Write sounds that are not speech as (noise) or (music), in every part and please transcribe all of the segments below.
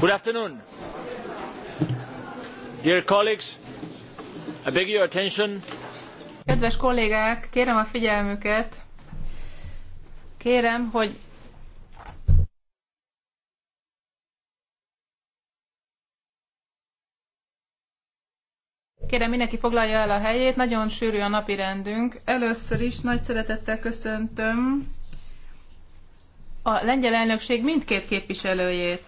Good afternoon. Dear colleagues, I beg your attention. Kedves kollégák, kérem a figyelmüket. Kérem, hogy Kérem, mindenki foglalja el a helyét, nagyon sűrű a napi rendünk. Először is nagy szeretettel köszöntöm a lengyel elnökség mindkét képviselőjét.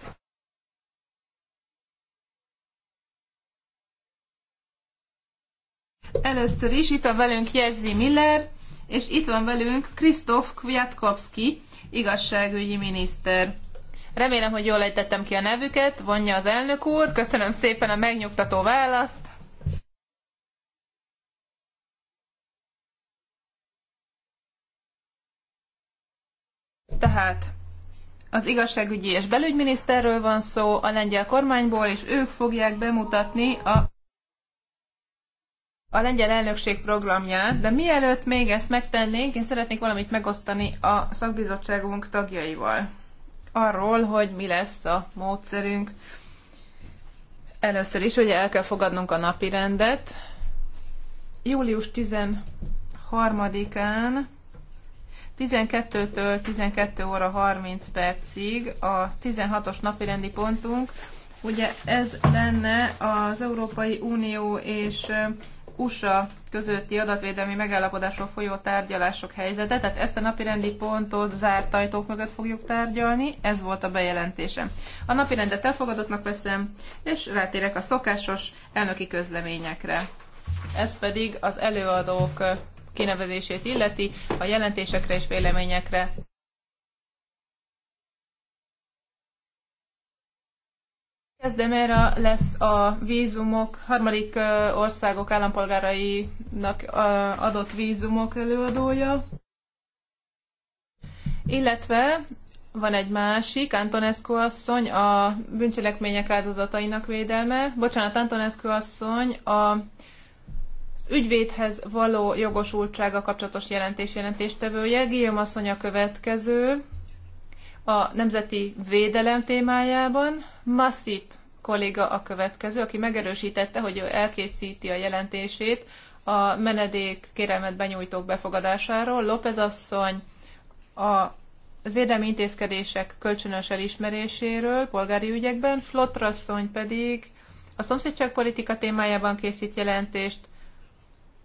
Először is itt van velünk Jerzy Miller, és itt van velünk Krisztof Kwiatkowski, igazságügyi miniszter. Remélem, hogy jól ejtettem ki a nevüket, vonja az elnök úr. Köszönöm szépen a megnyugtató választ. Tehát az igazságügyi és belügyminiszterről van szó, a lengyel kormányból, és ők fogják bemutatni a a lengyel elnökség programját, de mielőtt még ezt megtennénk, én szeretnék valamit megosztani a szakbizottságunk tagjaival. Arról, hogy mi lesz a módszerünk. Először is hogy el kell fogadnunk a napi rendet. Július 13-án 12-től 12 óra 30 percig a 16-os napirendi pontunk. Ugye ez lenne az Európai Unió és USA közötti adatvédelmi megállapodásról folyó tárgyalások helyzete. Tehát ezt a napirendi pontot zárt ajtók mögött fogjuk tárgyalni. Ez volt a bejelentésem. A napirendet elfogadottnak veszem, és rátérek a szokásos elnöki közleményekre. Ez pedig az előadók kinevezését illeti, a jelentésekre és véleményekre. erre lesz a vízumok, harmadik országok állampolgárainak adott vízumok előadója, illetve van egy másik, Antonescu asszony, a bűncselekmények áldozatainak védelme. Bocsánat, Antonescu asszony, a ügyvédhez való jogosultsága kapcsolatos jelentés jelentéstevője. Guillaume asszony a következő a nemzeti védelem témájában. Massip kolléga a következő, aki megerősítette, hogy ő elkészíti a jelentését a menedék kérelmet benyújtók befogadásáról. López asszony a védelmi intézkedések kölcsönös elismeréséről polgári ügyekben, Flotrasszony pedig a szomszédságpolitika témájában készít jelentést,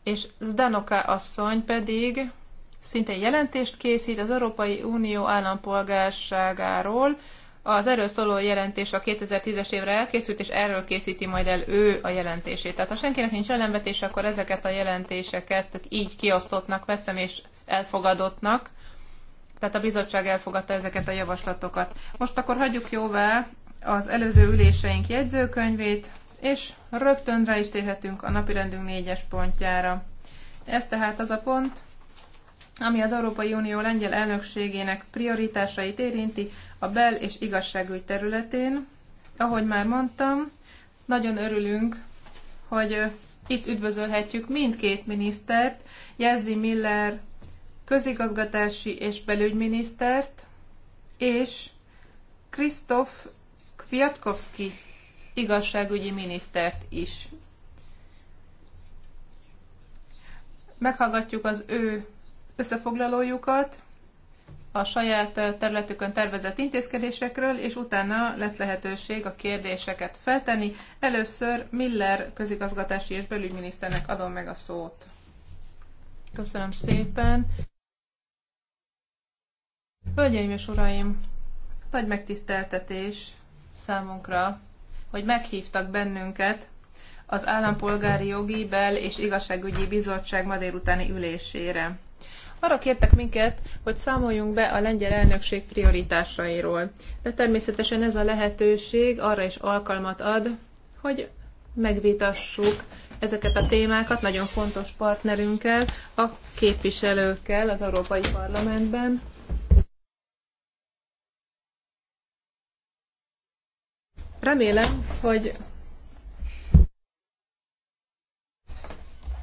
és Zdanoka asszony pedig szintén jelentést készít az Európai Unió állampolgárságáról. Az erről szóló jelentés a 2010-es évre elkészült, és erről készíti majd el ő a jelentését. Tehát ha senkinek nincs ellenvetése, akkor ezeket a jelentéseket így kiosztottnak veszem és elfogadottnak. Tehát a bizottság elfogadta ezeket a javaslatokat. Most akkor hagyjuk jóvá az előző üléseink jegyzőkönyvét és rögtön rá is térhetünk a napirendünk négyes pontjára. Ez tehát az a pont, ami az Európai Unió lengyel elnökségének prioritásait érinti a bel- és igazságügy területén. Ahogy már mondtam, nagyon örülünk, hogy itt üdvözölhetjük mindkét minisztert, Jezzi Miller közigazgatási és belügyminisztert, és Krisztof Kwiatkowski igazságügyi minisztert is. Meghallgatjuk az ő összefoglalójukat a saját területükön tervezett intézkedésekről, és utána lesz lehetőség a kérdéseket feltenni. Először Miller közigazgatási és belügyminiszternek adom meg a szót. Köszönöm szépen. Hölgyeim és uraim, nagy megtiszteltetés számunkra, hogy meghívtak bennünket az Állampolgári Jogi Bel és Igazságügyi Bizottság ma délutáni ülésére. Arra kértek minket, hogy számoljunk be a lengyel elnökség prioritásairól, de természetesen ez a lehetőség arra is alkalmat ad, hogy megvitassuk ezeket a témákat nagyon fontos partnerünkkel, a képviselőkkel az Európai Parlamentben, Remélem, hogy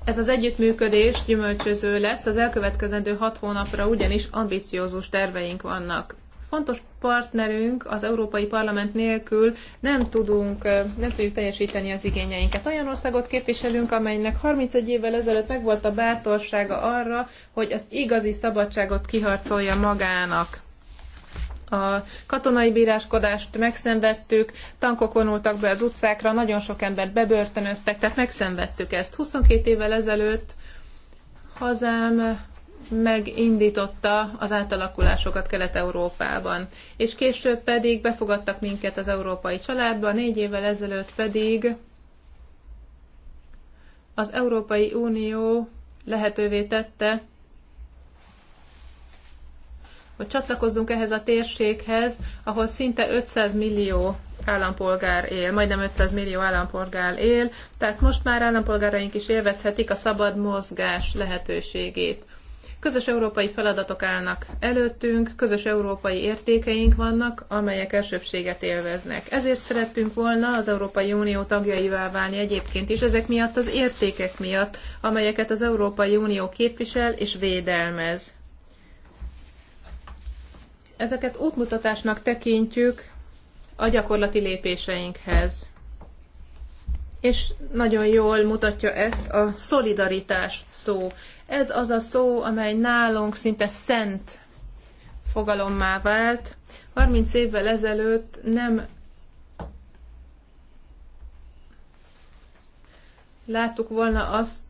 ez az együttműködés gyümölcsöző lesz, az elkövetkezendő hat hónapra ugyanis ambiciózus terveink vannak. Fontos partnerünk az Európai Parlament nélkül nem tudunk, nem tudjuk teljesíteni az igényeinket. Olyan országot képviselünk, amelynek 31 évvel ezelőtt megvolt a bátorsága arra, hogy az igazi szabadságot kiharcolja magának a katonai bíráskodást megszenvedtük, tankok vonultak be az utcákra, nagyon sok embert bebörtönöztek, tehát megszenvedtük ezt. 22 évvel ezelőtt hazám megindította az átalakulásokat Kelet-Európában. És később pedig befogadtak minket az európai családba, négy évvel ezelőtt pedig az Európai Unió lehetővé tette, hogy csatlakozzunk ehhez a térséghez, ahol szinte 500 millió állampolgár él, majdnem 500 millió állampolgár él, tehát most már állampolgáraink is élvezhetik a szabad mozgás lehetőségét. Közös európai feladatok állnak előttünk, közös európai értékeink vannak, amelyek elsőbséget élveznek. Ezért szerettünk volna az Európai Unió tagjaivá válni egyébként is, ezek miatt az értékek miatt, amelyeket az Európai Unió képvisel és védelmez. Ezeket útmutatásnak tekintjük a gyakorlati lépéseinkhez. És nagyon jól mutatja ezt a szolidaritás szó. Ez az a szó, amely nálunk szinte szent fogalommá vált. 30 évvel ezelőtt nem láttuk volna azt,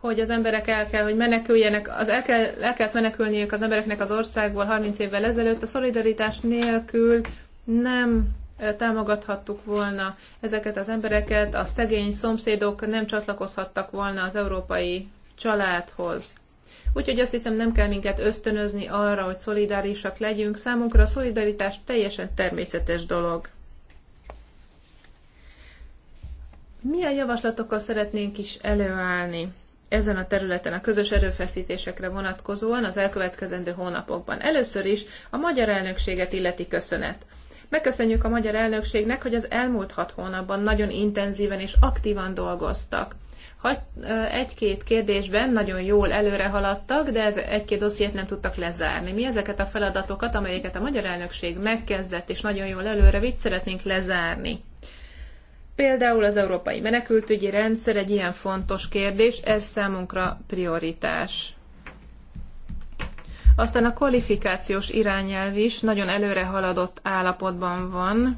hogy az emberek el kell, hogy meneküljenek, az el, kell, el kellett menekülniük az embereknek az országból 30 évvel ezelőtt, a szolidaritás nélkül nem támogathattuk volna ezeket az embereket, a szegény szomszédok nem csatlakozhattak volna az európai családhoz. Úgyhogy azt hiszem nem kell minket ösztönözni arra, hogy szolidárisak legyünk. Számunkra a szolidaritás teljesen természetes dolog. Milyen javaslatokkal szeretnénk is előállni? ezen a területen a közös erőfeszítésekre vonatkozóan az elkövetkezendő hónapokban. Először is a magyar elnökséget illeti köszönet. Megköszönjük a magyar elnökségnek, hogy az elmúlt hat hónapban nagyon intenzíven és aktívan dolgoztak. Egy-két kérdésben nagyon jól előre haladtak, de ez egy-két dossziét nem tudtak lezárni. Mi ezeket a feladatokat, amelyeket a magyar elnökség megkezdett és nagyon jól előre vitt, szeretnénk lezárni. Például az európai menekültügyi rendszer egy ilyen fontos kérdés, ez számunkra prioritás. Aztán a kvalifikációs irányelv is nagyon előre haladott állapotban van,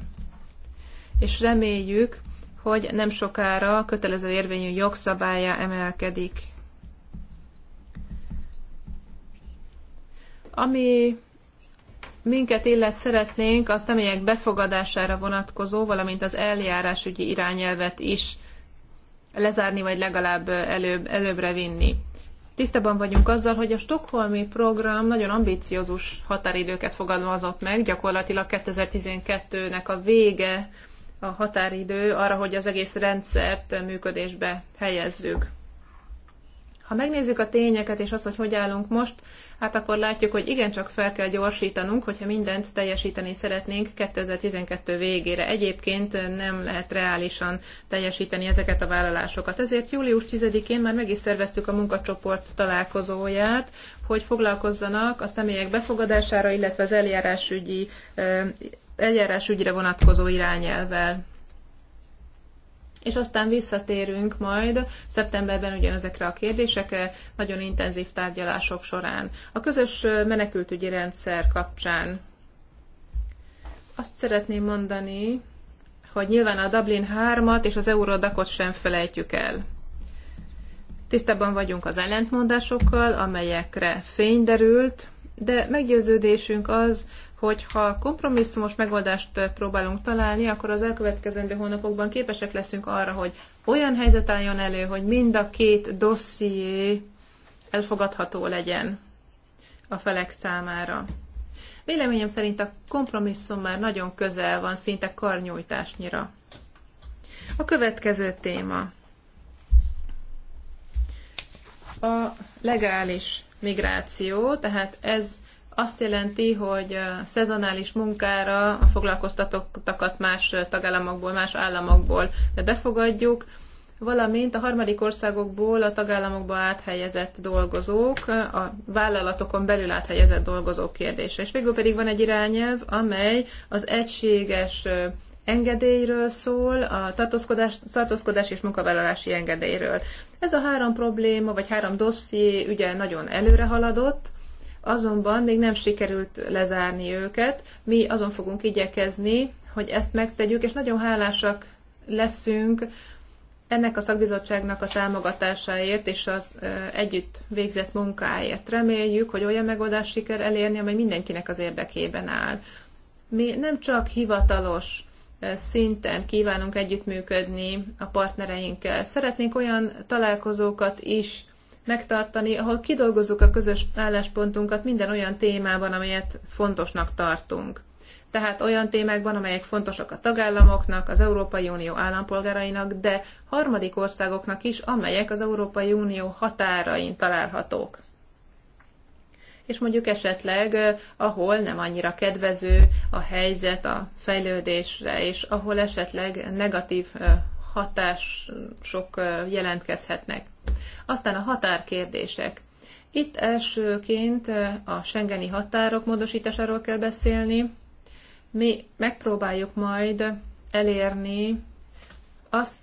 és reméljük, hogy nem sokára kötelező érvényű jogszabálya emelkedik. Ami minket illet szeretnénk a személyek befogadására vonatkozó, valamint az eljárásügyi irányelvet is lezárni, vagy legalább előbb, előbbre vinni. Tisztában vagyunk azzal, hogy a Stockholmi program nagyon ambiciózus határidőket fogalmazott meg, gyakorlatilag 2012-nek a vége a határidő arra, hogy az egész rendszert működésbe helyezzük. Ha megnézzük a tényeket és azt, hogy hogy állunk most, hát akkor látjuk, hogy igencsak fel kell gyorsítanunk, hogyha mindent teljesíteni szeretnénk 2012 végére. Egyébként nem lehet reálisan teljesíteni ezeket a vállalásokat. Ezért július 10-én már meg is szerveztük a munkacsoport találkozóját, hogy foglalkozzanak a személyek befogadására, illetve az eljárásügyi eljárásügyre vonatkozó irányelvel és aztán visszatérünk majd szeptemberben ugyanezekre a kérdésekre, nagyon intenzív tárgyalások során. A közös menekültügyi rendszer kapcsán azt szeretném mondani, hogy nyilván a Dublin 3-at és az Eurodacot sem felejtjük el. Tisztában vagyunk az ellentmondásokkal, amelyekre fény derült, de meggyőződésünk az, hogyha kompromisszumos megoldást próbálunk találni, akkor az elkövetkezendő hónapokban képesek leszünk arra, hogy olyan helyzet álljon elő, hogy mind a két dosszié elfogadható legyen a felek számára. Véleményem szerint a kompromisszum már nagyon közel van, szinte karnyújtásnyira. A következő téma. A legális migráció, tehát ez azt jelenti, hogy szezonális munkára a foglalkoztatottakat más tagállamokból, más államokból befogadjuk, valamint a harmadik országokból a tagállamokba áthelyezett dolgozók, a vállalatokon belül áthelyezett dolgozók kérdése. És végül pedig van egy irányelv, amely az egységes engedélyről szól, a tartózkodás, tartózkodás és munkavállalási engedélyről. Ez a három probléma, vagy három dosszié ugye nagyon előre haladott, azonban még nem sikerült lezárni őket. Mi azon fogunk igyekezni, hogy ezt megtegyük, és nagyon hálásak leszünk ennek a szakbizottságnak a támogatásáért és az együtt végzett munkáért. Reméljük, hogy olyan megoldás siker elérni, amely mindenkinek az érdekében áll. Mi nem csak hivatalos szinten kívánunk együttműködni a partnereinkkel. Szeretnénk olyan találkozókat is megtartani, ahol kidolgozzuk a közös álláspontunkat minden olyan témában, amelyet fontosnak tartunk. Tehát olyan témákban, amelyek fontosak a tagállamoknak, az Európai Unió állampolgárainak, de harmadik országoknak is, amelyek az Európai Unió határain találhatók és mondjuk esetleg, eh, ahol nem annyira kedvező a helyzet a fejlődésre, és ahol esetleg negatív eh, hatások eh, jelentkezhetnek. Aztán a határkérdések. Itt elsőként a Schengeni határok módosításáról kell beszélni. Mi megpróbáljuk majd elérni azt,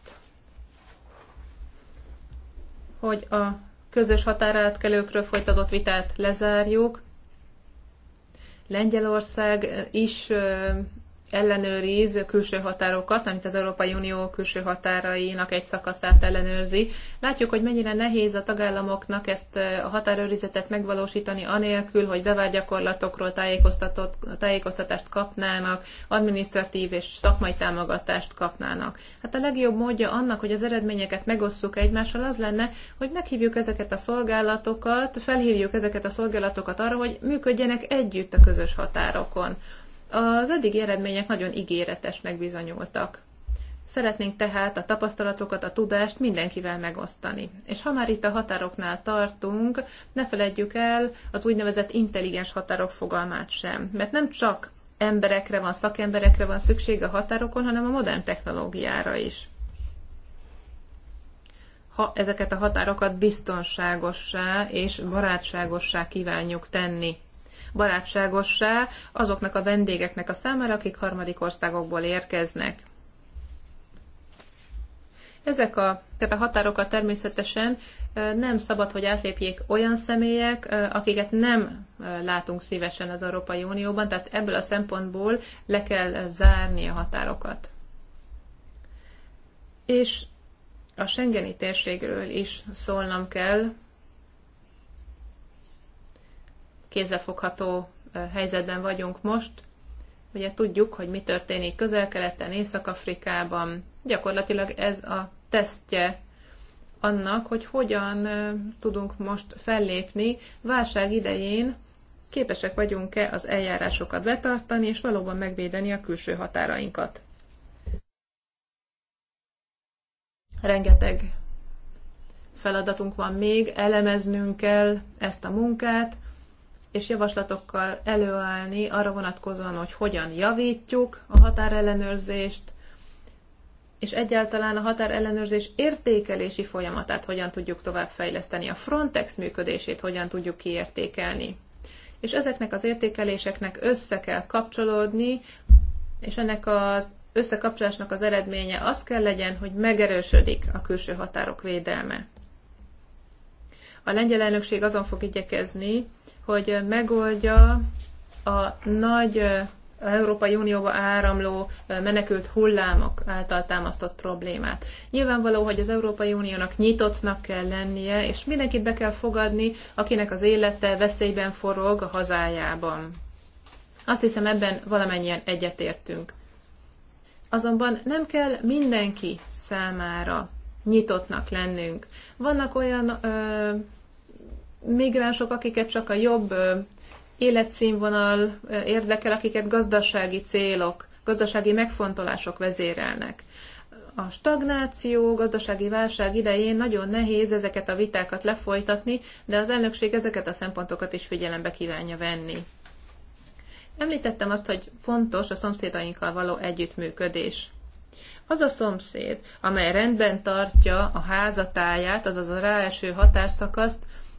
hogy a közös határátkelőkről folytatott vitát lezárjuk. Lengyelország is ellenőriz külső határokat, amit az Európai Unió külső határainak egy szakaszát ellenőrzi. Látjuk, hogy mennyire nehéz a tagállamoknak ezt eh, a határőrizetet megvalósítani, anélkül, hogy bevált gyakorlatokról tájékoztatást kapnának, administratív és szakmai támogatást kapnának. Hát a legjobb módja annak, hogy az eredményeket megosszuk egymással, az lenne, hogy meghívjuk ezeket a szolgálatokat, felhívjuk ezeket a szolgálatokat arra, hogy működjenek együtt a közös határokon az eddigi eredmények nagyon ígéretesnek bizonyultak. Szeretnénk tehát a tapasztalatokat, a tudást mindenkivel megosztani. És ha már itt a határoknál tartunk, ne feledjük el az úgynevezett intelligens határok fogalmát sem. Mert nem csak emberekre van, szakemberekre van szükség a határokon, hanem a modern technológiára is. Ha ezeket a határokat biztonságossá és barátságossá kívánjuk tenni barátságossá azoknak a vendégeknek a számára, akik harmadik országokból érkeznek. Ezek a, tehát a határokat természetesen nem szabad, hogy átlépjék olyan személyek, akiket nem látunk szívesen az Európai Unióban, tehát ebből a szempontból le kell zárni a határokat. És a Schengeni térségről is szólnom kell, kézzelfogható helyzetben vagyunk most. Ugye tudjuk, hogy mi történik közel-keleten, Észak-Afrikában. Gyakorlatilag ez a tesztje annak, hogy hogyan tudunk most fellépni válság idején, képesek vagyunk-e az eljárásokat betartani, és valóban megvédeni a külső határainkat. Rengeteg feladatunk van még, elemeznünk kell ezt a munkát, és javaslatokkal előállni arra vonatkozóan, hogy hogyan javítjuk a határellenőrzést, és egyáltalán a határellenőrzés értékelési folyamatát hogyan tudjuk továbbfejleszteni, a Frontex működését hogyan tudjuk kiértékelni. És ezeknek az értékeléseknek össze kell kapcsolódni, és ennek az összekapcsolásnak az eredménye az kell legyen, hogy megerősödik a külső határok védelme. A lengyel elnökség azon fog igyekezni, hogy megoldja a nagy Európai Unióba áramló menekült hullámok által támasztott problémát. Nyilvánvaló, hogy az Európai Uniónak nyitottnak kell lennie, és mindenkit be kell fogadni, akinek az élete veszélyben forog a hazájában. Azt hiszem, ebben valamennyien egyetértünk. Azonban nem kell mindenki számára nyitottnak lennünk. Vannak olyan ö, migránsok, akiket csak a jobb életszínvonal érdekel, akiket gazdasági célok, gazdasági megfontolások vezérelnek. A stagnáció, gazdasági válság idején nagyon nehéz ezeket a vitákat lefolytatni, de az elnökség ezeket a szempontokat is figyelembe kívánja venni. Említettem azt, hogy fontos a szomszédainkkal való együttműködés. Az a szomszéd, amely rendben tartja a házatáját, azaz a ráeső határszakaszt,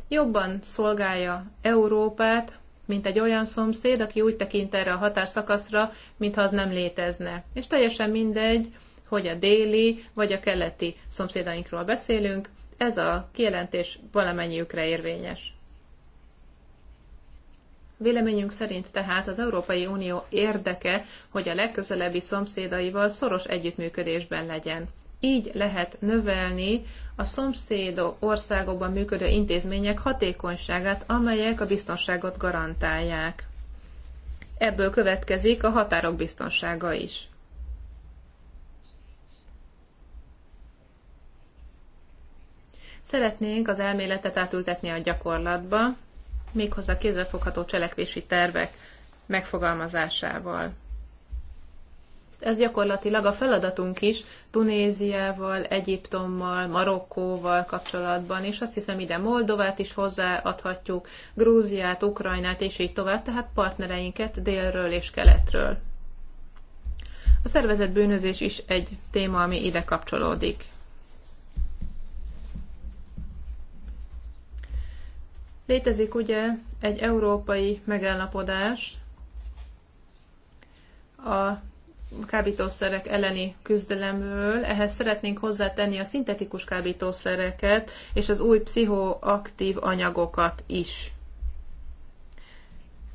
jobban szolgálja Európát, mint egy olyan szomszéd, aki úgy tekint erre a határszakaszra, mintha az nem létezne. És teljesen mindegy, hogy a déli vagy a keleti szomszédainkról beszélünk, ez a kijelentés valamennyiükre érvényes. Véleményünk szerint tehát az Európai Unió érdeke, hogy a legközelebbi szomszédaival szoros együttműködésben legyen. Így lehet növelni a szomszéd országokban működő intézmények hatékonyságát, amelyek a biztonságot garantálják. Ebből következik a határok biztonsága is. Szeretnénk az elméletet átültetni a gyakorlatba, méghozzá kézzelfogható cselekvési tervek megfogalmazásával. Ez gyakorlatilag a feladatunk is Tunéziával, Egyiptommal, Marokkóval kapcsolatban, és azt hiszem ide Moldovát is hozzáadhatjuk, Grúziát, Ukrajnát, és így tovább, tehát partnereinket délről és keletről. A szervezett bűnözés is egy téma, ami ide kapcsolódik. Létezik ugye egy európai megállapodás a kábítószerek elleni küzdelemről, ehhez szeretnénk hozzátenni a szintetikus kábítószereket és az új pszichoaktív anyagokat is.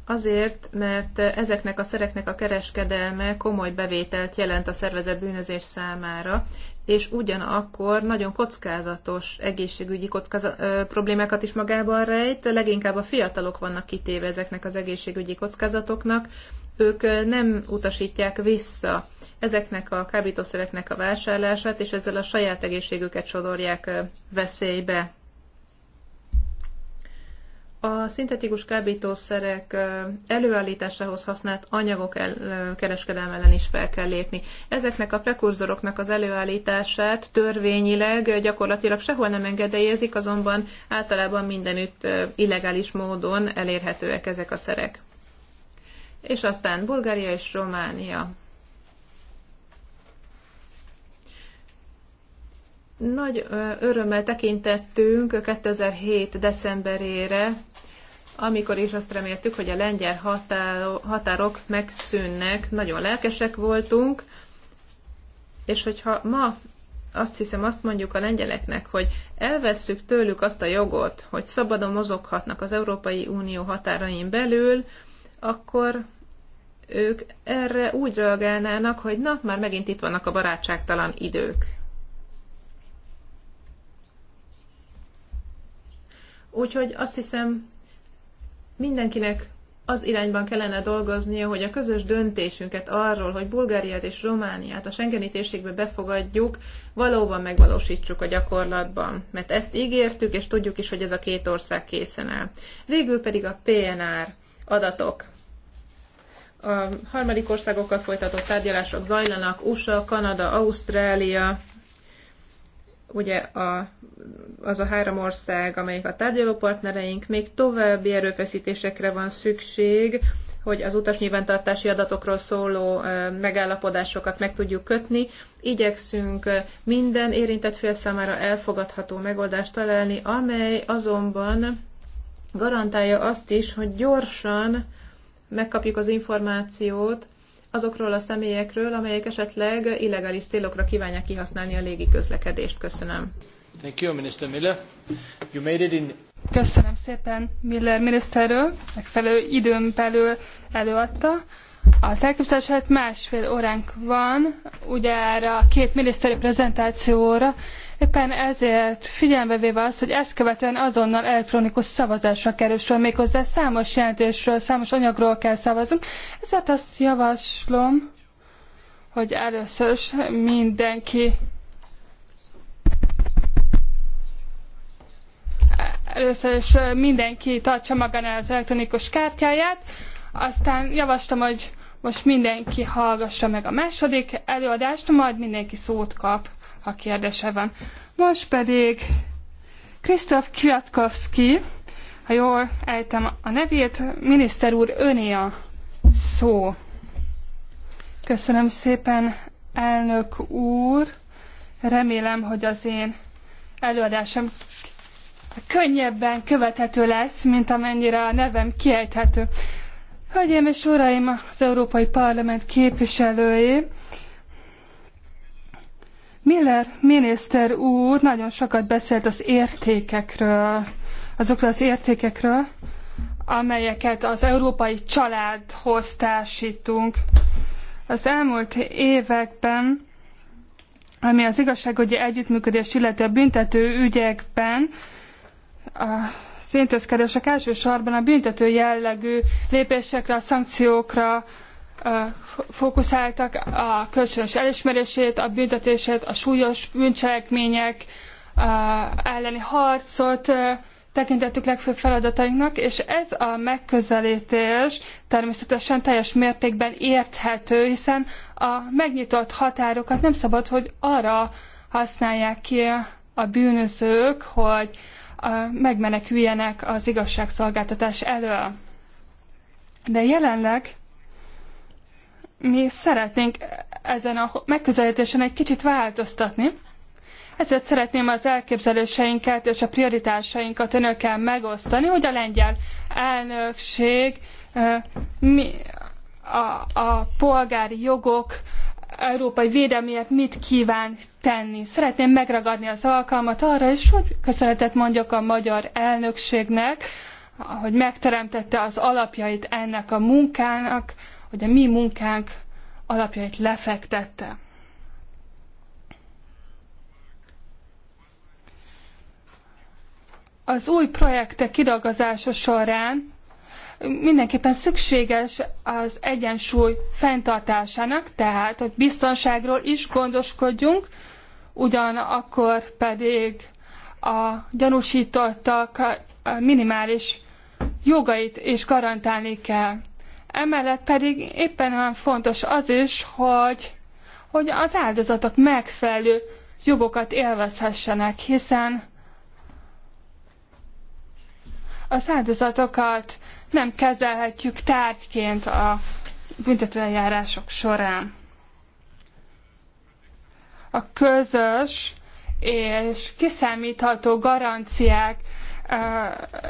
Azért, mert ezeknek a szereknek a kereskedelme komoly bevételt jelent a szervezet bűnözés számára, és ugyanakkor nagyon kockázatos egészségügyi kockáza- ö, problémákat is magában rejt. Leginkább a fiatalok vannak kitéve ezeknek az egészségügyi kockázatoknak, ők nem utasítják vissza ezeknek a kábítószereknek a vásárlását, és ezzel a saját egészségüket sodorják veszélybe. A szintetikus kábítószerek előállításához használt anyagok kereskedelme ellen is fel kell lépni. Ezeknek a prekurzoroknak az előállítását törvényileg gyakorlatilag sehol nem engedélyezik, azonban általában mindenütt illegális módon elérhetőek ezek a szerek és aztán Bulgária és Románia. Nagy örömmel tekintettünk 2007. decemberére, amikor is azt reméltük, hogy a lengyel határok megszűnnek. Nagyon lelkesek voltunk, és hogyha ma azt hiszem azt mondjuk a lengyeleknek, hogy elvesszük tőlük azt a jogot, hogy szabadon mozoghatnak az Európai Unió határain belül, akkor ők erre úgy reagálnának, hogy na, már megint itt vannak a barátságtalan idők. Úgyhogy azt hiszem, mindenkinek az irányban kellene dolgoznia, hogy a közös döntésünket arról, hogy Bulgáriát és Romániát a Schengeni térségbe befogadjuk, valóban megvalósítsuk a gyakorlatban. Mert ezt ígértük, és tudjuk is, hogy ez a két ország készen áll. Végül pedig a PNR adatok a harmadik országokkal folytatott tárgyalások zajlanak, USA, Kanada, Ausztrália, ugye a, az a három ország, amelyik a tárgyaló partnereink, még további erőfeszítésekre van szükség, hogy az utas nyilvántartási adatokról szóló megállapodásokat meg tudjuk kötni. Igyekszünk minden érintett fél számára elfogadható megoldást találni, amely azonban garantálja azt is, hogy gyorsan megkapjuk az információt azokról a személyekről, amelyek esetleg illegális célokra kívánják kihasználni a légi közlekedést. Köszönöm. Thank you, Minister Miller. You made it in... Köszönöm szépen Miller miniszterről, megfelelő időn belül előadta. Az elképzelés előtt másfél óránk van, ugye erre a két miniszteri prezentációra, éppen ezért figyelembe véve azt, hogy ezt követően azonnal elektronikus szavazásra kerül sor, méghozzá számos jelentésről, számos anyagról kell szavazunk, ezért azt javaslom, hogy először is mindenki először is mindenki tartsa magánál az elektronikus kártyáját, aztán javaslom, hogy most mindenki hallgassa meg a második előadást, majd mindenki szót kap, ha kérdése van. Most pedig Krisztof Kwiatkowski, ha jól ejtem a nevét, miniszter úr, öné a szó. Köszönöm szépen, elnök úr. Remélem, hogy az én előadásom könnyebben követhető lesz, mint amennyire a nevem kiejthető. Hölgyeim és Uraim, az Európai Parlament képviselői, Miller miniszter úr nagyon sokat beszélt az értékekről, azokról az értékekről, amelyeket az európai családhoz társítunk. Az elmúlt években, ami az igazságügyi együttműködést illeti a büntető ügyekben, a az intézkedések elsősorban a büntető jellegű lépésekre, a szankciókra fókuszáltak, a kölcsönös elismerését, a büntetését, a súlyos bűncselekmények elleni harcot tekintettük legfőbb feladatainknak, és ez a megközelítés természetesen teljes mértékben érthető, hiszen a megnyitott határokat nem szabad, hogy arra használják ki a bűnözők, hogy megmeneküljenek az igazságszolgáltatás elől. De jelenleg mi szeretnénk ezen a megközelítésen egy kicsit változtatni, ezért szeretném az elképzeléseinket és a prioritásainkat önökkel megosztani, hogy a lengyel elnökség mi, a, a polgári jogok európai védelmiért mit kíván tenni. Szeretném megragadni az alkalmat arra is, hogy köszönetet mondjak a magyar elnökségnek, hogy megteremtette az alapjait ennek a munkának, hogy a mi munkánk alapjait lefektette. Az új projektek kidolgozása során mindenképpen szükséges az egyensúly fenntartásának, tehát hogy biztonságról is gondoskodjunk, ugyanakkor pedig a gyanúsítottak minimális jogait is garantálni kell. Emellett pedig éppen olyan fontos az is, hogy, hogy az áldozatok megfelelő jogokat élvezhessenek, hiszen az áldozatokat nem kezelhetjük tárgyként a büntetőeljárások során. A közös és kiszámítható garanciák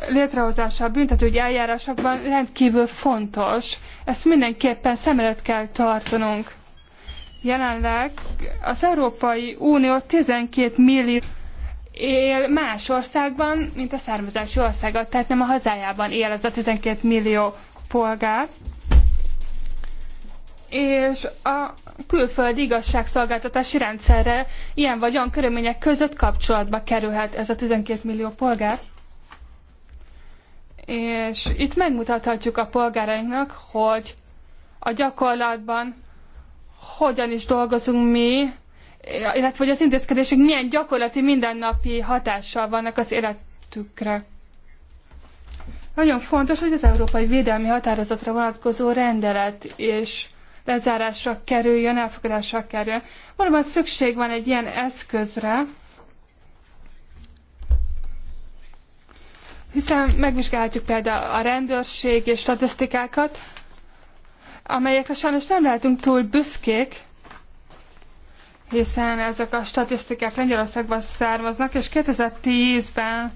létrehozása a büntetőgy eljárásokban rendkívül fontos. Ezt mindenképpen szem előtt kell tartanunk. Jelenleg az Európai Unió 12 millió él más országban, mint a származási országa, tehát nem a hazájában él ez a 12 millió polgár. És a külföldi igazságszolgáltatási rendszerre ilyen vagy olyan körülmények között kapcsolatba kerülhet ez a 12 millió polgár. És itt megmutathatjuk a polgárainknak, hogy a gyakorlatban hogyan is dolgozunk mi illetve hogy az intézkedések milyen gyakorlati, mindennapi hatással vannak az életükre. Nagyon fontos, hogy az Európai Védelmi Határozatra vonatkozó rendelet és lezárásra kerüljön, elfogadásra kerüljön. Valóban szükség van egy ilyen eszközre, hiszen megvizsgálhatjuk például a rendőrség és statisztikákat, amelyekre sajnos nem lehetünk túl büszkék, hiszen ezek a statisztikák Lengyelországban származnak, és 2010-ben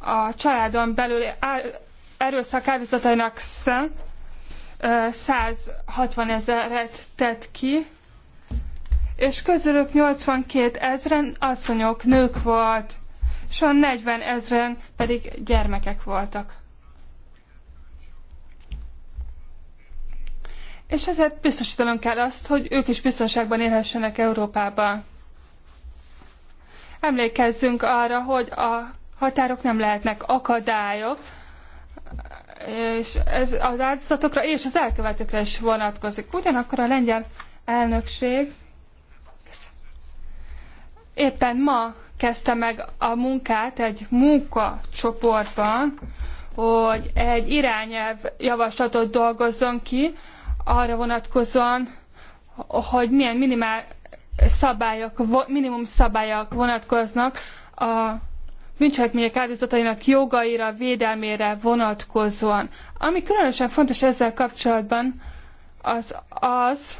a családon belül erőszak áldozatainak szem 160 ezeret tett ki, és közülük 82 ezren asszonyok, nők volt, és a 40 ezren pedig gyermekek voltak. és ezért biztosítanunk kell azt, hogy ők is biztonságban élhessenek Európában. Emlékezzünk arra, hogy a határok nem lehetnek akadályok, és ez az áldozatokra és az elkövetőkre is vonatkozik. Ugyanakkor a lengyel elnökség éppen ma kezdte meg a munkát egy munkacsoportban, hogy egy irányelv javaslatot dolgozzon ki, arra vonatkozóan, hogy milyen minimál szabályok, minimum szabályok vonatkoznak a bűncselekmények áldozatainak jogaira, védelmére vonatkozóan. Ami különösen fontos ezzel kapcsolatban, az az,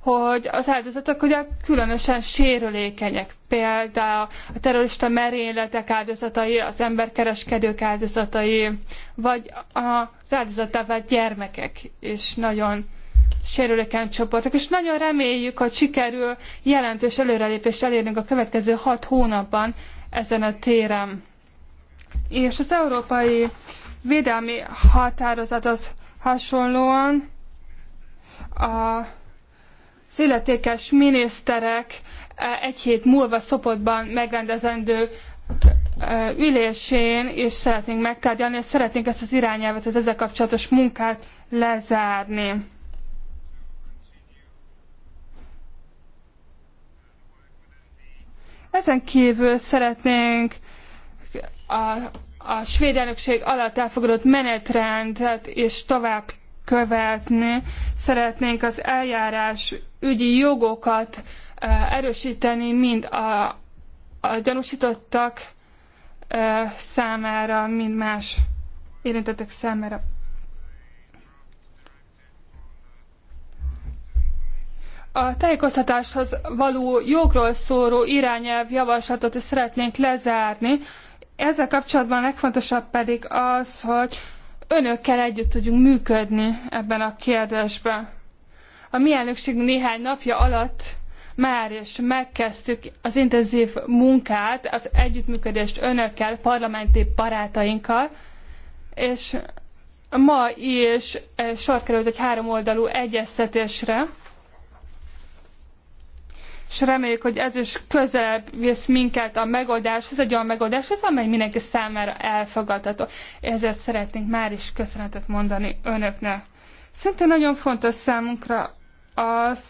hogy az áldozatok ugye különösen sérülékenyek. Például a terrorista merényletek áldozatai, az emberkereskedők áldozatai, vagy az áldozatá vált gyermekek is nagyon sérülékeny csoportok, és nagyon reméljük, hogy sikerül jelentős előrelépést elérnünk a következő hat hónapban ezen a téren. És az európai védelmi határozathoz hasonlóan a az illetékes miniszterek e, egy hét múlva Szopotban megrendezendő e, ülésén is szeretnénk megtárgyalni, és szeretnénk ezt az irányelvet, az ezzel kapcsolatos munkát lezárni. Ezen kívül szeretnénk a, a svéd elnökség alatt elfogadott menetrendet és tovább követni. Szeretnénk az eljárás ügyi jogokat erősíteni, mind a, a gyanúsítottak számára, mind más érintettek számára. a tájékoztatáshoz való jogról szóró irányelv javaslatot is szeretnénk lezárni. Ezzel kapcsolatban a legfontosabb pedig az, hogy önökkel együtt tudjunk működni ebben a kérdésben. A mi elnökségünk néhány napja alatt már is megkezdtük az intenzív munkát, az együttműködést önökkel, parlamenti barátainkkal, és ma is eh, sor került egy háromoldalú egyeztetésre, és reméljük, hogy ez is közelebb visz minket a megoldáshoz, egy olyan megoldáshoz, amely mindenki számára elfogadható. Ezért szeretnénk már is köszönetet mondani önöknek. Szintén nagyon fontos számunkra az,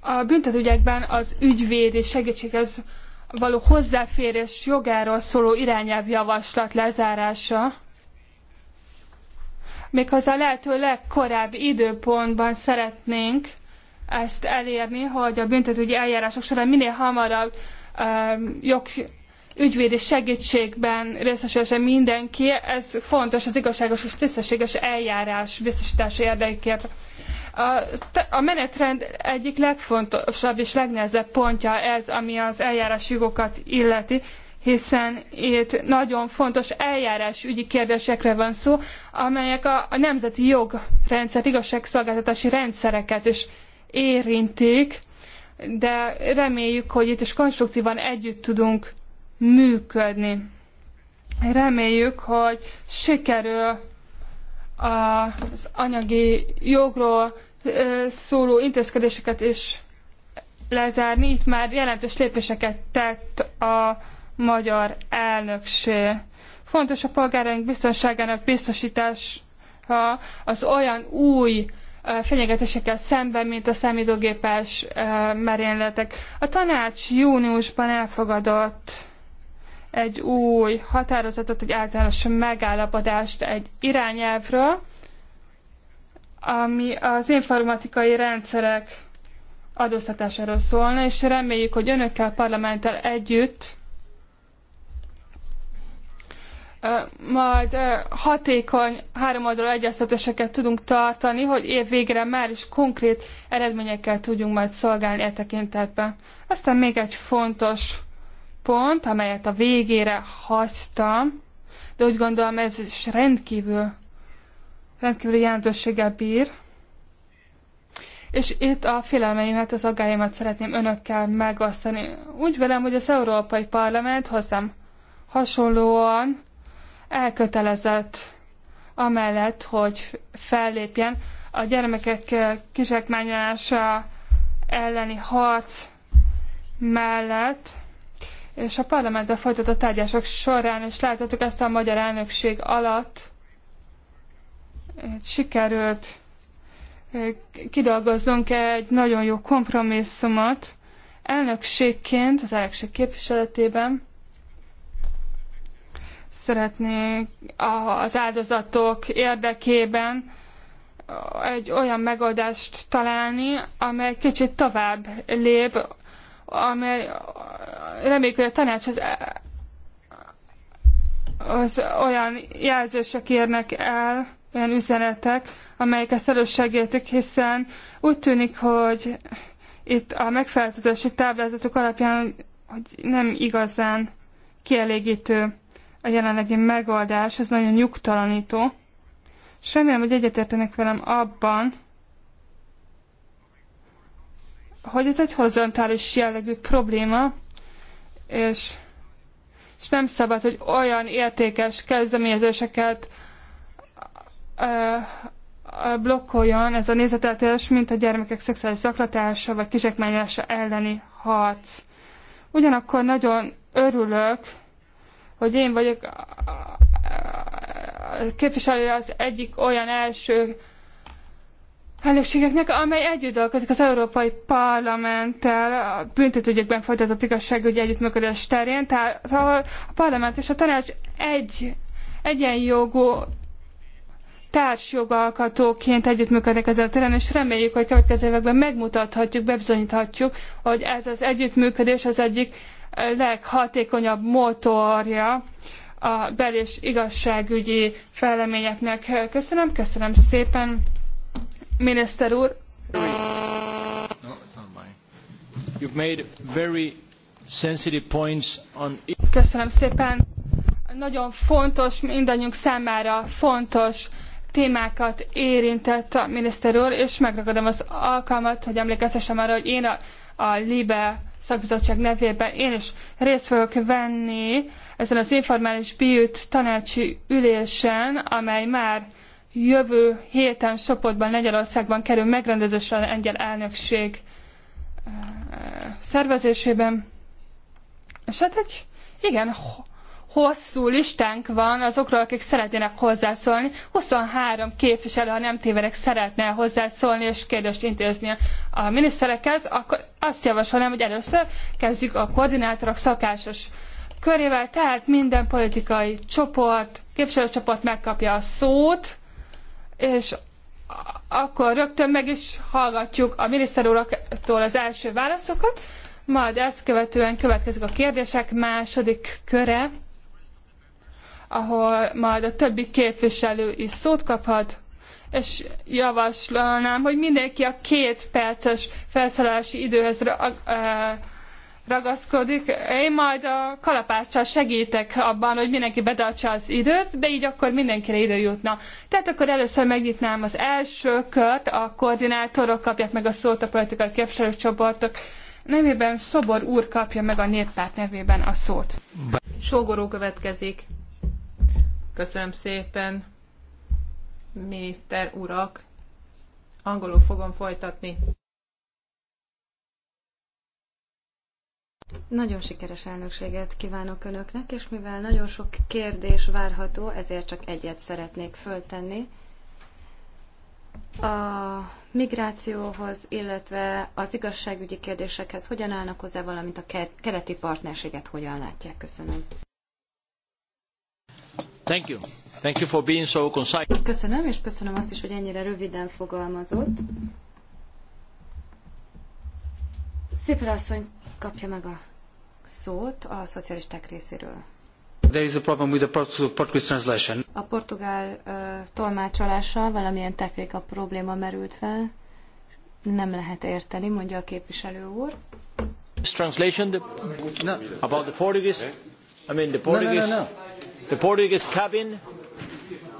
a büntetőgyekben az ügyvéd és segítséghez való hozzáférés jogáról szóló irányelvjavaslat lezárása méghozzá a lehető legkorábbi időpontban szeretnénk ezt elérni, hogy a büntetőgyi eljárások során minél hamarabb um, jog, ügyvédi segítségben részesülhessen mindenki, ez fontos az igazságos és tisztességes eljárás biztosítása érdekében. A, a menetrend egyik legfontosabb és legnehezebb pontja ez, ami az eljárás jogokat illeti, hiszen itt nagyon fontos eljárásügyi kérdésekre van szó, amelyek a, a nemzeti jogrendszert, igazságszolgáltatási rendszereket is érintik, de reméljük, hogy itt is konstruktívan együtt tudunk működni. Reméljük, hogy sikerül az anyagi jogról szóló intézkedéseket is lezárni. Itt már jelentős lépéseket tett a magyar elnökség. Fontos a polgáraink biztonságának biztosítása az olyan új fenyegetésekkel szemben, mint a számítógépes merényletek. A tanács júniusban elfogadott egy új határozatot, egy általános megállapodást egy irányelvről, ami az informatikai rendszerek adóztatásáról szólna, és reméljük, hogy önökkel, parlamenttel együtt majd hatékony háromoldalú egyeztetéseket tudunk tartani, hogy év végére már is konkrét eredményekkel tudjunk majd szolgálni e tekintetben. Aztán még egy fontos pont, amelyet a végére hagytam, de úgy gondolom ez is rendkívül, rendkívül jelentőséggel bír. És itt a félelmeimet, az aggáimat szeretném önökkel megosztani. Úgy velem, hogy az Európai Parlament hozzám hasonlóan elkötelezett amellett, hogy fellépjen a gyermekek eh, kizsákmányolása elleni harc mellett, és a parlamentben folytatott tárgyások során és láthatjuk ezt a magyar elnökség alatt sikerült eh, kidolgoznunk egy nagyon jó kompromisszumot elnökségként, az elnökség képviseletében, szeretnék az áldozatok érdekében egy olyan megoldást találni, amely kicsit tovább lép, amely reméljük, hogy a tanács az, az olyan jelzések érnek el, olyan üzenetek, amelyek ezt elősegítik, hiszen úgy tűnik, hogy itt a megfeleltetési táblázatok alapján hogy nem igazán kielégítő a jelenlegi megoldás, az nagyon nyugtalanító. És remélem, hogy egyetértenek velem abban, hogy ez egy horizontális jellegű probléma, és, és nem szabad, hogy olyan értékes kezdeményezéseket blokkoljon ez a nézeteltérés, mint a gyermekek szexuális zaklatása vagy kizsákmányolása elleni harc. Ugyanakkor nagyon örülök, hogy én vagyok képviselő az egyik olyan első elnökségeknek, amely együtt dolgozik az Európai Parlamenttel a büntetőgyekben folytatott igazságügyi együttműködés terén, tehát ahol a parlament és a tanács egy egyenjogú társjogalkatóként együttműködnek ezen a terén, és reméljük, hogy következő években megmutathatjuk, bebizonyíthatjuk, hogy ez az együttműködés az egyik leghatékonyabb motorja a bel- és igazságügyi fejleményeknek. Köszönöm, köszönöm szépen, miniszter úr. Köszönöm szépen. Nagyon fontos, mindannyiunk számára fontos témákat érintett a miniszter úr, és megragadom az alkalmat, hogy emlékeztessem arra, hogy én a, a Libe szakbizottság nevében én is részt fogok venni ezen az informális biült tanácsi ülésen, amely már jövő héten Sopotban, Lengyelországban kerül megrendezésre a lengyel elnökség eh, szervezésében. És hát egy, igen, hosszú listánk van azokról, akik szeretnének hozzászólni. 23 képviselő, ha nem tévedek, szeretne hozzászólni és kérdést intézni a miniszterekhez, akkor azt javasolnám, hogy először kezdjük a koordinátorok szakásos körével, tehát minden politikai csoport, képviselőcsoport megkapja a szót, és akkor rögtön meg is hallgatjuk a miniszter uraktól az első válaszokat, majd ezt követően következik a kérdések második köre, ahol majd a többi képviselő is szót kaphat, és javaslanám, hogy mindenki a két perces felszólalási időhöz ragaszkodik. Én majd a kalapáccsal segítek abban, hogy mindenki betartsa az időt, de így akkor mindenkire idő jutna. Tehát akkor először megnyitnám az első kört, a koordinátorok kapják meg a szót a politikai képviselőcsoportok nevében, Szobor úr kapja meg a néppárt nevében a szót. Sógoró következik. Köszönöm szépen, miniszter urak. Angolul fogom folytatni. Nagyon sikeres elnökséget kívánok Önöknek, és mivel nagyon sok kérdés várható, ezért csak egyet szeretnék föltenni. A migrációhoz, illetve az igazságügyi kérdésekhez hogyan állnak hozzá, valamint a keleti partnerséget hogyan látják? Köszönöm. Thank you. Thank you for being so concise. Köszönöm, és köszönöm azt is, hogy ennyire röviden fogalmazott. Szépen asszony kapja meg a szót a szocialisták részéről. There is a problem with the Portuguese translation. A portugál uh, tolmácsolással valamilyen technika probléma merült fel. Nem lehet érteni, mondja a képviselő úr. Translation the, no, about the Portuguese? I mean the Portuguese? No, no, no, no the Portuguese cabin.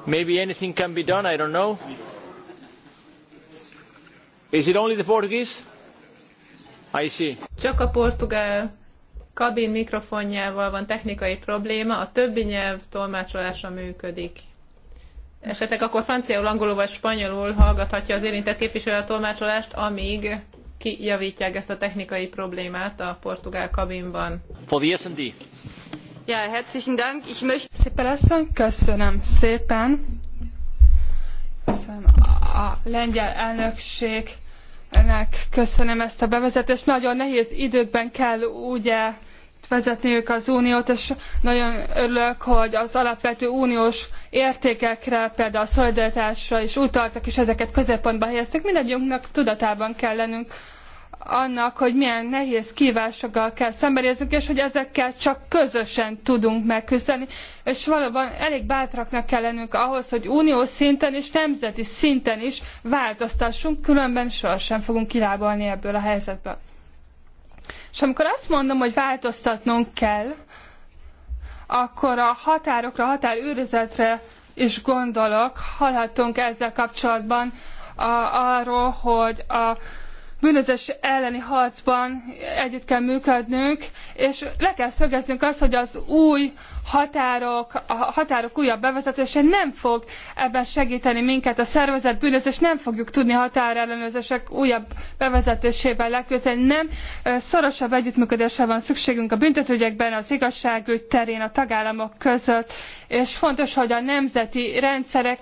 Maybe anything can be done, I don't know. Is it only the Portuguese? I see. Csak a portugál kabin mikrofonjával van technikai probléma, a többi nyelv tolmácsolása működik. Esetleg akkor franciául, angolul vagy spanyolul hallgathatja az érintett képviselő a tolmácsolást, amíg kijavítják ezt a technikai problémát a portugál kabinban. For the S&D. Ja, herzlichen Dank. Ich möchte... Szépen asszony, köszönöm szépen. Köszönöm a lengyel elnökségnek köszönöm ezt a bevezetést. Nagyon nehéz időkben kell ugye vezetniük az uniót, és nagyon örülök, hogy az alapvető uniós értékekre, például a szolidaritásra is utaltak, és ezeket középpontba helyezték. Mindegyünknek tudatában kell lennünk annak, hogy milyen nehéz kívásokkal kell szembenéznünk, és hogy ezekkel csak közösen tudunk megküzdeni. És valóban elég bátraknak kell lennünk ahhoz, hogy uniós szinten és nemzeti szinten is változtassunk, különben sohasem fogunk kilábalni ebből a helyzetből. És amikor azt mondom, hogy változtatnunk kell, akkor a határokra, határőrizetre is gondolok, hallhattunk ezzel kapcsolatban a, arról, hogy a bűnözés elleni harcban együtt kell működnünk, és le kell szögeznünk azt, hogy az új határok, a határok újabb bevezetése nem fog ebben segíteni minket a szervezet bűnözés, nem fogjuk tudni határellenőrzések újabb bevezetésében leküzdeni, nem. Szorosabb együttműködésre van szükségünk a büntetőgyekben, az igazságügy terén, a tagállamok között, és fontos, hogy a nemzeti rendszerek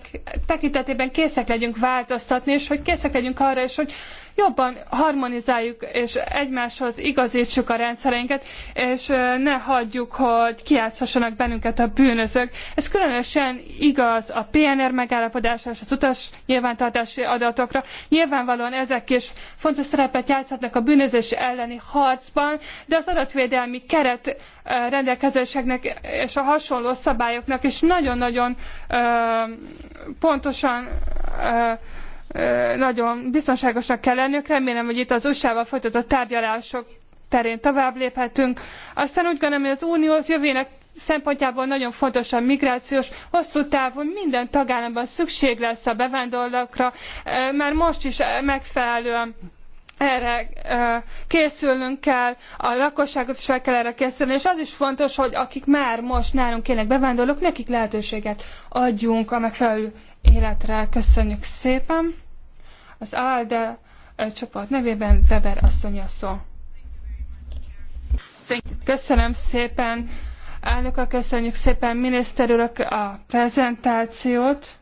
tekintetében készek legyünk változtatni, és hogy készek legyünk arra is, hogy jobban harmonizáljuk és egymáshoz igazítsuk a rendszereinket, és ne hagyjuk, hogy kiátszhassanak bennünket a bűnözők. Ez különösen igaz a PNR megállapodásra és az utas nyilvántartási adatokra. Nyilvánvalóan ezek is fontos szerepet játszhatnak a bűnözés elleni harcban, de az adatvédelmi keret rendelkezéseknek és a hasonló szabályoknak is nagyon-nagyon pontosan nagyon biztonságosnak kell lennünk. Remélem, hogy itt az USA-val folytatott tárgyalások terén tovább léphetünk. Aztán úgy gondolom, hogy az unió jövőjének szempontjából nagyon fontos a migrációs, hosszú távon minden tagállamban szükség lesz a bevándorlókra, már most is megfelelően erre készülnünk kell, a lakosságot is fel kell erre készülni, és az is fontos, hogy akik már most nálunk élnek bevándorlók, nekik lehetőséget adjunk a megfelelő életre. Köszönjük szépen! Az ALDE csoport nevében Weber asszony a szó. Köszönöm szépen! Elnök köszönjük szépen miniszter urak a prezentációt!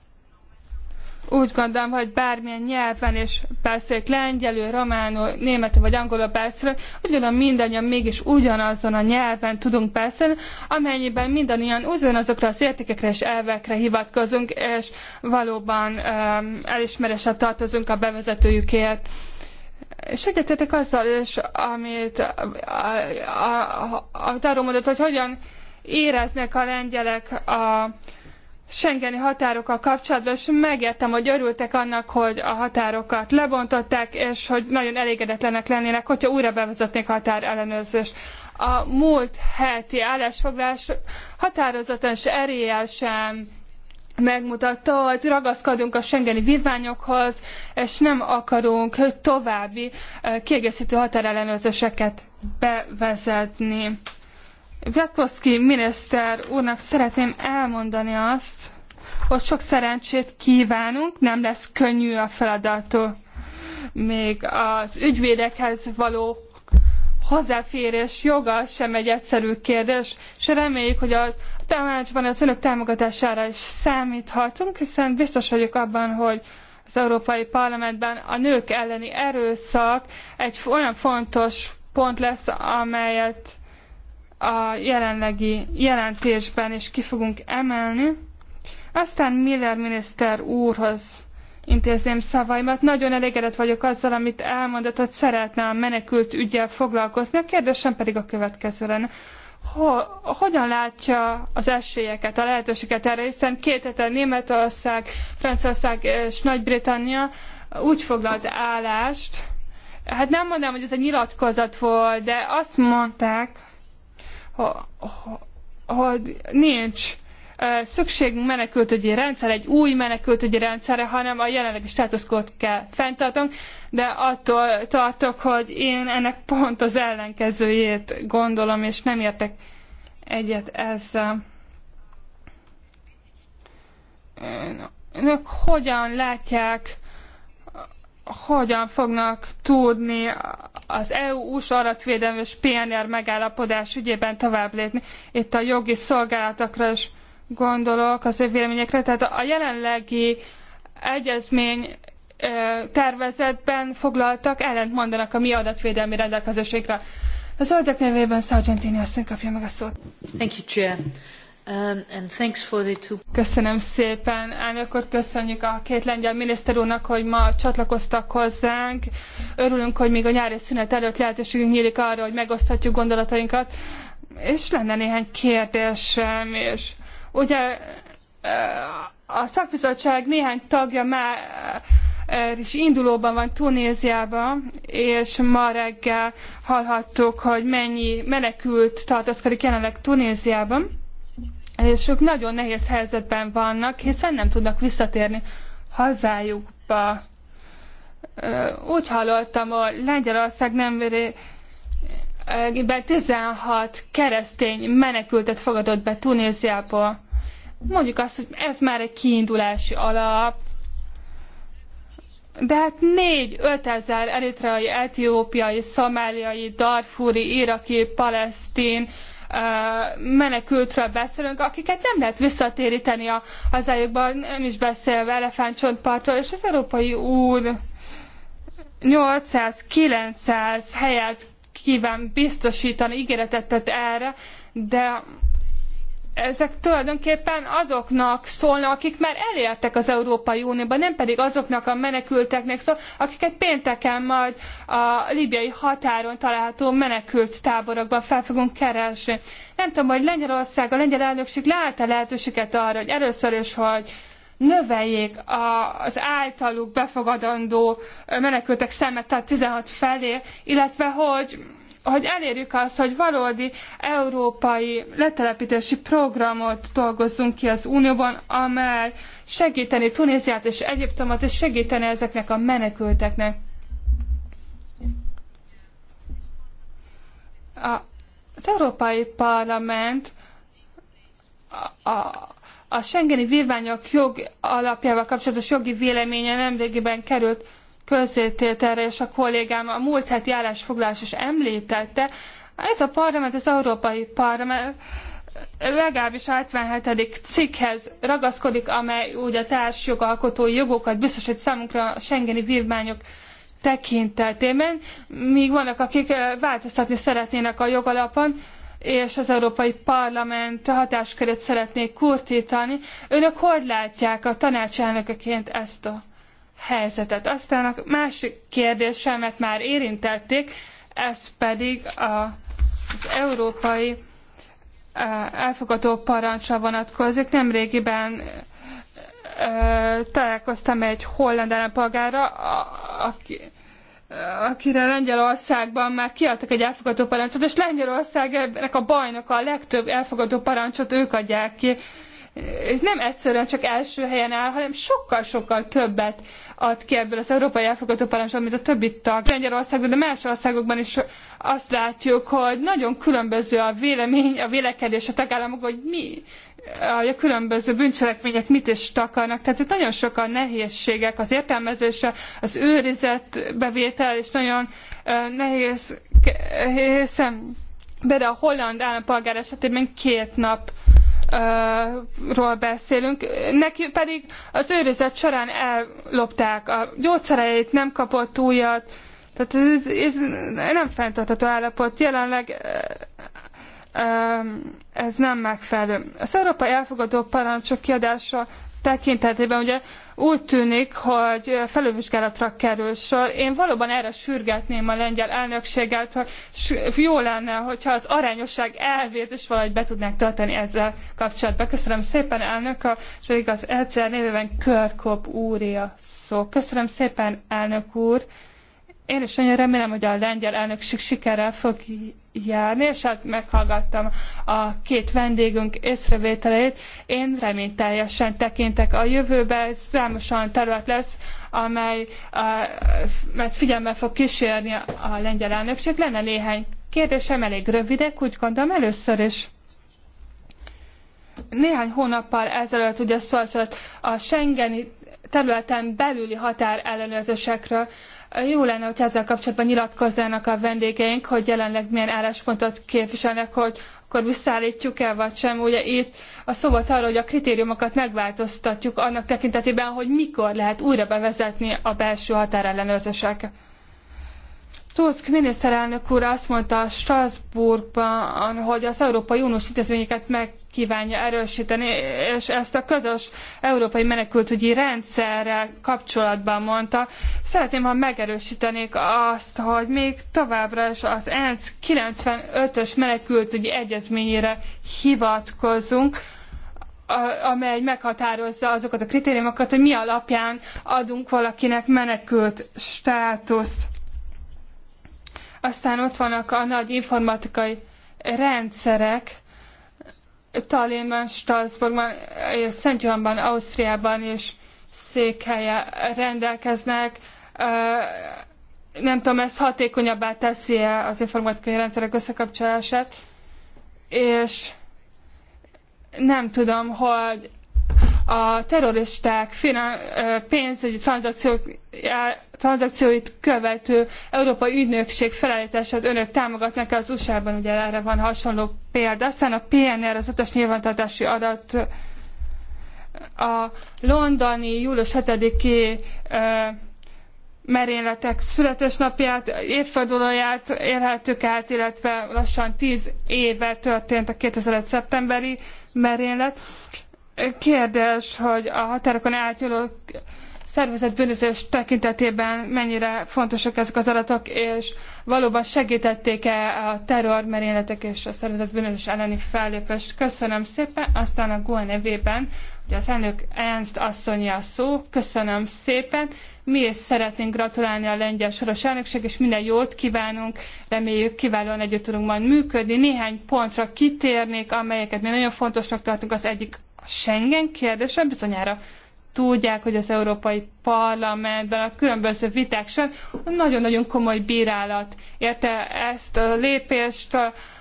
úgy gondolom, hogy bármilyen nyelven és beszélek lengyelül, románul, németül vagy angolul beszélek, úgy gondolom mindannyian mégis ugyanazon a nyelven tudunk beszélni, amennyiben mindannyian ugyanazokra az értékekre és elvekre hivatkozunk, és valóban um, elismerésre tartozunk a bevezetőjükért. És egyetetek azzal is, amit a, a, a, a, arról mondott, hogy hogyan éreznek a lengyelek a, Schengeni határokkal kapcsolatban, és megértem, hogy örültek annak, hogy a határokat lebontották, és hogy nagyon elégedetlenek lennének, hogyha újra bevezetnék határellenőrzést. A múlt heti állásfoglalás határozottan és erélyesen megmutatta, hogy ragaszkodunk a Schengeni vívványokhoz, és nem akarunk további kiegészítő határellenőrzéseket bevezetni. Vetkoszki miniszter úrnak szeretném elmondani azt, hogy sok szerencsét kívánunk, nem lesz könnyű a feladatok. Még az ügyvédekhez való hozzáférés joga sem egy egyszerű kérdés, és reméljük, hogy a tanácsban az önök támogatására is számíthatunk, hiszen biztos vagyok abban, hogy az Európai Parlamentben a nők elleni erőszak egy olyan fontos pont lesz, amelyet a jelenlegi jelentésben is ki fogunk emelni. Aztán Miller miniszter úrhoz intézném szavaimat. Nagyon elégedett vagyok azzal, amit elmondott, hogy szeretne a menekült ügyel foglalkozni. A kérdésem pedig a következő lenne. Ho, hogyan látja az esélyeket, a lehetőséget erre, hiszen két hete Németország, Franciaország és Nagy-Britannia úgy foglalt állást, hát nem mondanám, hogy ez egy nyilatkozat volt, de azt mondták, ha nincs szükségünk menekültügyi rendszer, egy új menekültügyi rendszerre, hanem a jelenlegi státuszkót kell fenntartunk, de attól tartok, hogy én ennek pont az ellenkezőjét gondolom, és nem értek egyet ezzel. Önök hogyan látják hogyan fognak tudni az EU-s adatvédelmi és PNR megállapodás ügyében tovább lépni. Itt a jogi szolgálatokra is gondolok, az ő véleményekre. Tehát a jelenlegi egyezmény tervezetben foglaltak, ellent mondanak a mi adatvédelmi rendelkezésekre. Az oldalak nevében Sargentini asszony kapja meg a szót. Thank you, Chair. Um, Köszönöm szépen, elnök úr, köszönjük a két lengyel miniszter úrnak, hogy ma csatlakoztak hozzánk. Örülünk, hogy még a nyári szünet előtt lehetőségünk nyílik arra, hogy megoszthatjuk gondolatainkat. És lenne néhány kérdésem, és ugye a szakbizottság néhány tagja már is indulóban van Tunéziában, és ma reggel hallhattuk, hogy mennyi menekült tartózkodik jelenleg Tunéziában és ők nagyon nehéz helyzetben vannak, hiszen nem tudnak visszatérni hazájukba. Úgy hallottam, hogy Lengyelország nem veri, 16 keresztény menekültet fogadott be Tunéziából. Mondjuk azt, hogy ez már egy kiindulási alap, de hát 4-5 ezer eritreai, etiópiai, szomáliai, darfúri, iraki, palesztin, menekültről beszélünk, akiket nem lehet visszatéríteni a hazájukban, nem is beszélve elefántcsontpartról, és az Európai Úr 800-900 helyet kíván biztosítani, ígéretet tett erre, de ezek tulajdonképpen azoknak szólnak, akik már elértek az Európai Unióba, nem pedig azoknak a menekülteknek szól, akiket pénteken majd a libiai határon található menekült táborokban fel fogunk keresni. Nem tudom, hogy Lengyelország, a lengyel elnökség lát-e lehetőséget arra, hogy először is, hogy növeljék az általuk befogadandó menekültek számát, tehát 16 felé, illetve hogy hogy elérjük azt, hogy valódi európai letelepítési programot dolgozzunk ki az Unióban, amely segíteni Tunéziát és Egyiptomot, és segíteni ezeknek a menekülteknek. az Európai Parlament a, a, a Schengeni vívványok jog alapjával kapcsolatos jogi véleménye nemrégiben került közzétételre, és a kollégám a múlt heti állásfoglalás is említette, ez a parlament, az Európai Parlament legalábbis a 77. cikkhez ragaszkodik, amely úgy a társjogalkotói jogokat biztosít számunkra a Schengeni vívmányok tekintetében, míg vannak, akik eh, változtatni szeretnének a jogalapon, és az Európai Parlament hatáskörét szeretnék kurtítani. Önök hogy látják a tanácselnökeként ezt a helyzetet. Aztán a másik kérdésemet már érintették, ez pedig a, az európai elfogadó parancsra vonatkozik. Nemrégiben találkoztam egy holland állampolgára, aki akire Lengyelországban már kiadtak egy elfogadó parancsot, és Lengyelországnak a bajnoka a legtöbb elfogadó parancsot ők adják ki ez nem egyszerűen csak első helyen áll, hanem sokkal-sokkal többet ad ki ebből az európai elfogadó parancsot, mint a többi tag. Lengyelországban, de más országokban is azt látjuk, hogy nagyon különböző a vélemény, a vélekedés a tagállamok, hogy mi, a különböző bűncselekmények mit is takarnak. Tehát itt nagyon sok a nehézségek, az értelmezése, az őrizet bevétel, és nagyon nehéz, hiszen például a holland állampolgár esetében két nap ról beszélünk, neki pedig az őrizet során ellopták a gyógyszereit, nem kapott újat, tehát ez, ez nem fenntartható állapot. Jelenleg ez nem megfelelő. Az európai elfogadó parancsok kiadása tekintetében ugye úgy tűnik, hogy felülvizsgálatra kerül sor. Én valóban erre sürgetném a lengyel elnökséget, hogy jó lenne, hogyha az arányosság elvét is valahogy be tudnák tartani ezzel kapcsolatban. Köszönöm szépen, elnök, a, és pedig az egyszer névében Körkop úré a szó. Köszönöm szépen, elnök úr. Én is nagyon remélem, hogy a lengyel elnökség sikerrel fog járni, és hát meghallgattam a két vendégünk észrevételeit. Én reményteljesen tekintek a jövőbe, ez számosan terület lesz, amely mert figyelmel fog kísérni a lengyel elnökség. Lenne néhány kérdésem, elég rövidek, úgy gondolom először is néhány hónappal ezelőtt ugye szólt, a Schengeni területen belüli határellenőrzésekről. Jó lenne, hogy ezzel kapcsolatban nyilatkoznának a vendégeink, hogy jelenleg milyen álláspontot képviselnek, hogy akkor visszaállítjuk-e vagy sem. Ugye itt a szó volt arról, hogy a kritériumokat megváltoztatjuk annak tekintetében, hogy mikor lehet újra bevezetni a belső határellenőrzéseket. Tusk miniszterelnök úr azt mondta Strasbourgban, hogy az Európai Uniós intézményeket meg kívánja erősíteni, és ezt a közös európai menekültügyi rendszerrel kapcsolatban mondta. Szeretném, ha megerősítenék azt, hogy még továbbra is az ENSZ 95-ös menekültügyi egyezményére hivatkozunk, amely meghatározza azokat a kritériumokat, hogy mi alapján adunk valakinek menekült státuszt. Aztán ott vannak a nagy informatikai rendszerek, Tallinnban, Strasbourgban, Szent Johannban, Ausztriában is székhelye rendelkeznek. Nem tudom, ez hatékonyabbá teszi-e az informatikai rendszerek összekapcsolását, és nem tudom, hogy a terroristák pénzügyi tranzakcióit követő Európai Ügynökség felállítását önök támogatnak az USA-ban, ugye erre van hasonló példa. Aztán a PNR, az utas nyilvántartási adat, a londoni július 7-i merényletek születésnapját, évfordulóját élhettük át, illetve lassan 10 éve történt a 2001. szeptemberi merénylet kérdés, hogy a határokon átjölő szervezett bűnözés tekintetében mennyire fontosak ezek az adatok, és valóban segítették-e a terrormerényletek és a szervezett bűnözés elleni fellépést. Köszönöm szépen, aztán a GUA e nevében, hogy az elnök Ernst asszonyi a szó, köszönöm szépen. Mi is szeretnénk gratulálni a lengyel soros elnökség, és minden jót kívánunk, reméljük kiválóan együtt tudunk majd működni. Néhány pontra kitérnék, amelyeket mi nagyon fontosnak tartunk, az egyik a Schengen kérdése bizonyára tudják, hogy az Európai Parlamentben a különböző viták sem nagyon-nagyon komoly bírálat érte ezt a lépést,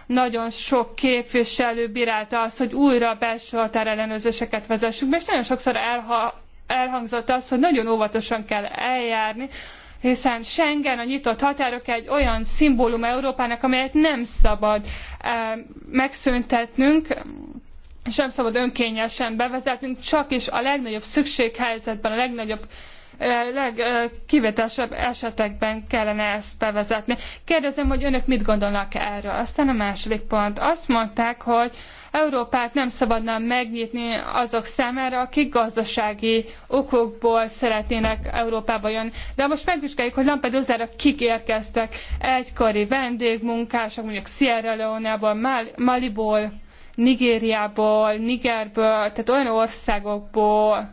nagyon sok képviselő bírálta azt, hogy újra belső határellenőrzéseket vezessük, és nagyon sokszor elha- elhangzott az, hogy nagyon óvatosan kell eljárni, hiszen Schengen, a nyitott határok egy olyan szimbólum Európának, amelyet nem szabad e, megszüntetnünk, sem szabad önkényesen bevezetnünk, csak is a legnagyobb szükséghelyzetben, a legnagyobb eh, legkivételesebb eh, esetekben kellene ezt bevezetni. Kérdezem, hogy önök mit gondolnak erről. Aztán a második pont. Azt mondták, hogy Európát nem szabadna megnyitni azok számára, akik gazdasági okokból szeretnének Európába jönni. De most megvizsgáljuk, hogy Lampedusa-ra kik érkeztek. Egykori vendégmunkások, mondjuk Sierra Leone-ból, Maliból, Nigériából, Nigerből, tehát olyan országokból,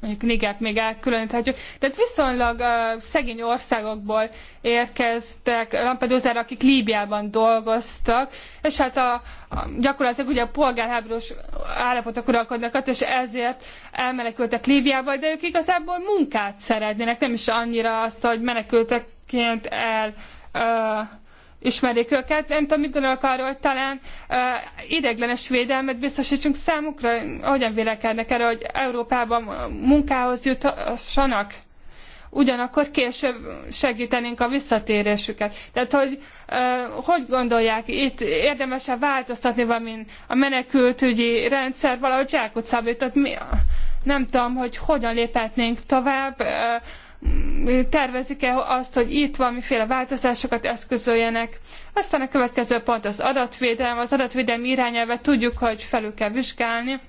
mondjuk Nigert még elkülöníthetjük. Tehát viszonylag uh, szegény országokból érkeztek Lampedusára, akik Líbiában dolgoztak, és hát a, a gyakorlatilag ugye a polgárháborús állapotok uralkodnak ott, és ezért elmenekültek Líbiába, de ők igazából munkát szeretnének, nem is annyira azt, hogy menekülteként el uh, ismerik őket. Nem tudom, mit gondolok arról, hogy talán uh, ideglenes védelmet biztosítsunk számukra. Hogyan vélekednek erre, hogy Európában munkához jutassanak? ugyanakkor később segítenénk a visszatérésüket. Tehát, hogy uh, hogy gondolják, itt e változtatni valamint a menekültügyi rendszer valahogy zsákutcába Tehát mi, nem tudom, hogy hogyan léphetnénk tovább, uh, tervezik-e azt, hogy itt valamiféle változásokat eszközöljenek. Aztán a következő pont az adatvédelem. Az adatvédelmi irányelvet tudjuk, hogy felül kell vizsgálni.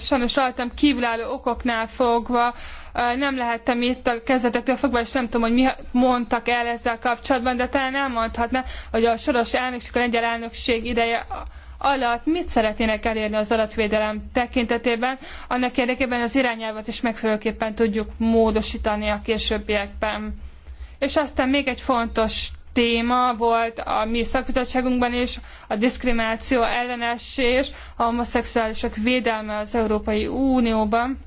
Sajnos rajtam kívülálló okoknál fogva nem lehettem itt a kezdetektől fogva, és nem tudom, hogy mi mondtak el ezzel kapcsolatban, de talán elmondhatná, hogy a soros elnökség, a lengyel elnökség ideje alatt mit szeretnének elérni az adatvédelem tekintetében, annak érdekében az irányelvet is megfelelőképpen tudjuk módosítani a későbbiekben. És aztán még egy fontos téma volt a mi szakbizottságunkban is, a diszkrimináció ellenes és a homoszexuálisok védelme az Európai Unióban.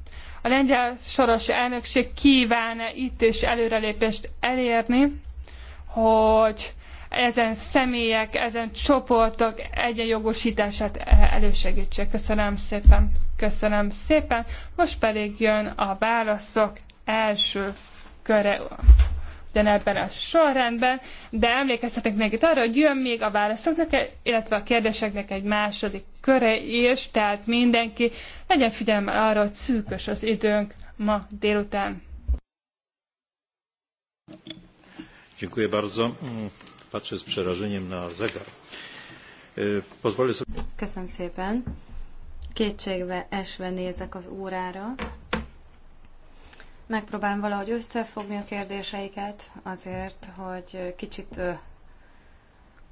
A lengyel soros elnökség -e itt is előrelépést elérni, hogy ezen személyek, ezen csoportok egyenjogosítását elősegítse. Köszönöm szépen. Köszönöm szépen. Most pedig jön a válaszok első köre ugyanebben a sorrendben, de emlékeztetek itt arra, hogy jön még a válaszoknak, illetve a kérdéseknek egy második köre is, tehát mindenki legyen figyelme arra, hogy szűkös az időnk ma délután. Dziękuję bardzo. Patrzę z przerażeniem na zegar. E, pozwolę sobie... Köszönöm szépen. Kétségbe esve nézek az órára. Megpróbálom valahogy összefogni a kérdéseiket azért, hogy kicsit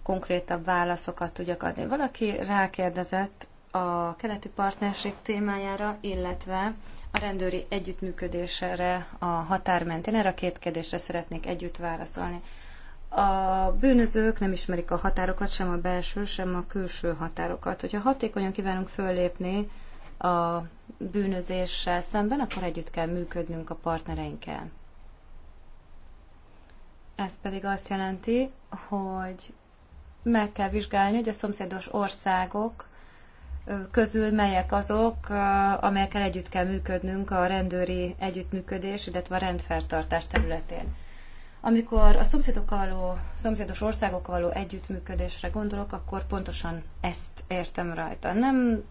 konkrétabb válaszokat tudjak adni. Valaki rákérdezett a keleti partnerség témájára, illetve a rendőri együttműködésre a határmentén. Erre a két kérdésre szeretnék együtt válaszolni a bűnözők nem ismerik a határokat, sem a belső, sem a külső határokat. Hogyha hatékonyan kívánunk föllépni a bűnözéssel szemben, akkor együtt kell működnünk a partnereinkkel. Ez pedig azt jelenti, hogy meg kell vizsgálni, hogy a szomszédos országok közül melyek azok, amelyekkel együtt kell működnünk a rendőri együttműködés, illetve a rendfertartás területén. Amikor a szomszédokkal való, szomszédos országokkal való együttműködésre gondolok, akkor pontosan ezt értem rajta. Nem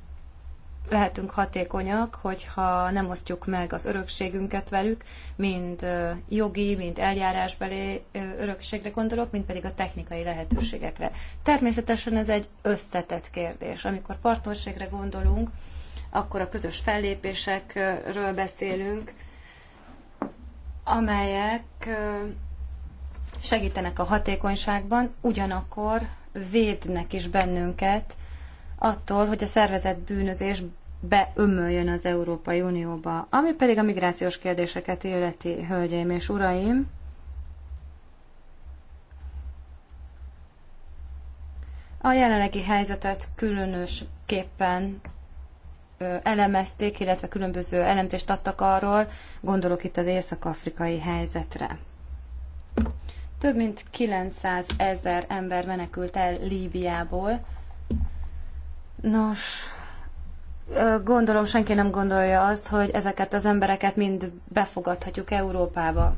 lehetünk hatékonyak, hogyha nem osztjuk meg az örökségünket velük, mind jogi, mind eljárásbeli örökségre gondolok, mind pedig a technikai lehetőségekre. Természetesen ez egy összetett kérdés. Amikor partnerségre gondolunk, akkor a közös fellépésekről beszélünk, amelyek segítenek a hatékonyságban, ugyanakkor védnek is bennünket attól, hogy a szervezett bűnözés beömöljön az Európai Unióba. Ami pedig a migrációs kérdéseket illeti, hölgyeim és uraim, a jelenlegi helyzetet különösképpen elemezték, illetve különböző elemzést adtak arról, gondolok itt az észak-afrikai helyzetre. Több mint 900 ezer ember menekült el Líbiából. Nos, gondolom senki nem gondolja azt, hogy ezeket az embereket mind befogadhatjuk Európába.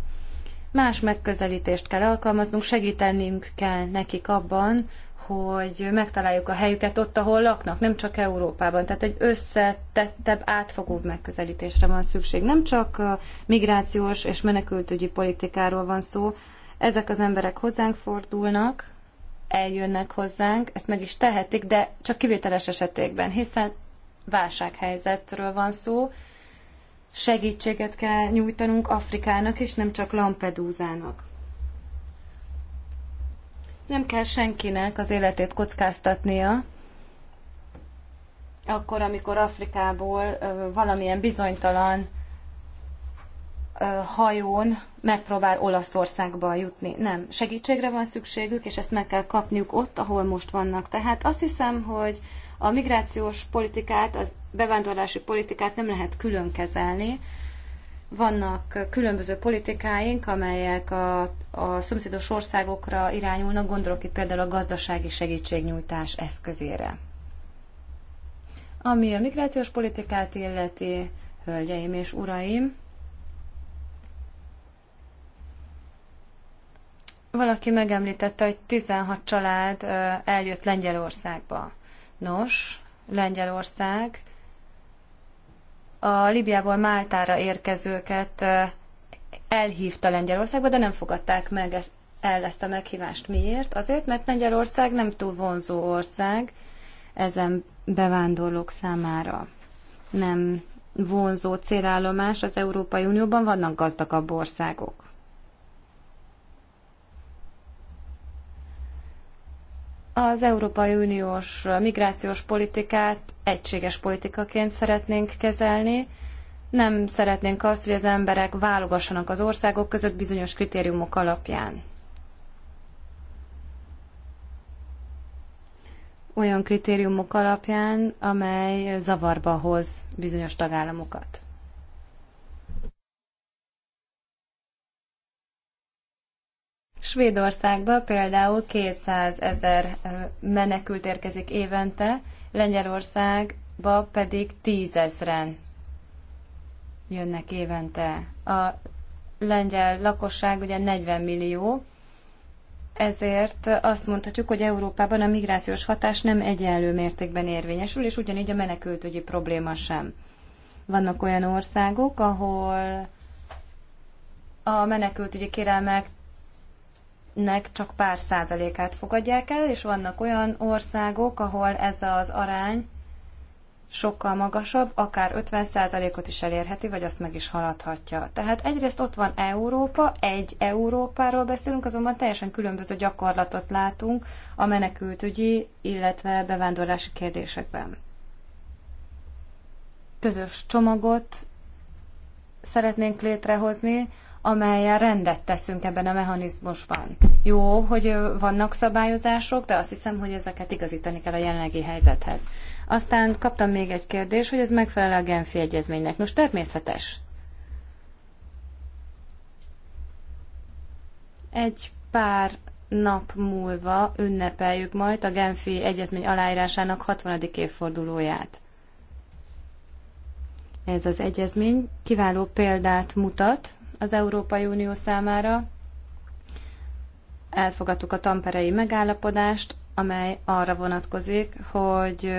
Más megközelítést kell alkalmaznunk, segítenünk kell nekik abban, hogy megtaláljuk a helyüket ott, ahol laknak, nem csak Európában. Tehát egy összetettebb, átfogóbb megközelítésre van szükség. Nem csak migrációs és menekültügyi politikáról van szó, ezek az emberek hozzánk fordulnak, eljönnek hozzánk, ezt meg is tehetik, de csak kivételes esetekben, hiszen válsághelyzetről van szó, segítséget kell nyújtanunk Afrikának, és nem csak Lampedúzának. Nem kell senkinek az életét kockáztatnia, akkor, amikor Afrikából valamilyen bizonytalan hajón megpróbál Olaszországba jutni. Nem, segítségre van szükségük, és ezt meg kell kapniuk ott, ahol most vannak. Tehát azt hiszem, hogy a migrációs politikát, az bevándorlási politikát nem lehet külön kezelni. Vannak különböző politikáink, amelyek a, a szomszédos országokra irányulnak, gondolok itt például a gazdasági segítségnyújtás eszközére. Ami a migrációs politikát illeti, hölgyeim és uraim, Valaki megemlítette, hogy 16 család eljött Lengyelországba. Nos, Lengyelország a Libiából Máltára érkezőket elhívta Lengyelországba, de nem fogadták meg ezt, el ezt a meghívást. Miért? Azért, mert Lengyelország nem túl vonzó ország ezen bevándorlók számára. Nem vonzó célállomás az Európai Unióban, vannak gazdagabb országok. Az Európai Uniós migrációs politikát egységes politikaként szeretnénk kezelni. Nem szeretnénk azt, hogy az emberek válogassanak az országok között bizonyos kritériumok alapján. Olyan kritériumok alapján, amely zavarba hoz bizonyos tagállamokat. Svédországba például 200 ezer menekült érkezik évente, Lengyelországba pedig 10 jönnek évente. A lengyel lakosság ugye 40 millió, ezért azt mondhatjuk, hogy Európában a migrációs hatás nem egyenlő mértékben érvényesül, és ugyanígy a menekültügyi probléma sem. Vannak olyan országok, ahol a menekültügyi kérelmek nek csak pár százalékát fogadják el, és vannak olyan országok, ahol ez az arány sokkal magasabb, akár 50 százalékot is elérheti, vagy azt meg is haladhatja. Tehát egyrészt ott van Európa, egy Európáról beszélünk, azonban teljesen különböző gyakorlatot látunk a menekültügyi, illetve bevándorlási kérdésekben. Közös csomagot szeretnénk létrehozni, amelyen rendet teszünk ebben a mechanizmusban. Jó, hogy vannak szabályozások, de azt hiszem, hogy ezeket igazítani kell a jelenlegi helyzethez. Aztán kaptam még egy kérdést, hogy ez megfelel a Genfi Egyezménynek. Nos, természetes. Egy pár nap múlva ünnepeljük majd a Genfi Egyezmény aláírásának 60. évfordulóját. Ez az egyezmény kiváló példát mutat az Európai Unió számára. Elfogadtuk a tamperei megállapodást, amely arra vonatkozik, hogy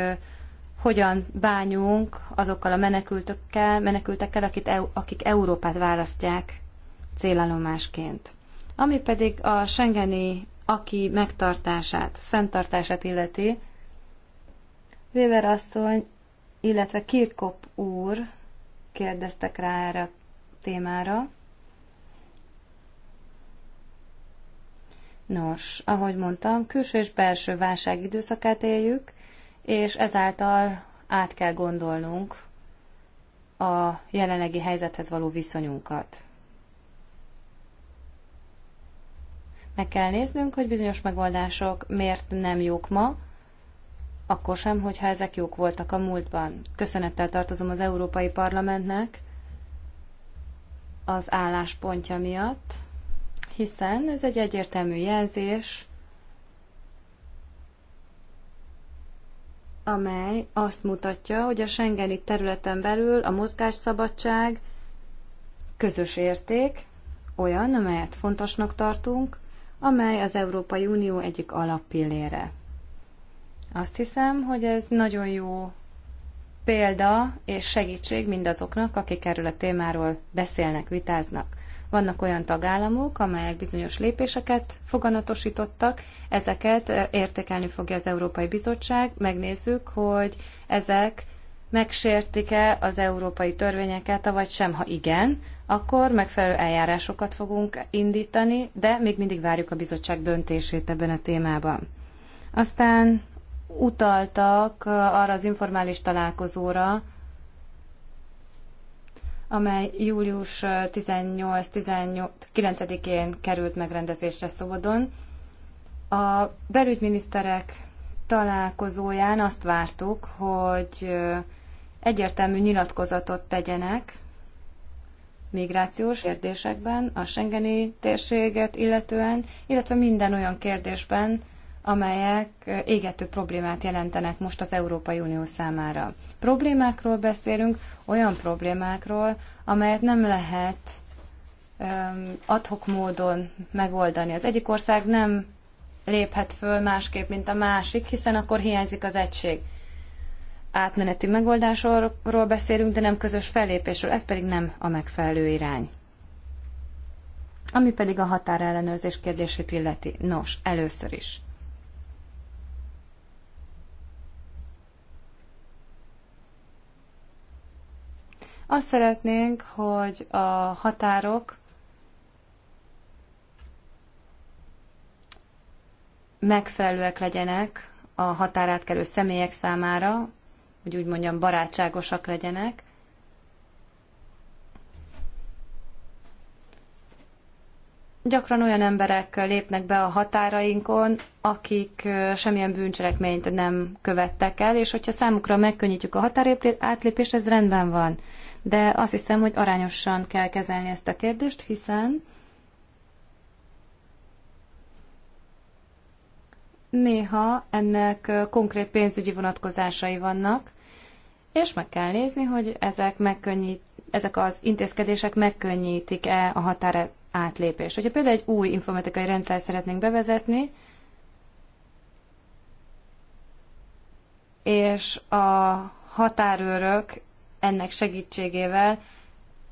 hogyan bánjunk azokkal a menekültökkel, menekültekkel, akit, akik Európát választják célállomásként. Ami pedig a Schengeni aki megtartását, fenntartását illeti, Weber asszony, illetve Kirkop úr kérdeztek rá erre a témára. Nos, ahogy mondtam, külső és belső válság időszakát éljük, és ezáltal át kell gondolnunk a jelenlegi helyzethez való viszonyunkat. Meg kell néznünk, hogy bizonyos megoldások miért nem jók ma, akkor sem, hogyha ezek jók voltak a múltban. Köszönettel tartozom az Európai Parlamentnek az álláspontja miatt, hiszen ez egy egyértelmű jelzés, amely azt mutatja, hogy a Schengeni területen belül a mozgásszabadság közös érték, olyan, amelyet fontosnak tartunk, amely az Európai Unió egyik alappillére. Azt hiszem, hogy ez nagyon jó példa és segítség mindazoknak, akik erről a témáról beszélnek, vitáznak. Vannak olyan tagállamok, amelyek bizonyos lépéseket foganatosítottak, ezeket értékelni fogja az Európai Bizottság, megnézzük, hogy ezek megsértik-e az európai törvényeket, vagy sem. Ha igen, akkor megfelelő eljárásokat fogunk indítani, de még mindig várjuk a bizottság döntését ebben a témában. Aztán utaltak arra az informális találkozóra, amely július 18-19-én került megrendezésre Szobodon. A belügyminiszterek találkozóján azt vártuk, hogy egyértelmű nyilatkozatot tegyenek migrációs kérdésekben, a Schengeni térséget illetően, illetve minden olyan kérdésben, amelyek égető problémát jelentenek most az Európai Unió számára. Problémákról beszélünk, olyan problémákról, amelyet nem lehet adhok módon megoldani. Az egyik ország nem léphet föl másképp, mint a másik, hiszen akkor hiányzik az egység. Átmeneti megoldásról beszélünk, de nem közös fellépésről, ez pedig nem a megfelelő irány. Ami pedig a határellenőrzés kérdését illeti. Nos, először is. Azt szeretnénk, hogy a határok megfelelőek legyenek a határátkelő személyek számára, hogy úgy mondjam, barátságosak legyenek. Gyakran olyan emberek lépnek be a határainkon, akik semmilyen bűncselekményt nem követtek el, és hogyha számukra megkönnyítjük a határátlépést, ez rendben van de azt hiszem, hogy arányosan kell kezelni ezt a kérdést, hiszen néha ennek konkrét pénzügyi vonatkozásai vannak, és meg kell nézni, hogy ezek, megkönnyít, ezek az intézkedések megkönnyítik-e a határ átlépést. Hogyha például egy új informatikai rendszer szeretnénk bevezetni, és a határőrök ennek segítségével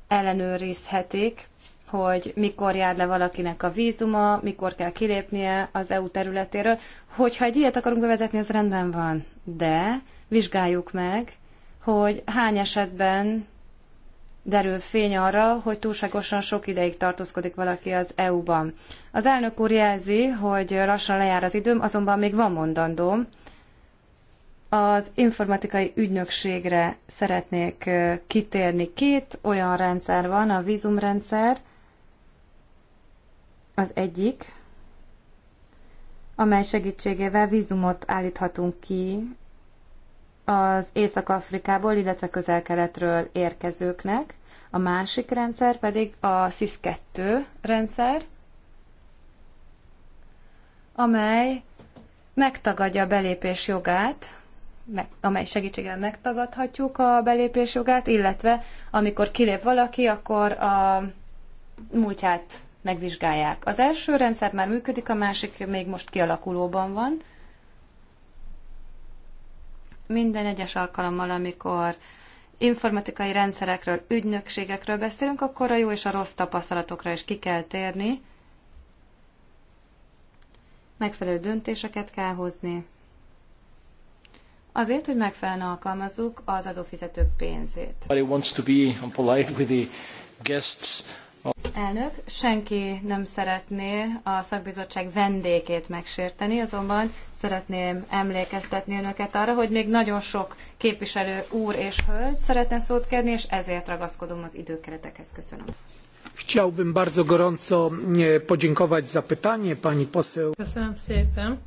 ellenőrizhetik, hogy mikor jár le valakinek a vízuma, mikor kell kilépnie az EU területéről. Hogyha egy ilyet akarunk bevezetni, az rendben van, de vizsgáljuk meg, hogy hány esetben derül fény arra, hogy túlságosan sok ideig tartózkodik valaki az EU-ban. Az elnök úr jelzi, hogy lassan lejár az időm, azonban még van mondandóm. Az informatikai ügynökségre szeretnék kitérni. Két olyan rendszer van, a vízumrendszer az egyik, amely segítségével vízumot állíthatunk ki az Észak-Afrikából, illetve közel-keletről érkezőknek. A másik rendszer pedig a SIS-2 rendszer, amely megtagadja a belépés jogát amely segítségével megtagadhatjuk a belépés jogát, illetve amikor kilép valaki, akkor a múltját megvizsgálják. Az első rendszer már működik, a másik még most kialakulóban van. Minden egyes alkalommal, amikor informatikai rendszerekről, ügynökségekről beszélünk, akkor a jó és a rossz tapasztalatokra is ki kell térni. Megfelelő döntéseket kell hozni, Azért, hogy megfelelően alkalmazzuk az adófizetők pénzét. Elnök, senki nem szeretné a szakbizottság vendégét megsérteni, azonban szeretném emlékeztetni önöket arra, hogy még nagyon sok képviselő úr és hölgy szeretne szót kérni, és ezért ragaszkodom az időkeretekhez. Köszönöm. Chciałbym bardzo gorąco e, podziękować za pytanie pani poseł. Köszönöm szépen.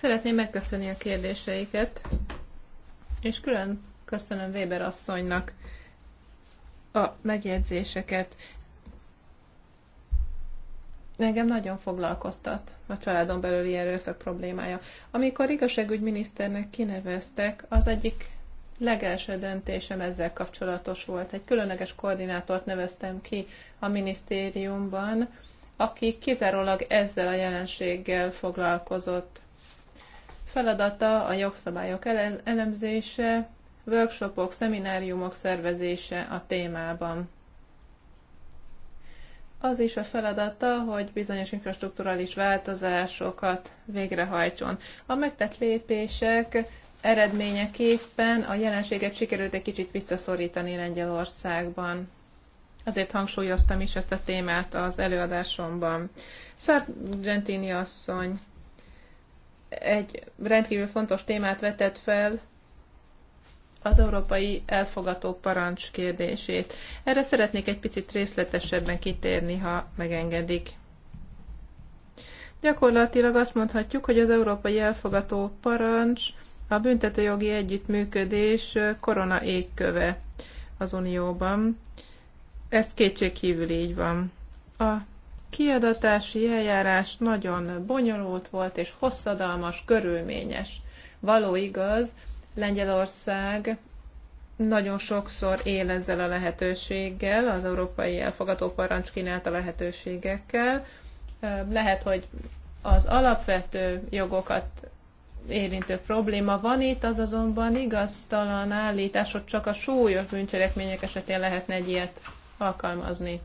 Szeretném megköszönni a kérdéseiket, és külön köszönöm Weber asszonynak a megjegyzéseket. Engem nagyon foglalkoztat a családon belüli erőszak problémája. Amikor igazságügyminiszternek kineveztek, az egyik legelső döntésem ezzel kapcsolatos volt. Egy különleges koordinátort neveztem ki a minisztériumban, aki kizárólag ezzel a jelenséggel foglalkozott. Feladata a jogszabályok elemzése, workshopok, szemináriumok szervezése a témában. Az is a feladata, hogy bizonyos infrastruktúrális változásokat végrehajtson. A megtett lépések eredményeképpen a jelenséget sikerült egy kicsit visszaszorítani Lengyelországban. Azért hangsúlyoztam is ezt a témát az előadásomban. Sargentini asszony egy rendkívül fontos témát vetett fel, az európai elfogató parancs kérdését. Erre szeretnék egy picit részletesebben kitérni, ha megengedik. Gyakorlatilag azt mondhatjuk, hogy az európai elfogató parancs a büntetőjogi együttműködés korona égköve az Unióban. Ez kétségkívül így van. A kiadatási eljárás nagyon bonyolult volt és hosszadalmas, körülményes. Való igaz, Lengyelország nagyon sokszor él ezzel a lehetőséggel, az európai elfogató parancs kínálta lehetőségekkel. Lehet, hogy az alapvető jogokat érintő probléma van itt, az azonban igaztalan állítás, hogy csak a súlyos bűncselekmények esetén lehetne egy ilyet alkalmazni.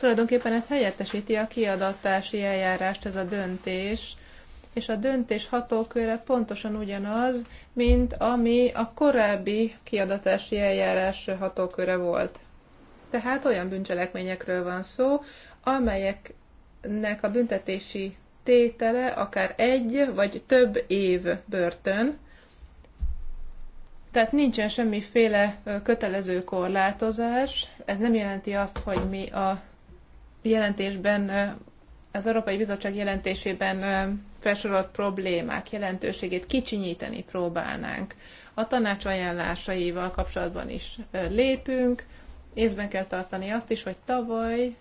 Tulajdonképpen ez helyettesíti a kiadatási eljárást, ez a döntés, és a döntés hatóköre pontosan ugyanaz, mint ami a korábbi kiadatási eljárás hatóköre volt. Tehát olyan bűncselekményekről van szó, amelyeknek a büntetési tétele akár egy vagy több év börtön, tehát nincsen semmiféle kötelező korlátozás, ez nem jelenti azt, hogy mi a jelentésben, az Európai Bizottság jelentésében felsorolt problémák jelentőségét kicsinyíteni próbálnánk. A tanács ajánlásaival kapcsolatban is lépünk. Észben kell tartani azt is, hogy tavaly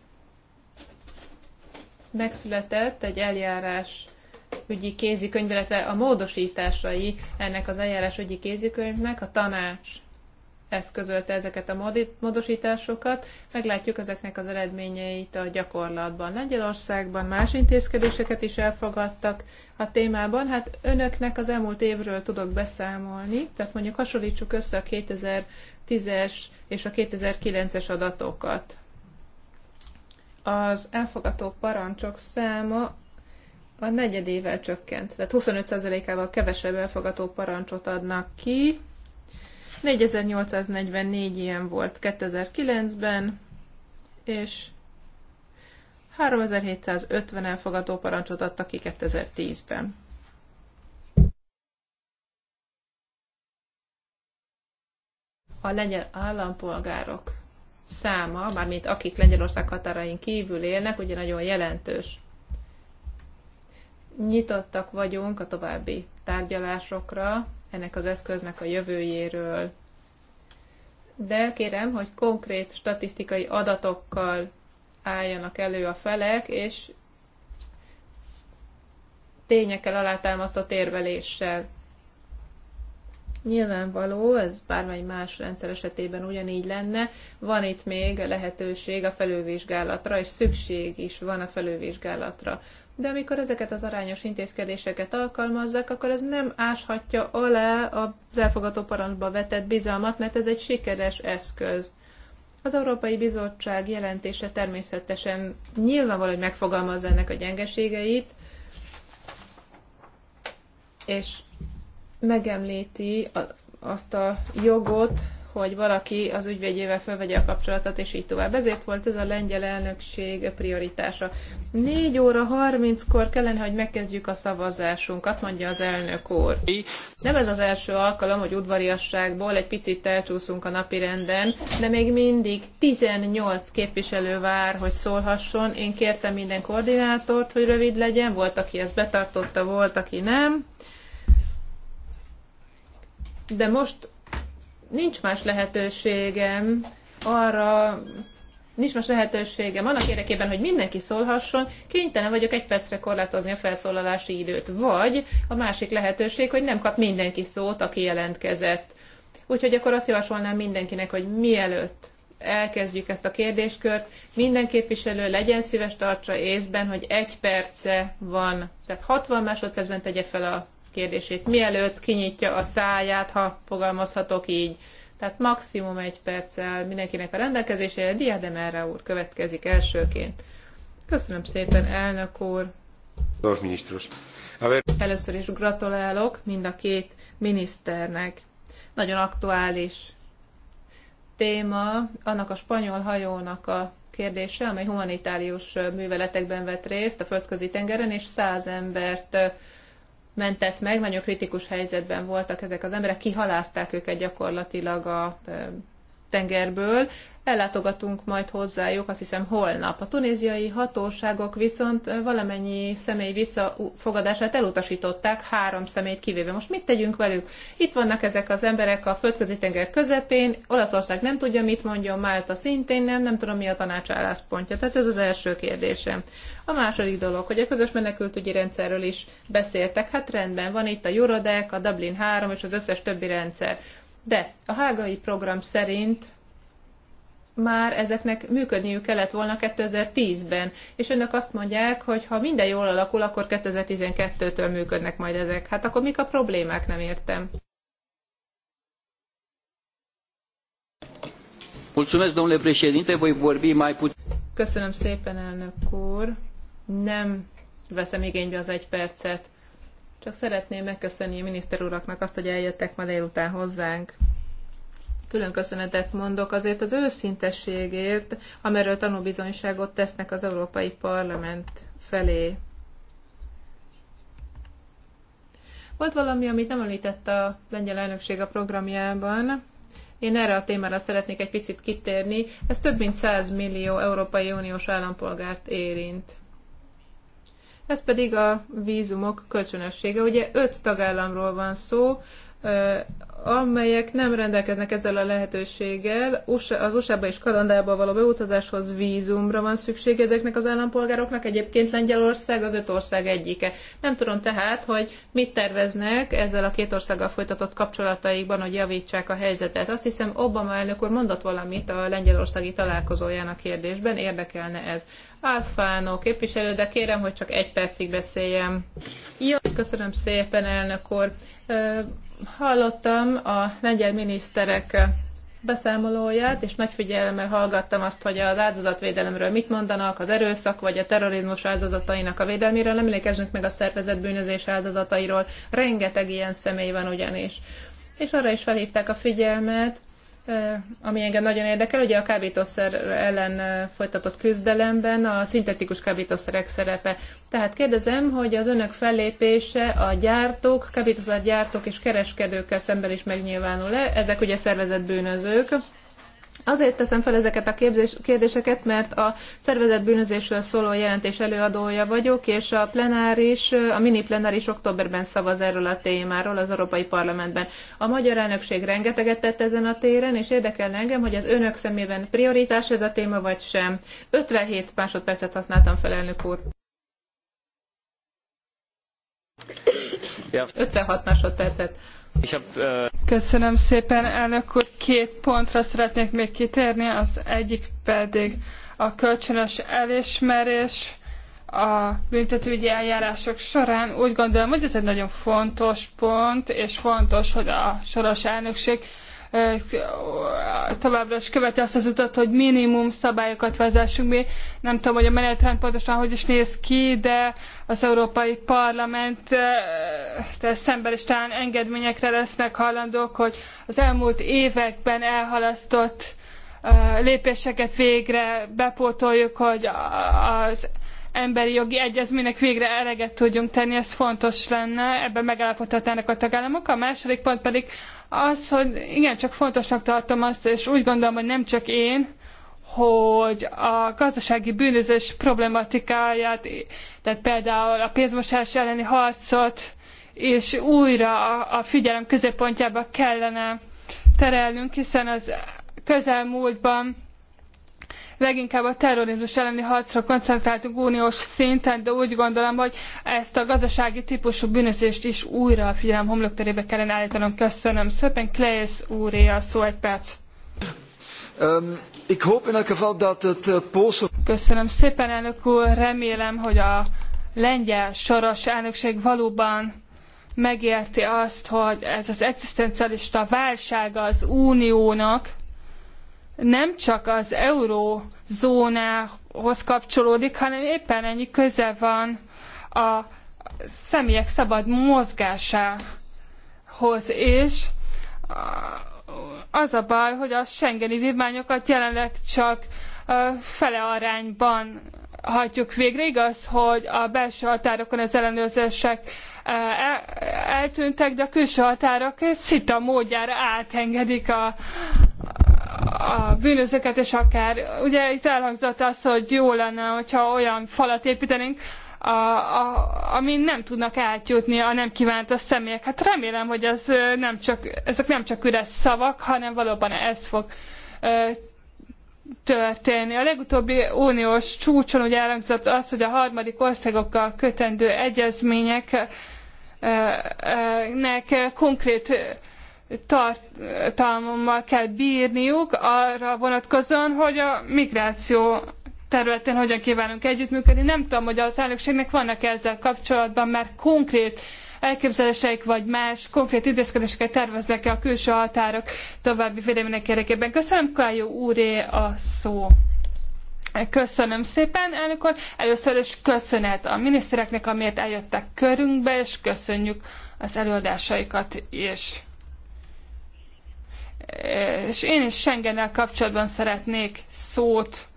megszületett egy eljárás ügyi kézikönyv, illetve a módosításai ennek az eljárás ügyi kézikönyvnek a tanács eszközölte ezeket a módosításokat. Meglátjuk ezeknek az eredményeit a gyakorlatban. Lengyelországban más intézkedéseket is elfogadtak a témában. Hát önöknek az elmúlt évről tudok beszámolni, tehát mondjuk hasonlítsuk össze a 2010-es és a 2009-es adatokat. Az elfogadó parancsok száma a negyedével csökkent, tehát 25%-ával kevesebb elfogadó parancsot adnak ki, 4844 ilyen volt 2009-ben, és 3750 elfogadó parancsot adtak ki 2010-ben. A lengyel állampolgárok száma, mármint akik Lengyelország határain kívül élnek, ugye nagyon jelentős. Nyitottak vagyunk a további tárgyalásokra, ennek az eszköznek a jövőjéről. De kérem, hogy konkrét statisztikai adatokkal álljanak elő a felek, és tényekkel alátámasztott érveléssel. Nyilvánvaló, ez bármely más rendszer esetében ugyanígy lenne. Van itt még lehetőség a felővizsgálatra, és szükség is van a felővizsgálatra de amikor ezeket az arányos intézkedéseket alkalmazzák, akkor ez nem áshatja alá az elfogadó parancsba vetett bizalmat, mert ez egy sikeres eszköz. Az Európai Bizottság jelentése természetesen nyilvánvaló, hogy megfogalmazza ennek a gyengeségeit, és megemlíti azt a jogot, hogy valaki az ügyvédjével fölvegye a kapcsolatot, és így tovább. Ezért volt ez a lengyel elnökség prioritása. 4 óra 30-kor kellene, hogy megkezdjük a szavazásunkat, mondja az elnök úr. Nem ez az első alkalom, hogy udvariasságból egy picit elcsúszunk a napi renden, de még mindig 18 képviselő vár, hogy szólhasson. Én kértem minden koordinátort, hogy rövid legyen, volt, aki ezt betartotta, volt, aki nem. De most nincs más lehetőségem arra, nincs más lehetőségem annak érdekében, hogy mindenki szólhasson, kénytelen vagyok egy percre korlátozni a felszólalási időt. Vagy a másik lehetőség, hogy nem kap mindenki szót, aki jelentkezett. Úgyhogy akkor azt javasolnám mindenkinek, hogy mielőtt elkezdjük ezt a kérdéskört, minden képviselő legyen szíves tartsa észben, hogy egy perce van, tehát 60 másodpercben tegye fel a kérdését, mielőtt kinyitja a száját, ha fogalmazhatok így. Tehát maximum egy perccel mindenkinek a rendelkezésére. Diademerre úr következik elsőként. Köszönöm szépen, elnök úr. Először is gratulálok mind a két miniszternek. Nagyon aktuális téma annak a spanyol hajónak a kérdése, amely humanitárius műveletekben vett részt a földközi tengeren, és száz embert mentett meg, nagyon kritikus helyzetben voltak ezek az emberek, kihalázták őket gyakorlatilag a tengerből, ellátogatunk majd hozzájuk, azt hiszem holnap. A tunéziai hatóságok viszont valamennyi személy visszafogadását elutasították, három személyt kivéve. Most mit tegyünk velük? Itt vannak ezek az emberek a földközi tenger közepén, Olaszország nem tudja, mit mondjon, Málta szintén nem, nem tudom, mi a tanácsálláspontja. Tehát ez az első kérdésem. A második dolog, hogy a közös menekültügyi rendszerről is beszéltek. Hát rendben, van itt a Jurodek, a Dublin 3 és az összes többi rendszer. De a hágai program szerint már ezeknek működniük kellett volna 2010-ben, és önök azt mondják, hogy ha minden jól alakul, akkor 2012-től működnek majd ezek. Hát akkor mik a problémák, nem értem. Köszönöm szépen, elnök úr. Nem veszem igénybe az egy percet. Csak szeretném megköszönni a miniszter uraknak azt, hogy eljöttek ma délután hozzánk. Külön köszönetet mondok azért az őszintességért, amiről tanúbizonyságot tesznek az Európai Parlament felé. Volt valami, amit nem említett a lengyel elnökség a programjában. Én erre a témára szeretnék egy picit kitérni. Ez több mint 100 millió Európai Uniós állampolgárt érint ez pedig a vízumok kölcsönössége. Ugye öt tagállamról van szó, amelyek nem rendelkeznek ezzel a lehetőséggel, az USA-ba és Kanadába való beutazáshoz vízumra van szükség ezeknek az állampolgároknak, egyébként Lengyelország az öt ország egyike. Nem tudom tehát, hogy mit terveznek ezzel a két országgal folytatott kapcsolataikban, hogy javítsák a helyzetet. Azt hiszem, Obama elnök úr mondott valamit a lengyelországi találkozójának kérdésben, érdekelne ez. Alfánó képviselő, de kérem, hogy csak egy percig beszéljem. Jó, köszönöm szépen, elnök úr. Hallottam a lengyel miniszterek beszámolóját, és megfigyelemmel hallgattam azt, hogy az áldozatvédelemről mit mondanak, az erőszak vagy a terrorizmus áldozatainak a védelméről, nem emlékeznek meg a szervezett bűnözés áldozatairól. Rengeteg ilyen személy van ugyanis. És arra is felhívták a figyelmet, ami engem nagyon érdekel, ugye a kábítószer ellen folytatott küzdelemben a szintetikus kábítószerek szerepe. Tehát kérdezem, hogy az önök fellépése a gyártók, kábítószergyártók és kereskedőkkel szemben is megnyilvánul-e? Ezek ugye szervezett bűnözők, Azért teszem fel ezeket a képzés, kérdéseket, mert a szervezet bűnözésről szóló jelentés előadója vagyok, és a plenáris, a mini plenáris októberben szavaz erről a témáról az Európai Parlamentben. A magyar elnökség rengeteget tett ezen a téren, és érdekelne engem, hogy az önök szemében prioritás ez a téma, vagy sem. 57 másodpercet használtam fel, elnök úr. 56 másodpercet. Köszönöm szépen, elnök úr. Két pontra szeretnék még kitérni, az egyik pedig a kölcsönös elismerés a büntetőügyi eljárások során. Úgy gondolom, hogy ez egy nagyon fontos pont, és fontos, hogy a soros elnökség továbbra is követi azt az utat, hogy minimum szabályokat vezessünk mi. Nem tudom, hogy a menetrend pontosan hogy is néz ki, de az Európai Parlament szemben is talán engedményekre lesznek hajlandók, hogy az elmúlt években elhalasztott lépéseket végre bepótoljuk, hogy az emberi jogi egyezménynek végre eleget tudjunk tenni, ez fontos lenne, ebben megállapodhatnának a tagállamok. A második pont pedig az, hogy igen, csak fontosnak tartom azt, és úgy gondolom, hogy nem csak én, hogy a gazdasági bűnözés problematikáját, tehát például a pénzmosás elleni harcot, és újra a figyelem középpontjába kellene terelnünk, hiszen az közelmúltban leginkább a terrorizmus elleni harcra koncentráltunk uniós szinten, de úgy gondolom, hogy ezt a gazdasági típusú bűnözést is újra a figyelem homlokterébe kellene állítanom. Köszönöm szépen. Klejsz úré a szó egy perc. Um, ik hoop in elk geval dat het eh, Poolse... Köszönöm szépen, elnök úr. Remélem, hogy a lengyel soros elnökség valóban megérti azt, hogy ez az egzisztencialista válsága az uniónak, nem csak az eurózónához kapcsolódik, hanem éppen ennyi köze van a személyek szabad mozgásához is. Az a baj, hogy a Schengeni vívmányokat jelenleg csak fele arányban hajtjuk végre. Igaz, hogy a belső határokon az ellenőrzések eltűntek, de a külső határok szita módjára átengedik a, a bűnözőket, és akár ugye itt elhangzott az, hogy jó lenne, hogyha olyan falat építenénk, a, a, amin nem tudnak átjutni a nem kívánt a személyek. Hát remélem, hogy ez nem csak, ezek nem csak üres szavak, hanem valóban ez fog ö, történni. A legutóbbi uniós csúcson ugye elhangzott az, hogy a harmadik országokkal kötendő egyezményeknek konkrét tartalmommal kell bírniuk arra vonatkozóan, hogy a migráció területén hogyan kívánunk együttműködni. Nem tudom, hogy az elnökségnek vannak -e ezzel kapcsolatban már konkrét elképzeléseik, vagy más konkrét intézkedéseket terveznek-e a külső határok további védelmének érdekében. Köszönöm, Kájó úré a szó. Köszönöm szépen, elnök úr. Először is köszönet a minisztereknek, amiért eljöttek körünkbe, és köszönjük az előadásaikat is és én is Schengennel kapcsolatban szeretnék szót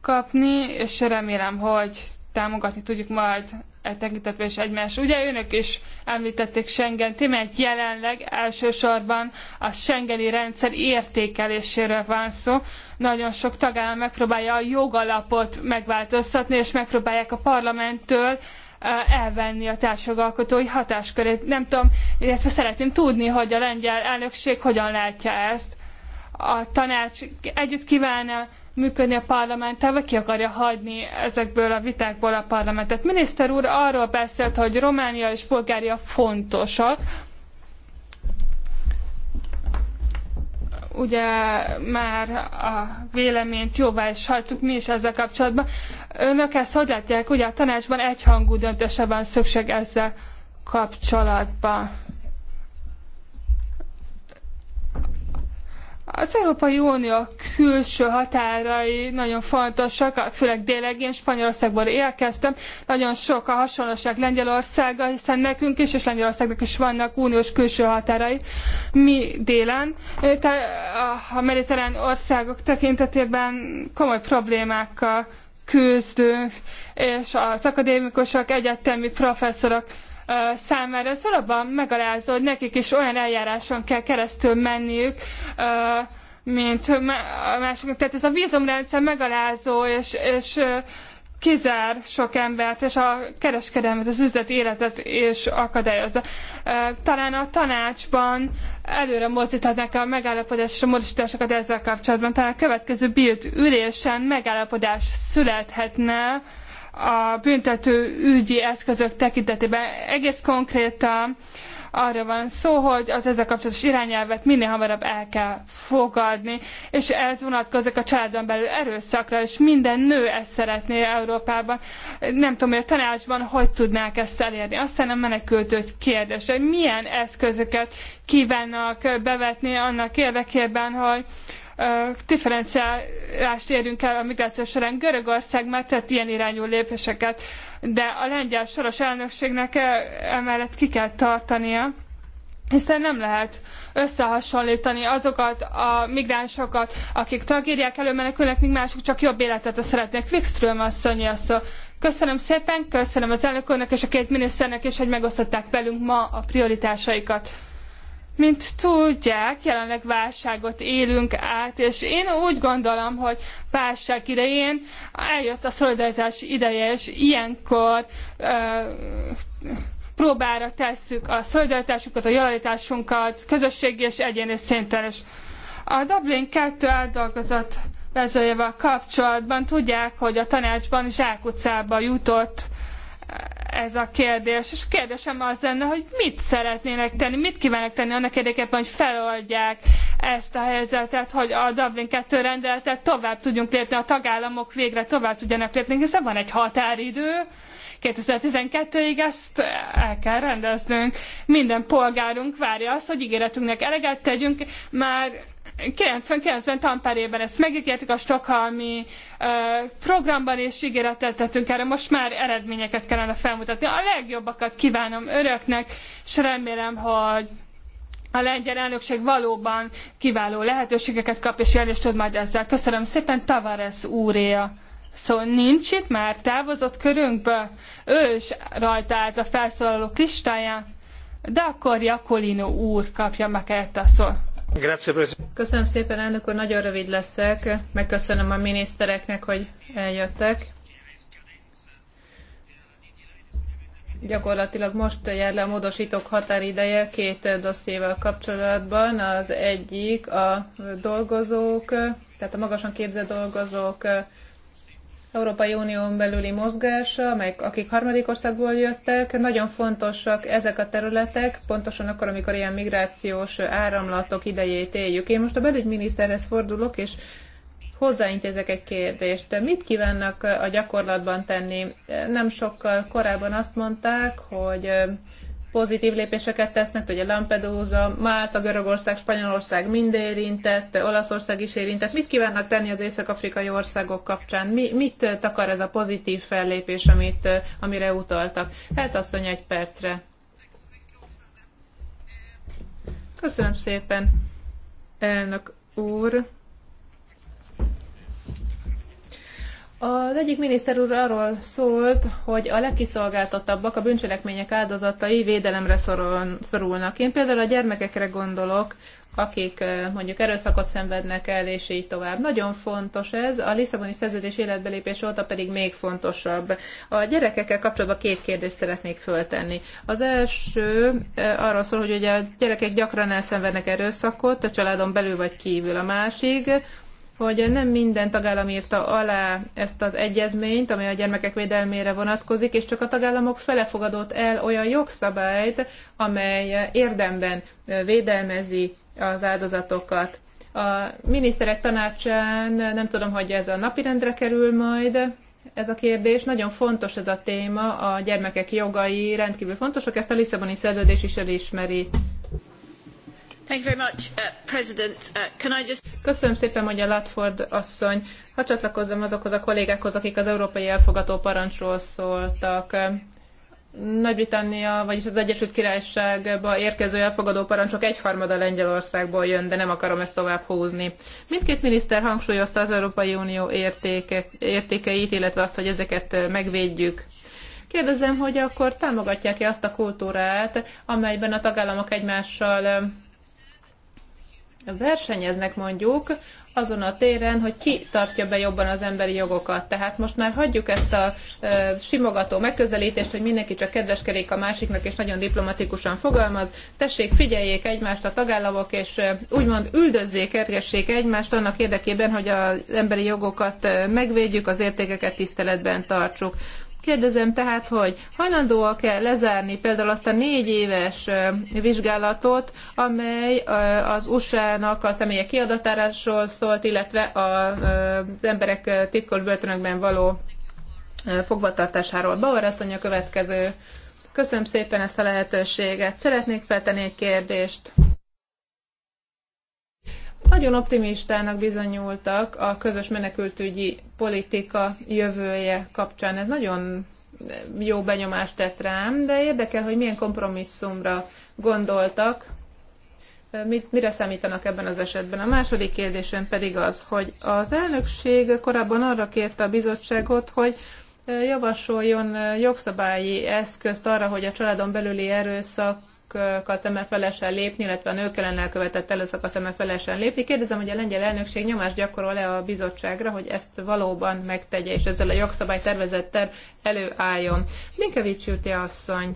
kapni, és remélem, hogy támogatni tudjuk majd e tekintetben is egymást. Ugye önök is említették Schengen témát, jelenleg elsősorban a Schengeni rendszer értékeléséről van szó. Nagyon sok tagállam megpróbálja a jogalapot megváltoztatni, és megpróbálják a parlamenttől elvenni a társjogalkotói hatáskörét. Nem tudom, illetve szeretném tudni, hogy a lengyel elnökség hogyan látja ezt. A tanács együtt kívánna működni a parlamenttel, vagy ki akarja hagyni ezekből a vitákból a parlamentet. Miniszter úr arról beszélt, hogy Románia és Bulgária fontosak, ugye már a véleményt jóvá is hagytuk mi is ezzel kapcsolatban. Önök ezt hogy látják? Ugye a tanácsban egyhangú döntése van szükség ezzel kapcsolatban. Az Európai Unió külső határai nagyon fontosak, főleg déleg, én Spanyolországból érkeztem, nagyon sok a hasonlóság Lengyelországgal, hiszen nekünk is, és Lengyelországnak is vannak uniós külső határai. Mi délen, a mediterrán országok tekintetében komoly problémákkal küzdünk, és az akadémikusok, egyetemi professzorok számára. Ez valóban megalázó, hogy nekik is olyan eljáráson kell keresztül menniük, mint másoknak. Tehát ez a vízumrendszer megalázó, és, és kizár sok embert, és a kereskedelmet, az üzleti életet is akadályozza. Talán a tanácsban előre mozdíthatnak a megállapodásra módosításokat ezzel kapcsolatban. Talán a következő bírt ülésen megállapodás születhetne, a büntető ügyi eszközök tekintetében. Egész konkrétan arra van szó, hogy az ezzel kapcsolatos irányelvet minél hamarabb el kell fogadni, és ez vonatkozik a családon belül erőszakra, és minden nő ezt szeretné Európában. Nem tudom, hogy a tanácsban hogy tudnák ezt elérni. Aztán a menekültőt kérdés, hogy milyen eszközöket kívánnak bevetni annak érdekében, hogy differenciálást érünk el a migráció során. Görögország már tett ilyen irányú lépéseket, de a lengyel soros elnökségnek e, emellett ki kell tartania hiszen nem lehet összehasonlítani azokat a migránsokat, akik tragédiák elől menekülnek, míg mások csak jobb életet szeretnék. Wikström asszony a szó. Köszönöm szépen, köszönöm az elnök úrnak és a két miniszternek is, hogy megosztották velünk ma a prioritásaikat. Mint tudják, jelenleg válságot élünk át, és én úgy gondolom, hogy válság idején eljött a szolidaritás ideje, és ilyenkor uh, próbára tesszük a szolidaritásunkat, a jelenlétásunkat, közösségi és egyéni szinten is. A Dublin 2 átdolgozott vezőjével kapcsolatban tudják, hogy a tanácsban zsákutcába jutott ez a kérdés. És a kérdésem az lenne, hogy mit szeretnének tenni, mit kívánnak tenni annak érdekében, hogy feloldják ezt a helyzetet, hogy a Dublin 2 rendeletet tovább tudjunk lépni, a tagállamok végre tovább tudjanak lépni, hiszen van egy határidő, 2012-ig ezt el kell rendeznünk. Minden polgárunk várja azt, hogy ígéretünknek eleget tegyünk, már 99-ben Tamperében ezt megígértük a stokhalmi programban, és ígéretet tettünk erre. Most már eredményeket kellene felmutatni. A legjobbakat kívánom öröknek, és remélem, hogy a lengyel elnökség valóban kiváló lehetőségeket kap, és jel is tud majd ezzel. Köszönöm szépen, Tavares úréja. Szó szóval nincs itt, már távozott körünkbe, ő is rajta állt a felszólalók listáján, de akkor Jakolino úr kapja meg ezt a szót. Köszönöm szépen, elnök úr, nagyon rövid leszek. Megköszönöm a minisztereknek, hogy eljöttek. Gyakorlatilag most jár le a módosítók határideje két dossziéval kapcsolatban. Az egyik a dolgozók, tehát a magasan képzett dolgozók Európai Unión belüli mozgása, amelyek, akik harmadik országból jöttek, nagyon fontosak ezek a területek, pontosan akkor, amikor ilyen migrációs áramlatok idejét éljük. Én most a belügyminiszterhez fordulok, és hozzáintézek egy kérdést. Mit kívánnak a gyakorlatban tenni? Nem sokkal korábban azt mondták, hogy pozitív lépéseket tesznek, ugye Lampedusa, Málta, Görögország, Spanyolország mind érintett, Olaszország is érintett. Mit kívánnak tenni az észak-afrikai országok kapcsán? Mi, mit takar ez a pozitív fellépés, amit, amire utaltak? Hát mondja egy percre. Köszönöm szépen, elnök úr. Az egyik miniszter úr arról szólt, hogy a legkiszolgáltatabbak, a bűncselekmények áldozatai védelemre szorulnak. Én például a gyermekekre gondolok, akik mondjuk erőszakot szenvednek el, és így tovább. Nagyon fontos ez, a Lisszaboni szerződés életbelépés óta pedig még fontosabb. A gyerekekkel kapcsolatban két kérdést szeretnék föltenni. Az első arról szól, hogy ugye a gyerekek gyakran elszenvednek erőszakot, a családon belül vagy kívül. A másik, hogy nem minden tagállam írta alá ezt az egyezményt, amely a gyermekek védelmére vonatkozik, és csak a tagállamok fele fogadott el olyan jogszabályt, amely érdemben védelmezi az áldozatokat. A miniszterek tanácsán nem tudom, hogy ez a napirendre kerül majd, ez a kérdés. Nagyon fontos ez a téma, a gyermekek jogai rendkívül fontosak, ezt a Lisszaboni szerződés is elismeri. Uh, uh, Köszönöm szépen, mondja Latford asszony. Ha csatlakozzam azokhoz a kollégákhoz, akik az európai elfogató parancsról szóltak. Nagy-Britannia, vagyis az Egyesült Királyságba érkező elfogadó parancsok egyharmada Lengyelországból jön, de nem akarom ezt tovább húzni. Mindkét miniszter hangsúlyozta az Európai Unió értéke, értékeit, illetve azt, hogy ezeket megvédjük. Kérdezem, hogy akkor támogatják-e azt a kultúrát, amelyben a tagállamok egymással versenyeznek mondjuk azon a téren, hogy ki tartja be jobban az emberi jogokat. Tehát most már hagyjuk ezt a e, simogató megközelítést, hogy mindenki csak kedveskerék a másiknak, és nagyon diplomatikusan fogalmaz. Tessék, figyeljék egymást a tagállamok, és e, úgymond üldözzék, ergessék egymást annak érdekében, hogy az emberi jogokat megvédjük, az értékeket tiszteletben tartsuk. Kérdezem tehát, hogy hajlandóak-e lezárni például azt a négy éves vizsgálatot, amely az USA-nak a személyek kiadatárásról szólt, illetve az emberek titkos börtönökben való fogvatartásáról. Bauer asszony a következő. Köszönöm szépen ezt a lehetőséget. Szeretnék feltenni egy kérdést nagyon optimistának bizonyultak a közös menekültügyi politika jövője kapcsán. Ez nagyon jó benyomást tett rám, de érdekel, hogy milyen kompromisszumra gondoltak, mit, mire számítanak ebben az esetben. A második kérdésem pedig az, hogy az elnökség korábban arra kérte a bizottságot, hogy javasoljon jogszabályi eszközt arra, hogy a családon belüli erőszak erőszakkal szemben felesen lépni, illetve a nők ellen elkövetett erőszakkal szemben felesen lépni. Kérdezem, hogy a lengyel elnökség nyomást gyakorol-e a bizottságra, hogy ezt valóban megtegye, és ezzel a jogszabály tervezettel előálljon. Minkevics Júti asszony.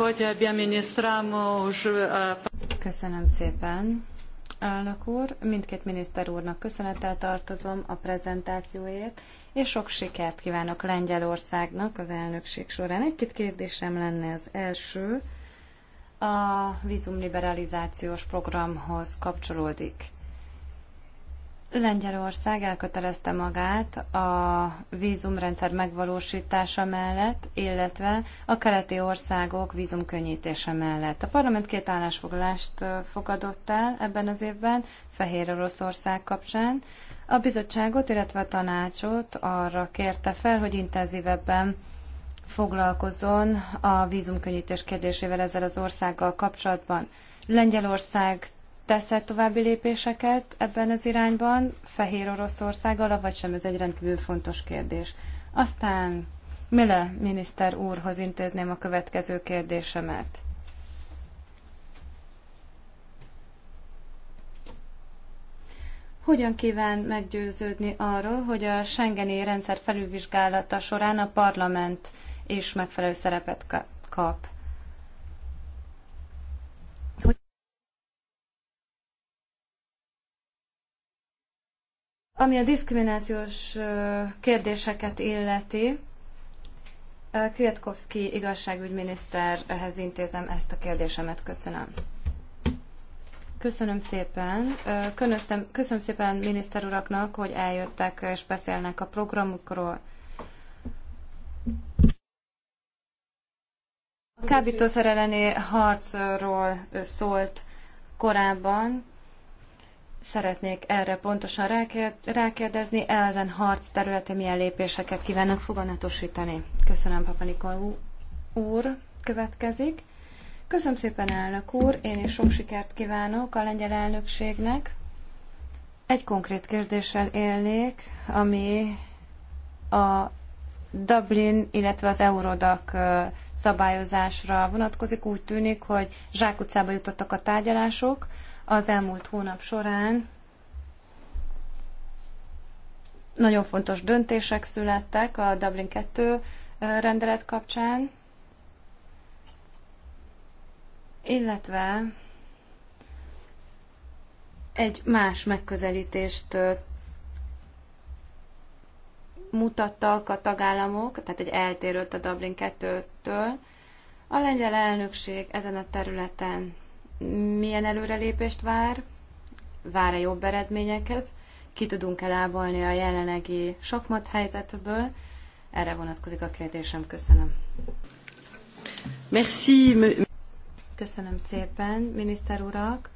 Köszönöm szépen. Elnök úr, mindkét miniszter úrnak köszönettel tartozom a prezentációért, és sok sikert kívánok Lengyelországnak az elnökség során. Egy-két kérdésem lenne az első a vízumliberalizációs programhoz kapcsolódik. Lengyelország elkötelezte magát a vízumrendszer megvalósítása mellett, illetve a keleti országok vízumkönnyítése mellett. A parlament két állásfoglalást fogadott el ebben az évben Fehér Oroszország kapcsán. A bizottságot, illetve a tanácsot arra kérte fel, hogy intenzívebben foglalkozzon a vízumkönnyítés kérdésével ezzel az országgal kapcsolatban. Lengyelország tesz-e további lépéseket ebben az irányban, Fehér Oroszországgal, vagy sem, ez egy rendkívül fontos kérdés. Aztán Mille miniszter úrhoz intézném a következő kérdésemet. Hogyan kíván meggyőződni arról, hogy a Schengeni rendszer felülvizsgálata során a parlament és megfelelő szerepet kap. Ami a diszkriminációs kérdéseket illeti, Kwiatkowski ehhez intézem ezt a kérdésemet. Köszönöm. Köszönöm szépen. Köszönöm, köszönöm szépen miniszter uraknak, hogy eljöttek és beszélnek a programukról. A kábítószer elleni harcról szólt korábban. Szeretnék erre pontosan rákérdezni, ezen harc területe milyen lépéseket kívánok foganatosítani. Köszönöm, Papa Nikol úr, következik. Köszönöm szépen, elnök úr, én is sok sikert kívánok a lengyel elnökségnek. Egy konkrét kérdéssel élnék, ami a Dublin, illetve az Eurodac szabályozásra vonatkozik. Úgy tűnik, hogy zsákutcába jutottak a tárgyalások az elmúlt hónap során. Nagyon fontos döntések születtek a Dublin 2 rendelet kapcsán, illetve egy más megközelítést mutattak a tagállamok, tehát egy eltérőt a Dublin 2-től. A lengyel elnökség ezen a területen milyen előrelépést vár? Vár-e jobb eredményeket? Ki tudunk elávolni a jelenlegi sokmat helyzetből? Erre vonatkozik a kérdésem. Köszönöm. Merci. Köszönöm szépen, miniszter urak,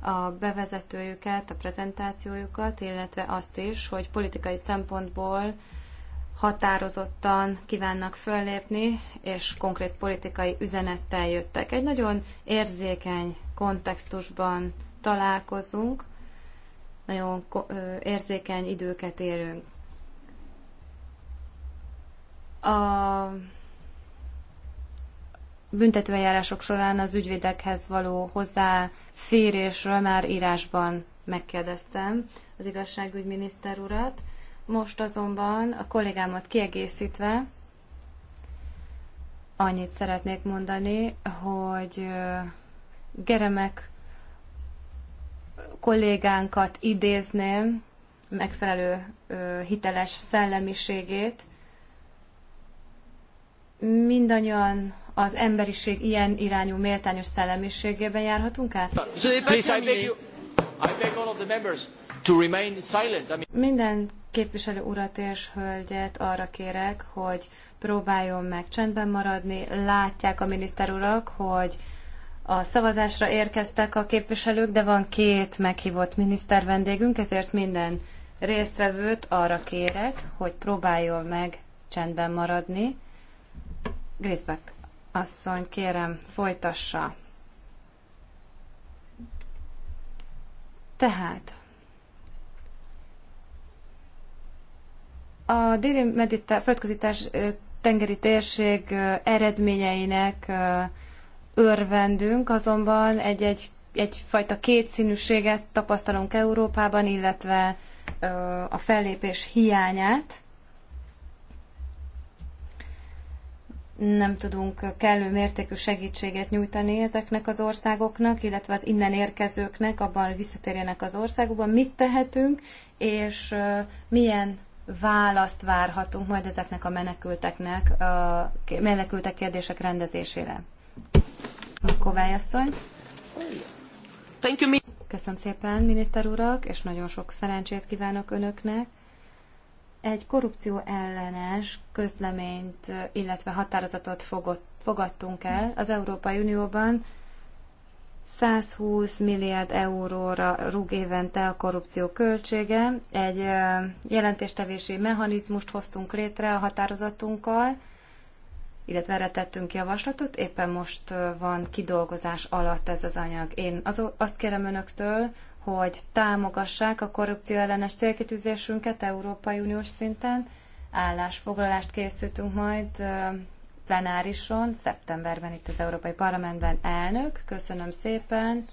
a bevezetőjüket, a prezentációjukat, illetve azt is, hogy politikai szempontból határozottan kívánnak föllépni, és konkrét politikai üzenettel jöttek. Egy nagyon érzékeny kontextusban találkozunk, nagyon érzékeny időket érünk. A büntetőeljárások során az ügyvédekhez való hozzáférésről már írásban megkérdeztem az igazságügyminiszter urat, most azonban a kollégámat kiegészítve annyit szeretnék mondani, hogy Geremek kollégánkat idézném, megfelelő hiteles szellemiségét. Mindannyian az emberiség ilyen irányú méltányos szellemiségében járhatunk át? Please, I beg you, I beg all of the members to remain silent. Minden képviselő urat és hölgyet arra kérek, hogy próbáljon meg csendben maradni. Látják a miniszter urak, hogy a szavazásra érkeztek a képviselők, de van két meghívott miniszter vendégünk, ezért minden résztvevőt arra kérek, hogy próbáljon meg csendben maradni. Grisbeck asszony, kérem, folytassa. Tehát A déli meditál, földközi tengeri térség eredményeinek örvendünk, azonban egy-egy egyfajta kétszínűséget tapasztalunk Európában, illetve a fellépés hiányát. Nem tudunk kellő mértékű segítséget nyújtani ezeknek az országoknak, illetve az innen érkezőknek abban visszatérjenek az országokban Mit tehetünk, és milyen választ várhatunk majd ezeknek a menekülteknek, a menekültek kérdések rendezésére. Kovály asszony. Thank you, Köszönöm szépen, miniszter urak, és nagyon sok szerencsét kívánok önöknek. Egy korrupció ellenes közleményt, illetve határozatot fogott, fogadtunk el az Európai Unióban. 120 milliárd euróra rúg évente a korrupció költsége. Egy jelentéstevési mechanizmust hoztunk létre a határozatunkkal, illetve erre tettünk javaslatot. Éppen most van kidolgozás alatt ez az anyag. Én az, azt kérem önöktől, hogy támogassák a korrupció ellenes célkitűzésünket Európai Uniós szinten. Állásfoglalást készítünk majd plenárison, szeptemberben itt az Európai Parlamentben elnök. Köszönöm szépen.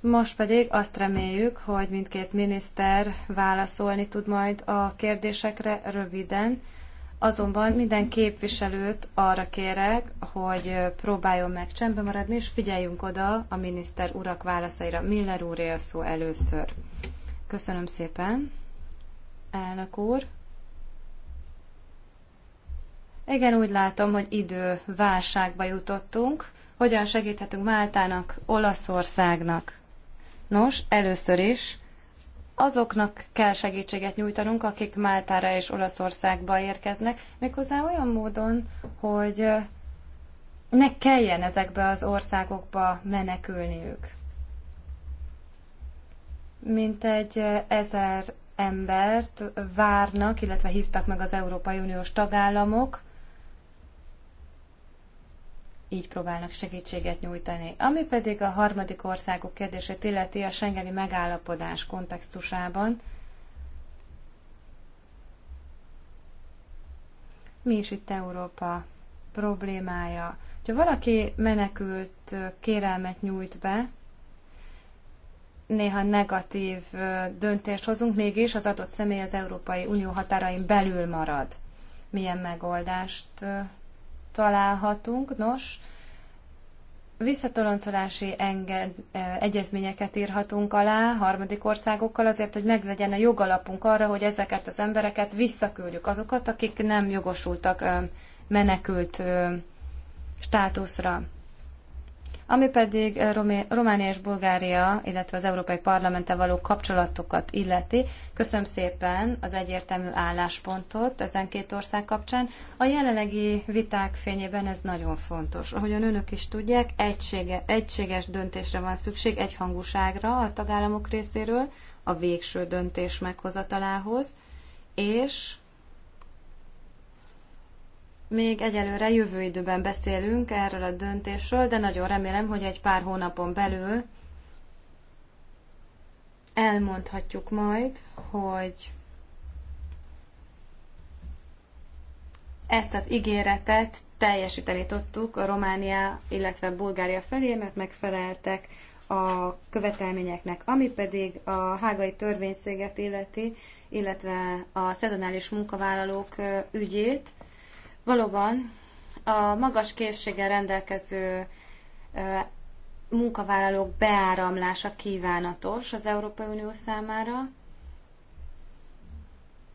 Most pedig azt reméljük, hogy mindkét miniszter válaszolni tud majd a kérdésekre röviden. Azonban minden képviselőt arra kérek, hogy próbáljon meg csendben maradni, és figyeljünk oda a miniszter urak válaszaira. Miller úr a szó először. Köszönöm szépen, elnök úr. Igen, úgy látom, hogy idő válságba jutottunk. Hogyan segíthetünk Máltának, Olaszországnak? Nos, először is azoknak kell segítséget nyújtanunk, akik Máltára és Olaszországba érkeznek, méghozzá olyan módon, hogy ne kelljen ezekbe az országokba menekülniük. Mint egy ezer embert várnak, illetve hívtak meg az Európai Uniós tagállamok, így próbálnak segítséget nyújtani. Ami pedig a harmadik országok kérdését illeti a Schengeni megállapodás kontextusában, mi is itt Európa problémája. Ha valaki menekült kérelmet nyújt be, néha negatív döntést hozunk, mégis az adott személy az Európai Unió határain belül marad. Milyen megoldást találhatunk. Nos, visszatoloncolási enged, egyezményeket írhatunk alá harmadik országokkal azért, hogy meglegyen a jogalapunk arra, hogy ezeket az embereket visszaküldjük azokat, akik nem jogosultak menekült státuszra. Ami pedig eh, Románia és Bulgária, illetve az Európai Parlamente való kapcsolatokat illeti, köszönöm szépen az egyértelmű álláspontot ezen két ország kapcsán. A jelenlegi viták fényében ez nagyon fontos. Ahogyan önök is tudják, egysége, egységes döntésre van szükség, egyhangúságra a tagállamok részéről, a végső döntés meghozatalához, és még egyelőre jövő időben beszélünk erről a döntésről, de nagyon remélem, hogy egy pár hónapon belül elmondhatjuk majd, hogy ezt az ígéretet teljesíteni tudtuk a Románia, illetve a Bulgária felé, mert megfeleltek a követelményeknek, ami pedig a hágai törvényszéget illeti, illetve a szezonális munkavállalók ügyét. Valóban a magas készséggel rendelkező munkavállalók beáramlása kívánatos az Európai Unió számára.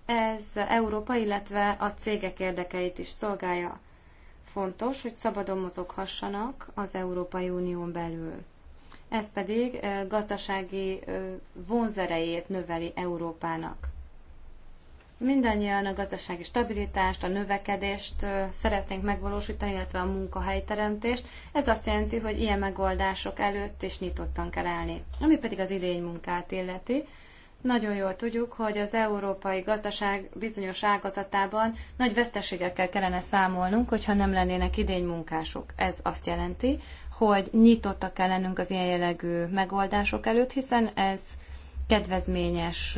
Ez Európa, illetve a cégek érdekeit is szolgálja. Fontos, hogy szabadon mozoghassanak az Európai Unión belül. Ez pedig gazdasági vonzerejét növeli Európának. Mindannyian a gazdasági stabilitást, a növekedést szeretnénk megvalósítani, illetve a munkahelyteremtést. Ez azt jelenti, hogy ilyen megoldások előtt is nyitottan kell állni. Ami pedig az idény munkát illeti, nagyon jól tudjuk, hogy az európai gazdaság bizonyos ágazatában nagy veszteségekkel kellene számolnunk, hogyha nem lennének idény munkások. Ez azt jelenti, hogy nyitottak kell lennünk az ilyen jellegű megoldások előtt, hiszen ez kedvezményes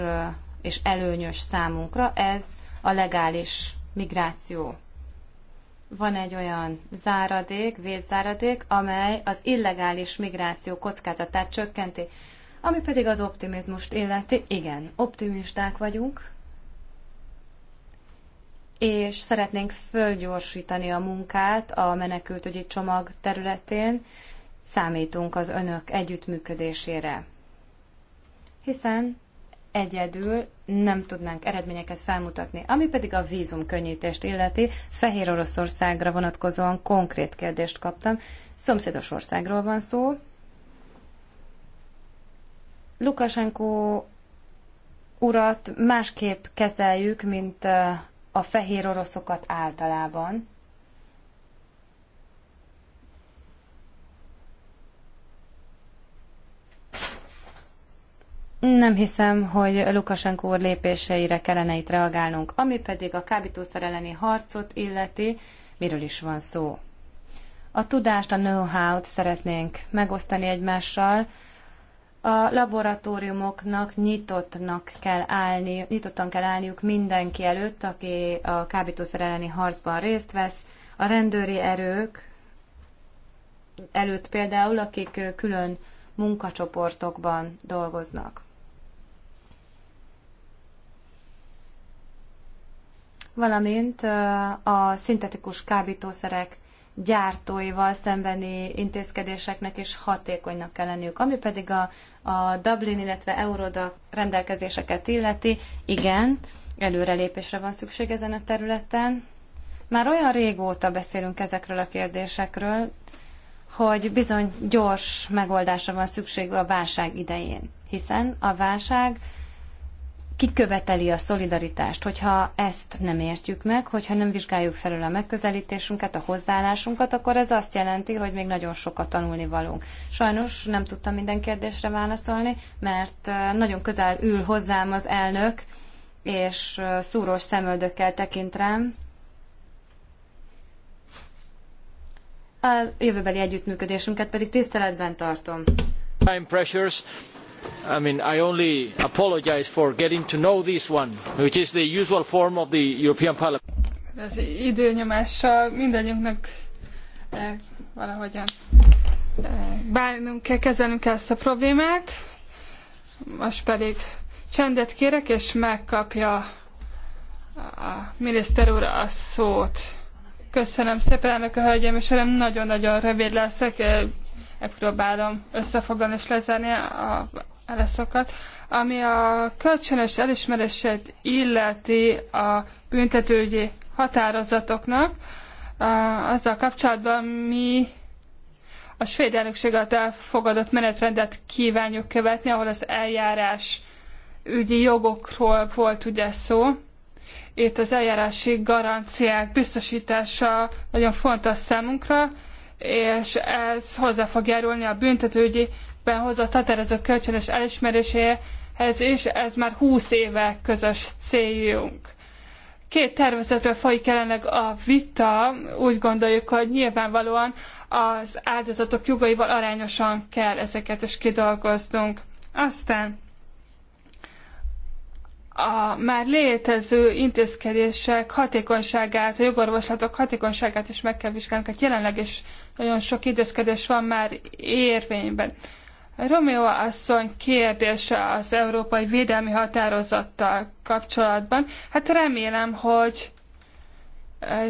és előnyös számunkra, ez a legális migráció. Van egy olyan záradék, védzáradék, amely az illegális migráció kockázatát csökkenti, ami pedig az optimizmust illeti. Igen, optimisták vagyunk, és szeretnénk fölgyorsítani a munkát a menekültügyi csomag területén, számítunk az önök együttműködésére. Hiszen egyedül nem tudnánk eredményeket felmutatni. Ami pedig a könnyítést illeti, Fehér Oroszországra vonatkozóan konkrét kérdést kaptam. Szomszédos országról van szó. Lukasenko urat másképp kezeljük, mint a fehér oroszokat általában. Nem hiszem, hogy Lukasenko úr lépéseire kellene itt reagálnunk. Ami pedig a kábítószer elleni harcot illeti, miről is van szó? A tudást, a know-how-t szeretnénk megosztani egymással. A laboratóriumoknak nyitottnak kell állni, nyitottan kell állniuk mindenki előtt, aki a kábítószer elleni harcban részt vesz. A rendőri erők előtt például, akik külön munkacsoportokban dolgoznak. valamint a szintetikus kábítószerek gyártóival szembeni intézkedéseknek is hatékonynak kell lenniük. Ami pedig a, a Dublin, illetve Eurodac rendelkezéseket illeti, igen, előrelépésre van szükség ezen a területen. Már olyan régóta beszélünk ezekről a kérdésekről, hogy bizony gyors megoldásra van szükség a válság idején, hiszen a válság kiköveteli a szolidaritást, hogyha ezt nem értjük meg, hogyha nem vizsgáljuk felül a megközelítésünket, a hozzáállásunkat, akkor ez azt jelenti, hogy még nagyon sokat tanulni valunk. Sajnos nem tudtam minden kérdésre válaszolni, mert nagyon közel ül hozzám az elnök, és szúrós szemöldökkel tekint rám. A jövőbeli együttműködésünket pedig tiszteletben tartom. Time pressures. I mean, I only apologize for getting to know this one, which is the usual form of the European Parliament. Az időnyomással mindannyiunknak eh, valahogyan eh, kell, kezelnünk ezt a problémát. Most pedig csendet kérek, és megkapja a miniszter úr a szót. Köszönöm szépen, elnök a és nagyon-nagyon rövid leszek, eh, megpróbálom összefoglalni és lezárni a elaszokat, ami a kölcsönös elismeréset illeti a büntetőügyi határozatoknak. Azzal kapcsolatban mi a svéd elnökség által elfogadott menetrendet kívánjuk követni, ahol az eljárás ügyi jogokról volt ugye szó. Itt az eljárási garanciák biztosítása nagyon fontos számunkra, és ez hozzá fog járulni a büntetőgyi hozott határozó kölcsönös elismeréséhez is, ez már 20 éve közös céljunk. Két tervezetről folyik jelenleg a vita, úgy gondoljuk, hogy nyilvánvalóan az áldozatok jogaival arányosan kell ezeket is kidolgoznunk. Aztán a már létező intézkedések hatékonyságát, a jogorvoslatok hatékonyságát is meg kell vizsgálnunk, hát jelenleg is nagyon sok intézkedés van már érvényben. Romeo asszony kérdése az Európai Védelmi Határozattal kapcsolatban. Hát remélem, hogy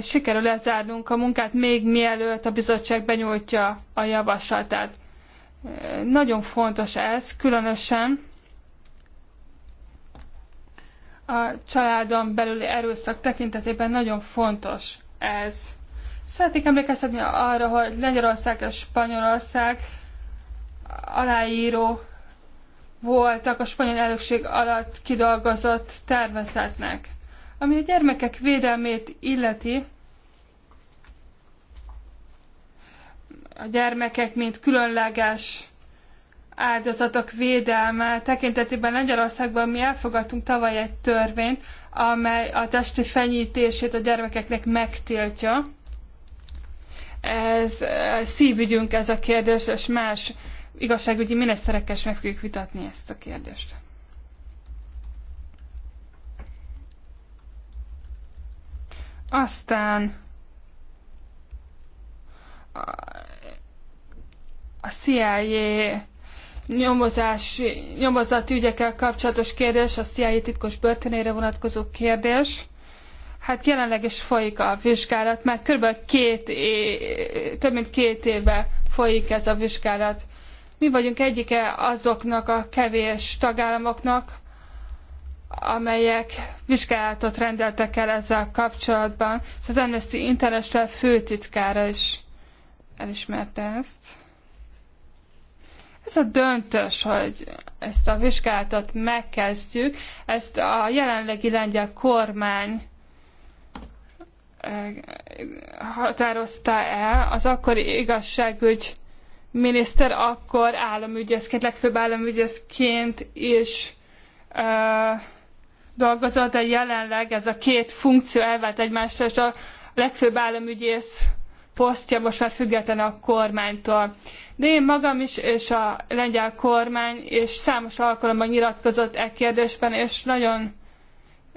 sikerül lezárnunk a munkát még mielőtt a bizottság benyújtja a javaslatát. Nagyon fontos ez, különösen a családon belüli erőszak tekintetében nagyon fontos ez. Szeretnék emlékeztetni arra, hogy Lengyelország és Spanyolország aláíró voltak a spanyol elnökség alatt kidolgozott tervezetnek. Ami a gyermekek védelmét illeti, a gyermekek, mint különleges áldozatok védelme tekintetében Lengyelországban mi elfogadtunk tavaly egy törvényt, amely a testi fenyítését a gyermekeknek megtiltja ez eh, szívügyünk ez a kérdés, és más igazságügyi miniszterekkel is meg fogjuk vitatni ezt a kérdést. Aztán a CIA nyomozás, nyomozati ügyekkel kapcsolatos kérdés, a CIA titkos börtönére vonatkozó kérdés hát jelenleg is folyik a vizsgálat, már körülbelül két é, több mint két éve folyik ez a vizsgálat. Mi vagyunk egyike azoknak a kevés tagállamoknak, amelyek vizsgálatot rendeltek el ezzel kapcsolatban, és az Amnesty International főtitkára is elismerte ezt. Ez a döntös, hogy ezt a vizsgálatot megkezdjük, ezt a jelenlegi lengyel kormány határozta el az akkori igazságügy miniszter, akkor államügyészként, legfőbb államügyészként is ö, dolgozott, de jelenleg ez a két funkció elvált egymástól, és a legfőbb államügyész posztja most már független a kormánytól. De én magam is, és a lengyel kormány, és számos alkalommal nyilatkozott e kérdésben, és nagyon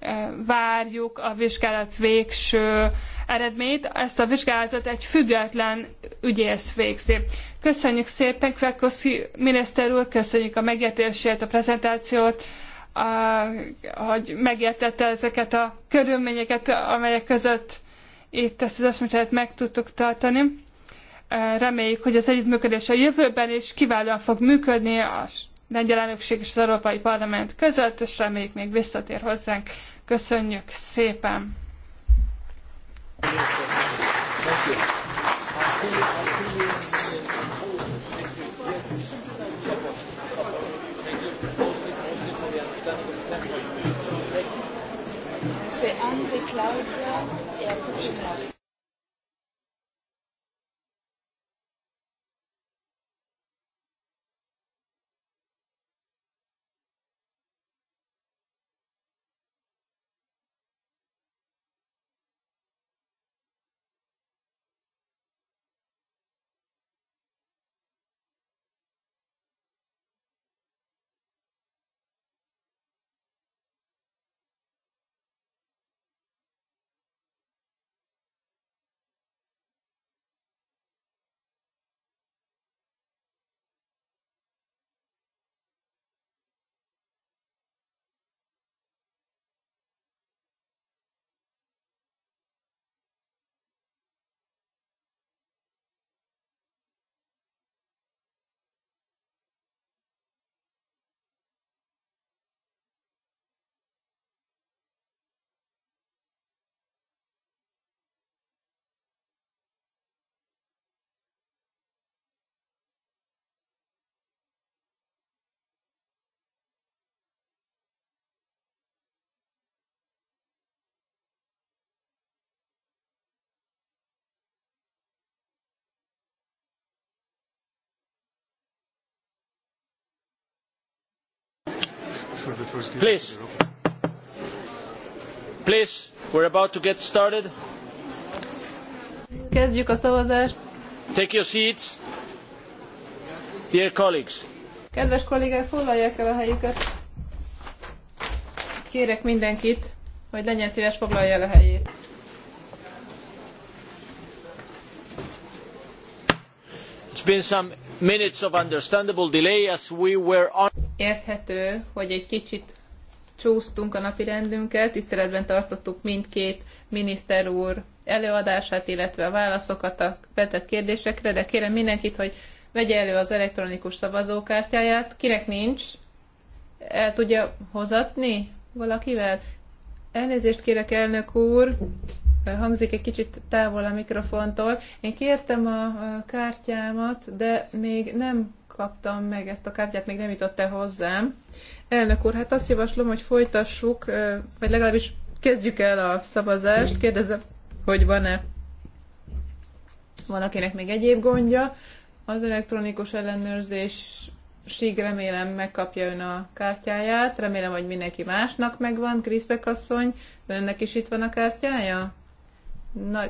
E, várjuk a vizsgálat végső eredményt. Ezt a vizsgálatot egy független ügyész végzi. Köszönjük szépen, Kvekoszki miniszter úr, köszönjük a megértését, a prezentációt, a, hogy megértette ezeket a körülményeket, amelyek között itt ezt az eszmecserét meg tudtuk tartani. E, reméljük, hogy az együttműködés a jövőben is kiválóan fog működni a lengyel elnökség és az Európai Parlament között, és reméljük még visszatér hozzánk Köszönjük szépen! C'est Anne et Claudia et après Please. Please, we're about to get started. Kezdjük a szavazást. Take your seats. Dear colleagues. Kedves kollégák, foglalják el a helyüket. Kérek mindenkit, hogy legyen szíves, foglalja el a helyét. It's been some minutes of understandable delay as we were on érthető, hogy egy kicsit csúsztunk a napi rendünkkel, tiszteletben tartottuk mindkét miniszter úr előadását, illetve a válaszokat a vetett kérdésekre, de kérem mindenkit, hogy vegye elő az elektronikus szavazókártyáját. Kinek nincs, el tudja hozatni valakivel? Elnézést kérek, elnök úr, hangzik egy kicsit távol a mikrofontól. Én kértem a kártyámat, de még nem kaptam meg ezt a kártyát, még nem jutott el hozzám. Elnök úr, hát azt javaslom, hogy folytassuk, vagy legalábbis kezdjük el a szavazást. Kérdezem, hogy van-e van akinek még egyéb gondja. Az elektronikus ellenőrzésig remélem megkapja ön a kártyáját, remélem, hogy mindenki másnak megvan. Kriszbek asszony, önnek is itt van a kártyája? Na,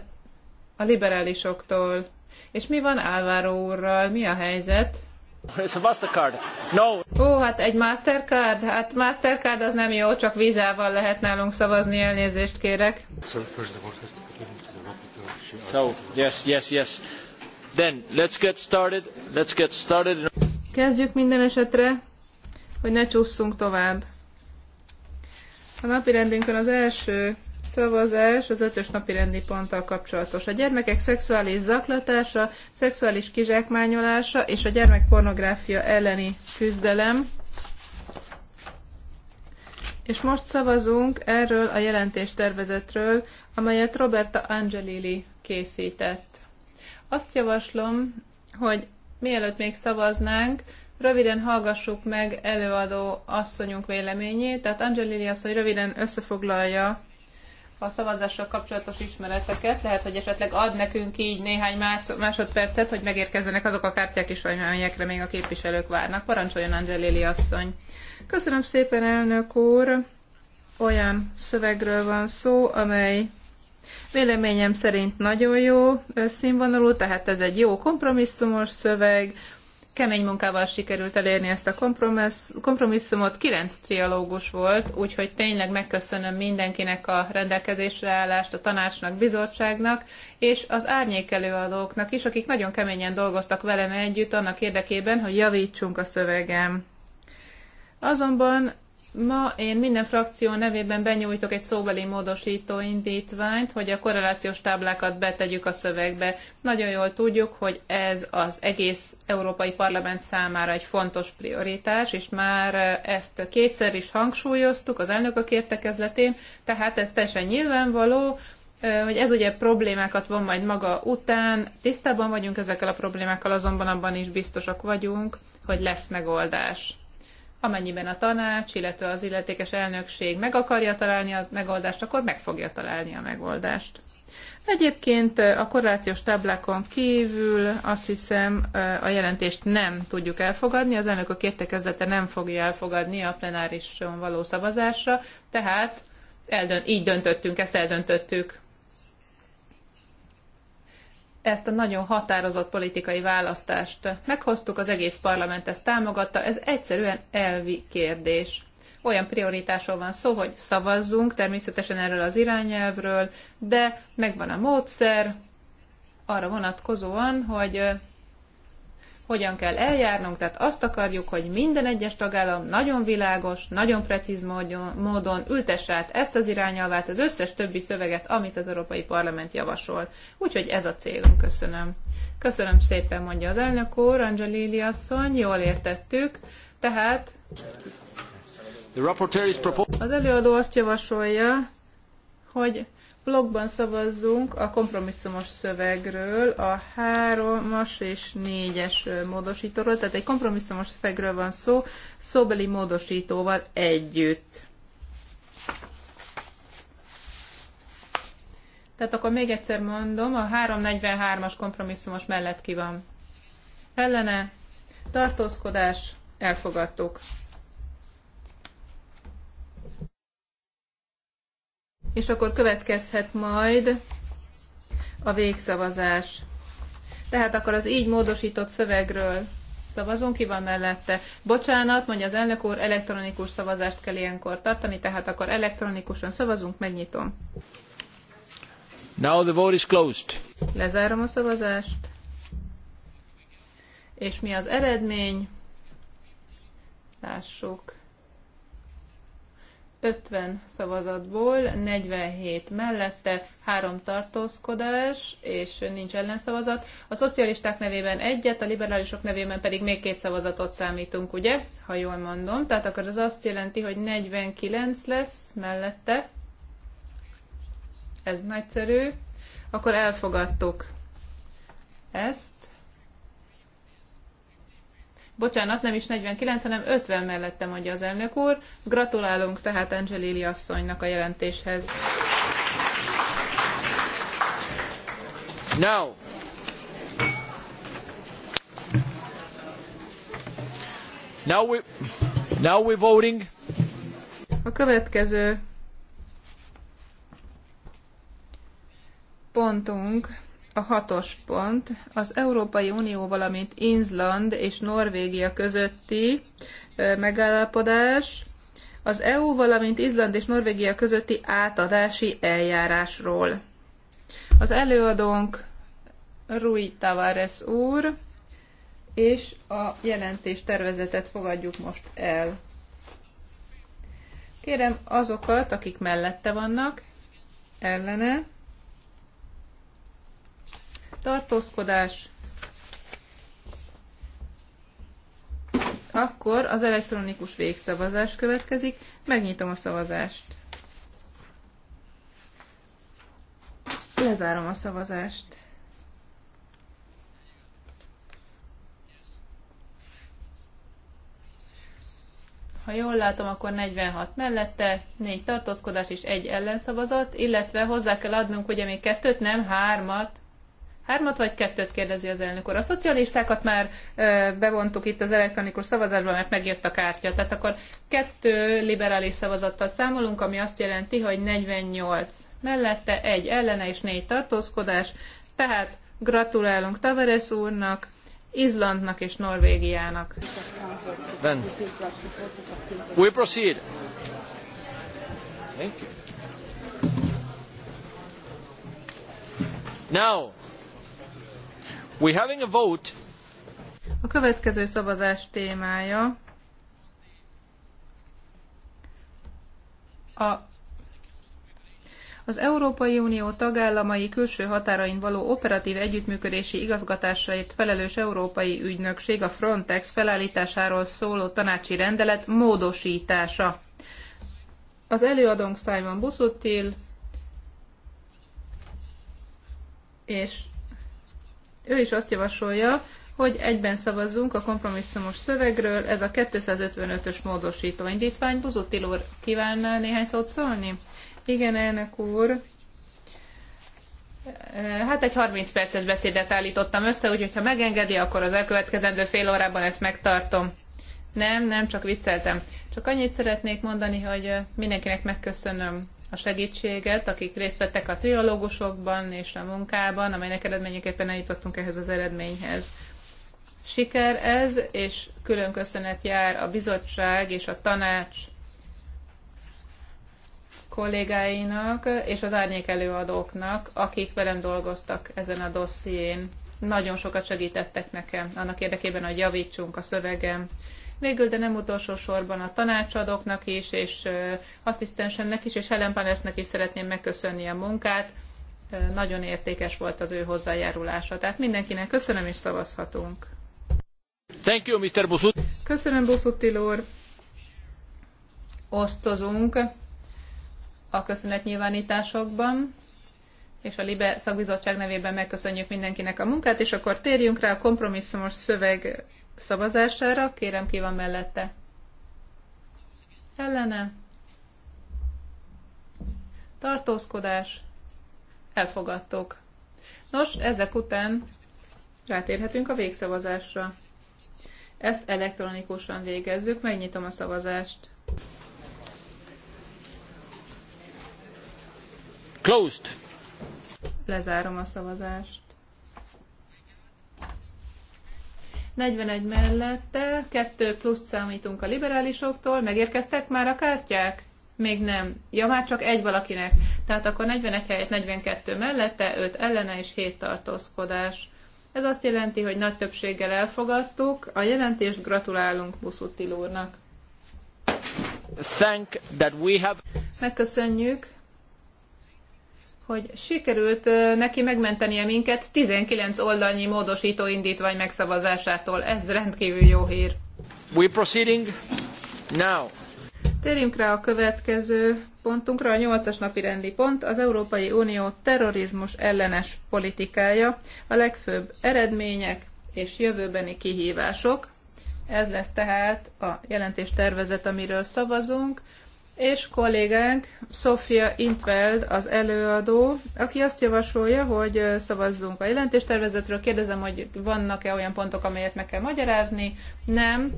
a liberálisoktól. És mi van Álváró úrral? Mi a helyzet? It's a Mastercard. No. Ó, hát egy Mastercard? Hát Mastercard az nem jó, csak vízával lehet nálunk szavazni, elnézést kérek. Szóval so, yes, yes, yes. Then, let's get started. Let's get started. Kezdjük minden esetre, hogy ne csúszunk tovább. A napirendünkön az első szavazás az ötös napi rendi ponttal kapcsolatos. A gyermekek szexuális zaklatása, szexuális kizsákmányolása és a gyermek pornográfia elleni küzdelem. És most szavazunk erről a jelentéstervezetről, amelyet Roberta Angelili készített. Azt javaslom, hogy mielőtt még szavaznánk, röviden hallgassuk meg előadó asszonyunk véleményét. Tehát Angelili asszony röviden összefoglalja a szavazással kapcsolatos ismereteket. Lehet, hogy esetleg ad nekünk így néhány másodpercet, hogy megérkezzenek azok a kártyák is, amelyekre még a képviselők várnak. Parancsoljon Angelili asszony. Köszönöm szépen, elnök úr. Olyan szövegről van szó, amely véleményem szerint nagyon jó színvonalú, tehát ez egy jó kompromisszumos szöveg, Kemény munkával sikerült elérni ezt a kompromisszumot. Kilenc trialógus volt, úgyhogy tényleg megköszönöm mindenkinek a rendelkezésre állást, a tanácsnak, bizottságnak, és az árnyékelőadóknak is, akik nagyon keményen dolgoztak velem együtt annak érdekében, hogy javítsunk a szövegem. Azonban Ma én minden frakció nevében benyújtok egy szóbeli módosító indítványt, hogy a korrelációs táblákat betegyük a szövegbe. Nagyon jól tudjuk, hogy ez az egész Európai Parlament számára egy fontos prioritás, és már ezt kétszer is hangsúlyoztuk az elnökök értekezletén, tehát ez teljesen nyilvánvaló, hogy ez ugye problémákat van majd maga után, tisztában vagyunk ezekkel a problémákkal, azonban abban is biztosak vagyunk, hogy lesz megoldás amennyiben a tanács, illetve az illetékes elnökség meg akarja találni a megoldást, akkor meg fogja találni a megoldást. Egyébként a korrelációs táblákon kívül azt hiszem a jelentést nem tudjuk elfogadni, az a kértekezete nem fogja elfogadni a plenárison való szavazásra, tehát eldönt, így döntöttünk, ezt eldöntöttük ezt a nagyon határozott politikai választást. Meghoztuk, az egész parlament ezt támogatta, ez egyszerűen elvi kérdés. Olyan prioritásról van szó, hogy szavazzunk természetesen erről az irányelvről, de megvan a módszer arra vonatkozóan, hogy hogyan kell eljárnunk, tehát azt akarjuk, hogy minden egyes tagállam nagyon világos, nagyon precíz módon, ültesse át ezt az irányelvát, az összes többi szöveget, amit az Európai Parlament javasol. Úgyhogy ez a célunk, köszönöm. Köszönöm szépen, mondja az elnök úr, Angelili asszony, jól értettük. Tehát az előadó azt javasolja, hogy blogban szavazzunk a kompromisszumos szövegről, a háromas és négyes módosítóról, tehát egy kompromisszumos szövegről van szó, szóbeli módosítóval együtt. Tehát akkor még egyszer mondom, a 343-as kompromisszumos mellett ki van. Ellene, tartózkodás, elfogadtuk. és akkor következhet majd a végszavazás. Tehát akkor az így módosított szövegről szavazunk, ki van mellette. Bocsánat, mondja az elnök úr, elektronikus szavazást kell ilyenkor tartani, tehát akkor elektronikusan szavazunk, megnyitom. Now the vote is closed. Lezárom a szavazást. És mi az eredmény? Lássuk. 50 szavazatból 47 mellette, 3 tartózkodás, és nincs ellenszavazat. A szocialisták nevében egyet, a liberálisok nevében pedig még két szavazatot számítunk, ugye? Ha jól mondom. Tehát akkor az azt jelenti, hogy 49 lesz mellette. Ez nagyszerű. Akkor elfogadtuk ezt. Bocsánat, nem is 49, hanem 50 mellette mondja az elnök úr. Gratulálunk tehát Angelili asszonynak a jelentéshez. Now, now we, now we voting. A következő pontunk a hatos pont az Európai Unió, valamint Inzland és Norvégia közötti megállapodás, az EU, valamint Izland és Norvégia közötti átadási eljárásról. Az előadónk Rui Tavares úr, és a jelentés tervezetet fogadjuk most el. Kérem azokat, akik mellette vannak, ellene, tartózkodás, akkor az elektronikus végszavazás következik. Megnyitom a szavazást. Lezárom a szavazást. Ha jól látom, akkor 46 mellette, 4 tartózkodás és 1 ellenszavazat, illetve hozzá kell adnunk ugye még kettőt, nem hármat, Hármat vagy kettőt kérdezi az elnök úr. A szocialistákat már bevontuk itt az elektronikus szavazásban, mert megjött a kártya. Tehát akkor kettő liberális szavazattal számolunk, ami azt jelenti, hogy 48 mellette, egy ellene és négy tartózkodás. Tehát gratulálunk Tavares úrnak, Izlandnak és Norvégiának. Ben. We proceed. Thank you. Now, having a vote. A következő szavazás témája a az Európai Unió tagállamai külső határain való operatív együttműködési igazgatásait felelős Európai Ügynökség a Frontex felállításáról szóló tanácsi rendelet módosítása. Az előadónk Simon Busuttil, és ő is azt javasolja, hogy egyben szavazzunk a kompromisszumos szövegről, ez a 255-ös módosító indítvány. Buzutil úr, kíván néhány szót szólni? Igen, elnök úr. Hát egy 30 perces beszédet állítottam össze, úgyhogy ha megengedi, akkor az elkövetkezendő fél órában ezt megtartom. Nem, nem, csak vicceltem. Csak annyit szeretnék mondani, hogy mindenkinek megköszönöm a segítséget, akik részt vettek a triológusokban és a munkában, amelynek eredményeképpen eljutottunk ehhez az eredményhez. Siker ez, és külön köszönet jár a bizottság és a tanács kollégáinak és az árnyék előadóknak, akik velem dolgoztak ezen a dosszién. Nagyon sokat segítettek nekem annak érdekében, hogy javítsunk a szövegem Végül, de nem utolsó sorban a tanácsadóknak is, és asszisztensemnek is, és Helen Panesnek is szeretném megköszönni a munkát. Nagyon értékes volt az ő hozzájárulása. Tehát mindenkinek köszönöm, és szavazhatunk. Thank you, Mr. Busut. Köszönöm, Busuttil úr. Osztozunk a köszönetnyilvánításokban és a LIBE szakbizottság nevében megköszönjük mindenkinek a munkát, és akkor térjünk rá a kompromisszumos szöveg szavazására. Kérem, ki van mellette? Ellene. Tartózkodás. Elfogadtok. Nos, ezek után rátérhetünk a végszavazásra. Ezt elektronikusan végezzük, megnyitom a szavazást. Closed. Lezárom a szavazást. 41 mellette, 2 plusz számítunk a liberálisoktól. Megérkeztek már a kártyák? Még nem. Ja, már csak egy valakinek. Tehát akkor 41 helyett 42 mellette, 5 ellene és 7 tartózkodás. Ez azt jelenti, hogy nagy többséggel elfogadtuk. A jelentést gratulálunk Buszutil úrnak. Thank that we have... Megköszönjük hogy sikerült neki megmentenie minket 19 oldalnyi módosító indítvány megszavazásától. Ez rendkívül jó hír. We proceeding now. Térjünk rá a következő pontunkra, a nyolcas napi rendi pont, az Európai Unió terrorizmus ellenes politikája, a legfőbb eredmények és jövőbeni kihívások. Ez lesz tehát a jelentés tervezet, amiről szavazunk és kollégánk Sofia Intveld az előadó, aki azt javasolja, hogy szavazzunk a jelentéstervezetről. Kérdezem, hogy vannak-e olyan pontok, amelyet meg kell magyarázni? Nem.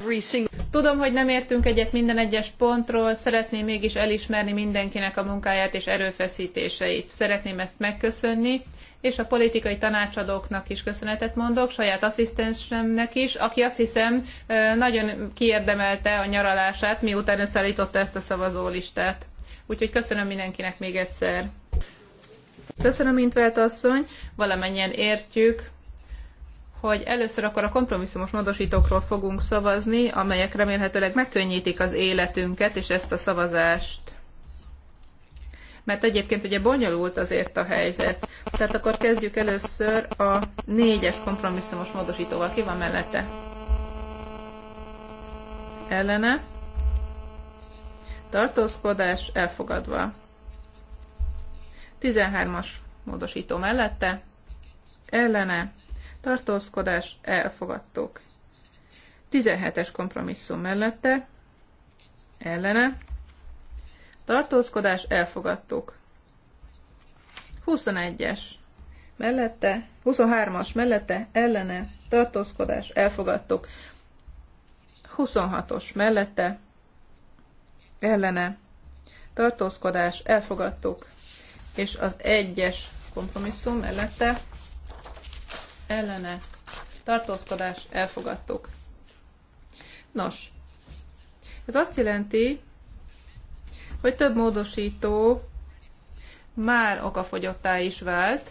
Tudom, hogy nem értünk egyet minden egyes pontról, szeretném mégis elismerni mindenkinek a munkáját és erőfeszítéseit. Szeretném ezt megköszönni, és a politikai tanácsadóknak is köszönetet mondok, saját asszisztensemnek is, aki azt hiszem nagyon kiérdemelte a nyaralását, miután összeállította ezt a szavazólistát. Úgyhogy köszönöm mindenkinek még egyszer. Köszönöm, Intvelt asszony, valamennyien értjük, hogy először akkor a kompromisszumos módosítókról fogunk szavazni, amelyek remélhetőleg megkönnyítik az életünket és ezt a szavazást mert egyébként ugye bonyolult azért a helyzet. Tehát akkor kezdjük először a négyes kompromisszumos módosítóval. Ki van mellette? Ellene? Tartózkodás elfogadva. 13-as módosító mellette? Ellene? Tartózkodás elfogadtuk. 17-es kompromisszum mellette? Ellene? tartózkodás, elfogadtuk. 21-es mellette, 23-as mellette, ellene, tartózkodás, elfogadtuk. 26-os mellette, ellene, tartózkodás, elfogadtuk. És az 1-es kompromisszum mellette, ellene, tartózkodás, elfogadtuk. Nos, ez azt jelenti, hogy több módosító már okafogyottá is vált,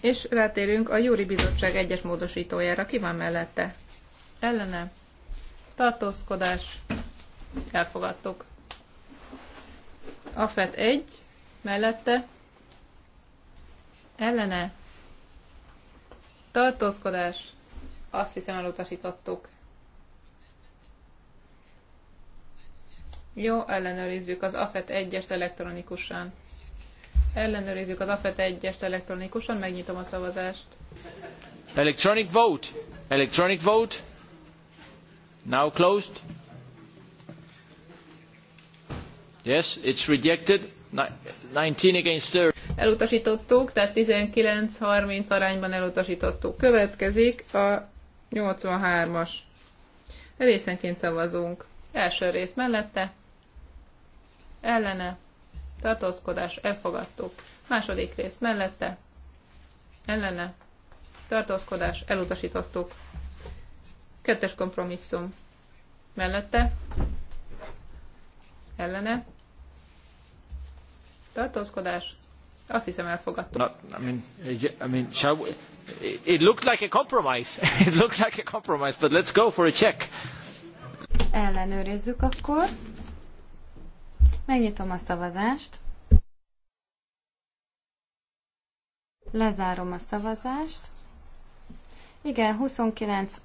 és rátérünk a Júri Bizottság egyes módosítójára. Ki van mellette? Ellene. Tartózkodás. Elfogadtuk. Afet 1. Mellette. Ellene. Tartózkodás. Azt hiszem elutasítottuk. Jó, ellenőrizzük az AFET 1-est elektronikusan. Ellenőrizzük az AFET 1-est elektronikusan, megnyitom a szavazást. Electronic vote. Electronic vote. Now closed. Yes, it's rejected. 19 against 30. Elutasítottuk, tehát 19-30 arányban elutasítottuk. Következik a 83-as. Részenként szavazunk. Első rész mellette, ellene, tartózkodás, elfogadtuk. Második rész mellette, ellene, tartózkodás, elutasítottuk. Kettes kompromisszum mellette, ellene, tartózkodás, azt hiszem elfogadtuk. Not, I mean, I mean, shall we, it looked like a compromise. (laughs) It looked like a compromise, but let's go for a check. Ellenőrizzük akkor. Megnyitom a szavazást. Lezárom a szavazást. Igen, 29-1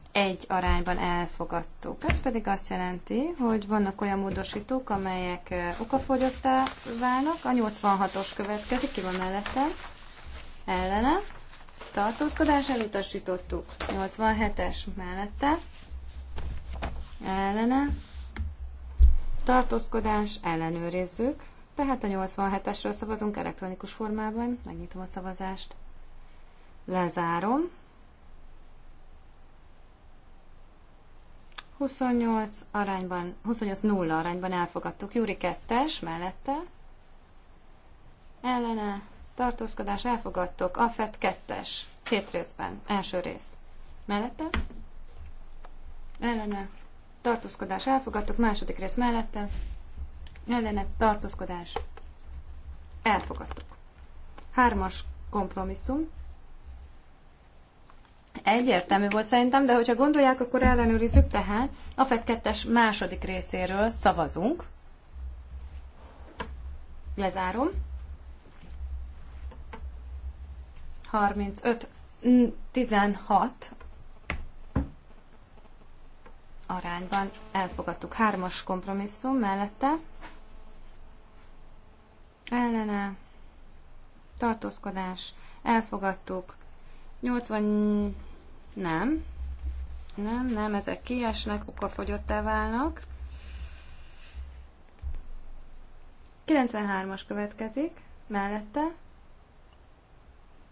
arányban elfogadtuk. Ez pedig azt jelenti, hogy vannak olyan módosítók, amelyek okafogyottá válnak. A 86-os következik, ki van mellettem, Ellene. Tartózkodás elutasítottuk. 87-es mellette. Ellene tartózkodás, ellenőrizzük. Tehát a 87-esről szavazunk elektronikus formában. Megnyitom a szavazást. Lezárom. 28 arányban, 28-0 arányban elfogadtuk. Júri 2-es mellette. Ellene tartózkodás elfogadtok. Afet 2-es. Két részben. Első rész. Mellette. Ellene tartózkodás elfogadtuk, második rész mellette, ellenet tartózkodás elfogadtuk. Hármas kompromisszum. Egyértelmű volt szerintem, de hogyha gondolják, akkor ellenőrizzük, tehát a FED 2 második részéről szavazunk. Lezárom. 35, 16 arányban elfogadtuk. Hármas kompromisszum mellette ellene tartózkodás elfogadtuk. 80 nem, nem, nem, ezek kiesnek, okafogyottá válnak. 93-as következik, mellette,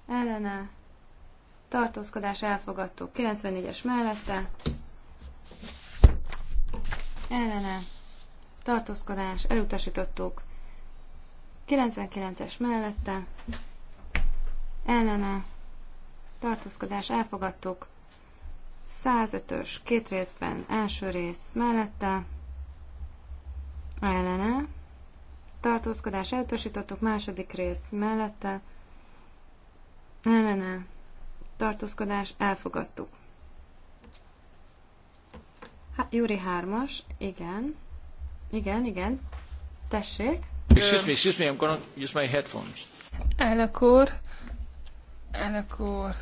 ellene, tartózkodás elfogadtuk, 94-es mellette, ellene, tartózkodás, elutasítottuk. 99-es mellette, ellene, tartózkodás, elfogadtuk. 105-ös, két részben, első rész mellette, ellene, tartózkodás, elutasítottuk, második rész mellette, ellene, tartózkodás, elfogadtuk. Há, Júri hármas, igen. Igen, igen. Tessék. Excuse me, excuse me, I'm gonna use my headphones. Elnök úr, elnök úr.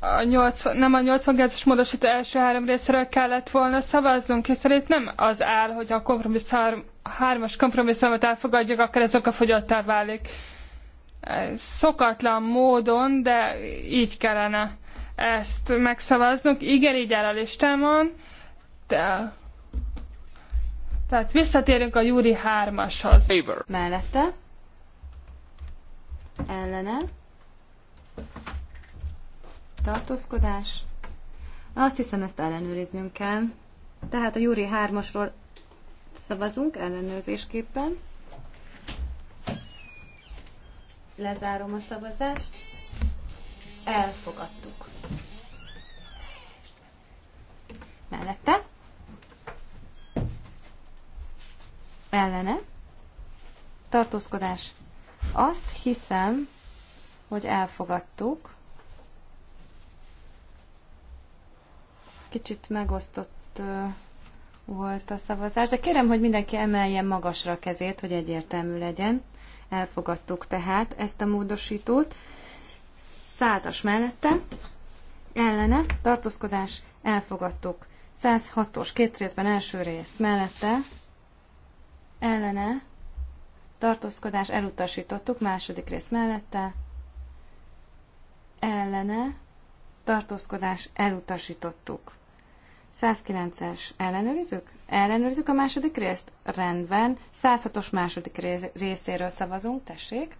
A 80, nem a 80 gázos módosító első három részéről kellett volna szavaznunk, és szerint nem az áll, hogy a kompromisszum, három, hármas kompromisszumot elfogadjuk, akkor a fogyottá válik. Szokatlan módon, de így kellene ezt megszavaznunk. Igen, így áll a listámon. De... Tehát visszatérünk a Júri 3-ashoz. Mellette. Ellene. Tartózkodás. Azt hiszem, ezt ellenőriznünk kell. Tehát a Júri 3-asról szavazunk ellenőrzésképpen. Lezárom a szavazást. Elfogadtuk. mellette, ellene, tartózkodás. Azt hiszem, hogy elfogadtuk. Kicsit megosztott volt a szavazás, de kérem, hogy mindenki emelje magasra a kezét, hogy egyértelmű legyen. Elfogadtuk tehát ezt a módosítót. Százas mellette, ellene, tartózkodás, elfogadtuk. 106-os két részben első rész mellette ellene tartózkodás elutasítottuk, második rész mellette ellene tartózkodás elutasítottuk. 109-es ellenőrizzük? Ellenőrizzük a második részt? Rendben. 106-os második részéről szavazunk, tessék.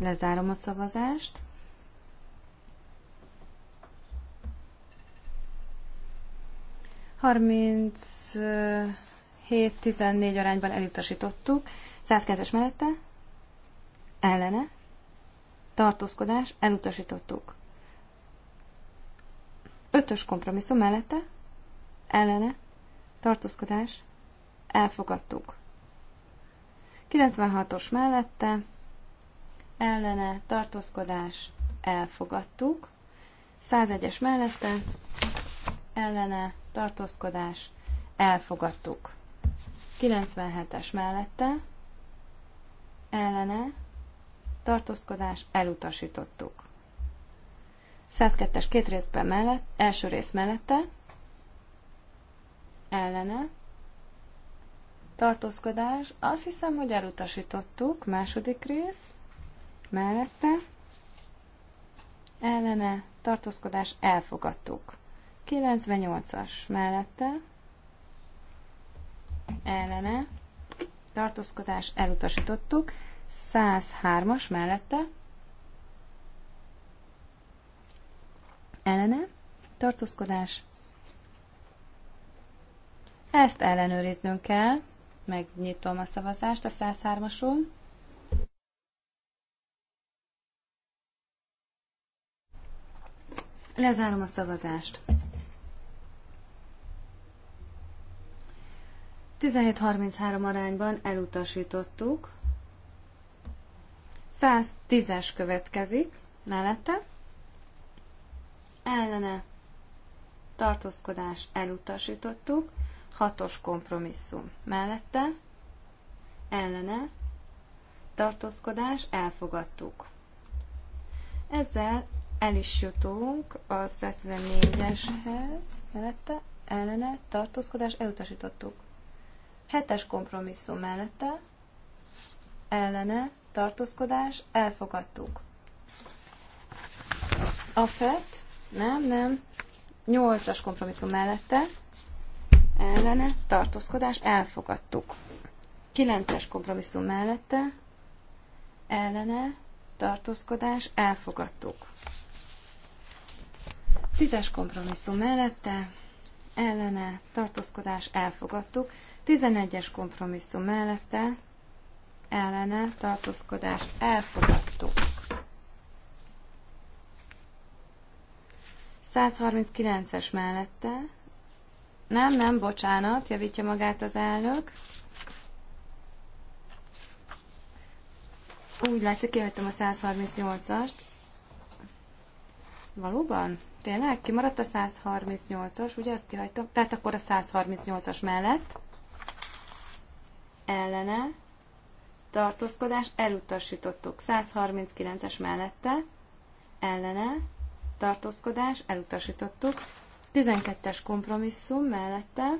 Lezárom a szavazást. Harminc 7-14 arányban elutasítottuk. 109-es mellette, ellene, tartózkodás, elutasítottuk. 5-ös kompromisszum mellette, ellene, tartózkodás, elfogadtuk. 96-os mellette, ellene tartózkodás elfogadtuk. 101-es mellette ellene tartózkodás elfogadtuk. 97-es mellette ellene tartózkodás elutasítottuk. 102-es két részben mellett, első rész mellette ellene tartózkodás, azt hiszem, hogy elutasítottuk, második rész mellette, ellene, tartózkodás, elfogadtuk. 98-as mellette, ellene, tartózkodás, elutasítottuk. 103-as mellette, ellene, tartózkodás, ezt ellenőriznünk kell, megnyitom a szavazást a 103-asról. Lezárom a szavazást. 17.33 arányban elutasítottuk. 110-es következik mellette. Ellene tartózkodás elutasítottuk. 6-os kompromisszum mellette. Ellene tartózkodás elfogadtuk. Ezzel el is jutunk a 114-eshez, mellette, ellene, tartózkodás, elutasítottuk. Hetes kompromisszum mellette, ellene, tartózkodás, elfogadtuk. A FET, nem, nem, 8-as kompromisszum mellette, ellene, tartózkodás, elfogadtuk. 9-es kompromisszum mellette, ellene, tartózkodás, elfogadtuk. Tízes kompromisszum mellette, ellene, tartózkodás, elfogadtuk. Tizenegyes kompromisszum mellette, ellene, tartózkodás, elfogadtuk. 139-es mellette. Nem, nem, bocsánat, javítja magát az elnök. Úgy látszik, kihagytam a 138-ast. Valóban? Tényleg? Kimaradt a 138-as, ugye azt kihagytam? Tehát akkor a 138-as mellett ellene tartózkodás elutasítottuk. 139-es mellette ellene tartózkodás elutasítottuk. 12-es kompromisszum mellette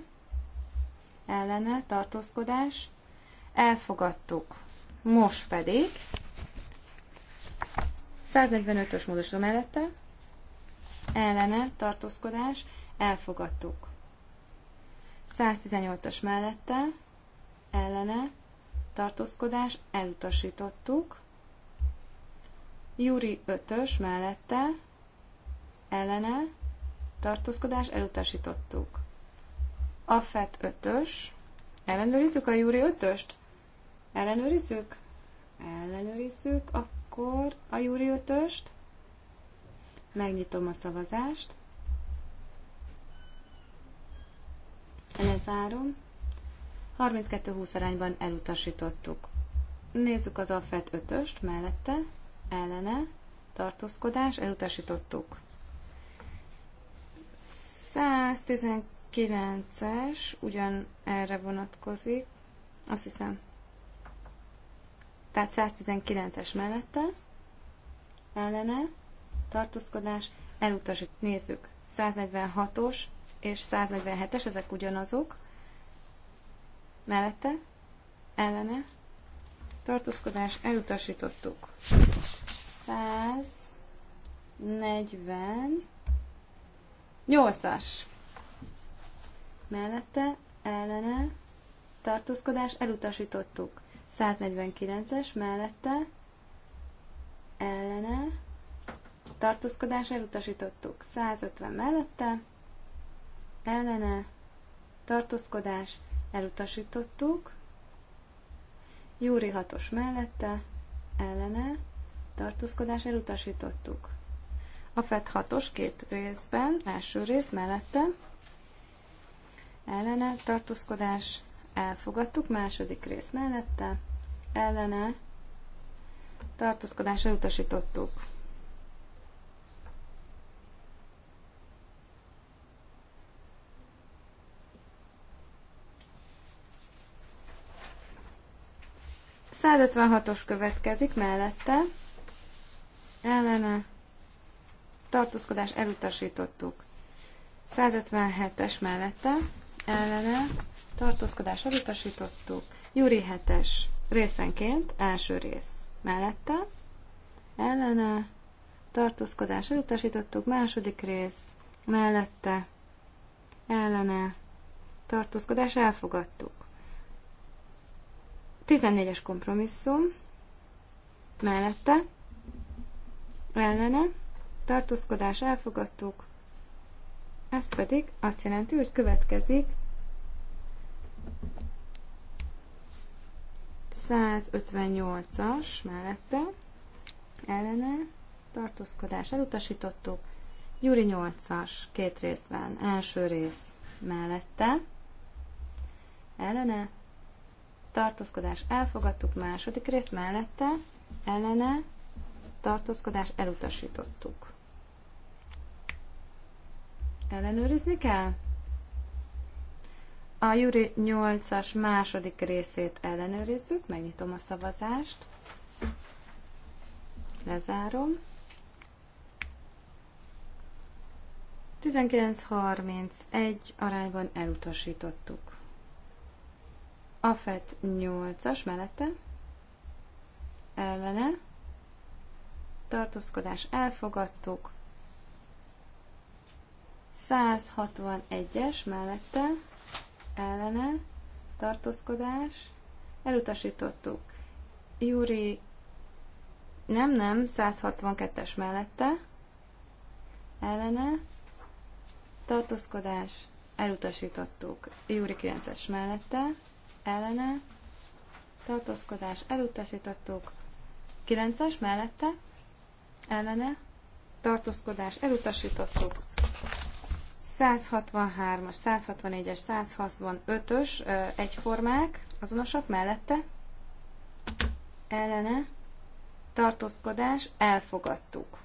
ellene tartózkodás elfogadtuk. Most pedig 145-ös módosító mellette ellene tartózkodás elfogadtuk. 118-as mellette ellene tartózkodás elutasítottuk. Júri 5-ös mellette ellene tartózkodás elutasítottuk. Affet 5-ös. Ellenőrizzük a Júri 5-öst? Ellenőrizzük? Ellenőrizzük akkor a Júri 5-öst. Megnyitom a szavazást. Lezárom. 32-20 arányban elutasítottuk. Nézzük az Alfet 5-öst mellette, ellene, tartózkodás, elutasítottuk. 119-es ugyan erre vonatkozik, azt hiszem. Tehát 119-es mellette, ellene, tartózkodás, elutasít. Nézzük, 146-os és 147-es, ezek ugyanazok. Mellette, ellene, tartózkodás, elutasítottuk. 148 as Mellette, ellene, tartózkodás, elutasítottuk. 149-es, mellette, ellene, tartózkodás elutasítottuk 150 mellette, ellene tartózkodás elutasítottuk, Júri 6-os mellette, ellene tartózkodás elutasítottuk. A FED 6-os két részben, első rész mellette, ellene tartózkodás elfogadtuk, második rész mellette, ellene tartózkodás elutasítottuk. 156-os következik mellette, ellene, tartózkodás elutasítottuk. 157-es mellette, ellene, tartózkodás elutasítottuk. Júri 7-es részenként, első rész mellette, ellene, tartózkodás elutasítottuk, második rész mellette, ellene, tartózkodás elfogadtuk. 14-es kompromisszum mellette, ellene, tartózkodás elfogadtuk, ez pedig azt jelenti, hogy következik 158-as mellette, ellene, tartózkodás elutasítottuk, Júri 8-as, két részben, első rész mellette, ellene, tartózkodás elfogadtuk, második rész mellette, ellene, tartózkodás elutasítottuk. Ellenőrizni kell? A Juri 8-as második részét ellenőrizzük, megnyitom a szavazást, lezárom. 19.31 arányban elutasítottuk. Afet 8-as mellette ellene tartózkodás elfogadtuk. 161-es mellette ellene tartózkodás elutasítottuk. Júri nem, nem, 162-es mellette ellene tartózkodás elutasítottuk. Júri 9-es mellette ellene, tartózkodás elutasítottuk, 9-es mellette, ellene, tartózkodás elutasítottuk, 163-as, 164-es, 165-ös egyformák, azonosak mellette, ellene, tartózkodás elfogadtuk.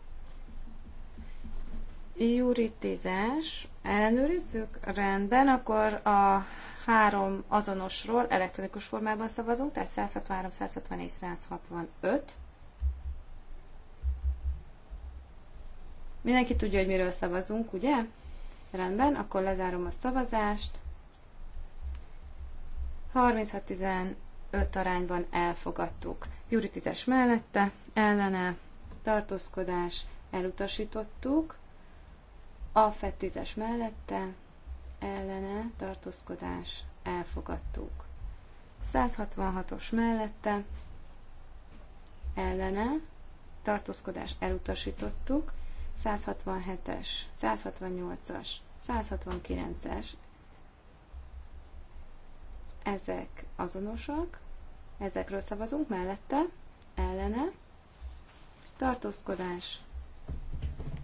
Juritizás, ellenőrizzük? Rendben, akkor a három azonosról elektronikus formában szavazunk, tehát 163, és 165. Mindenki tudja, hogy miről szavazunk, ugye? Rendben, akkor lezárom a szavazást. 36-15 arányban elfogadtuk. Júri 10 mellette, ellene, tartózkodás, elutasítottuk. A FED mellette, ellene tartózkodás elfogadtuk. 166-os mellette ellene tartózkodás elutasítottuk, 167-es, 168-as, 169-es, ezek azonosak, ezekről szavazunk mellette, ellene, tartózkodás,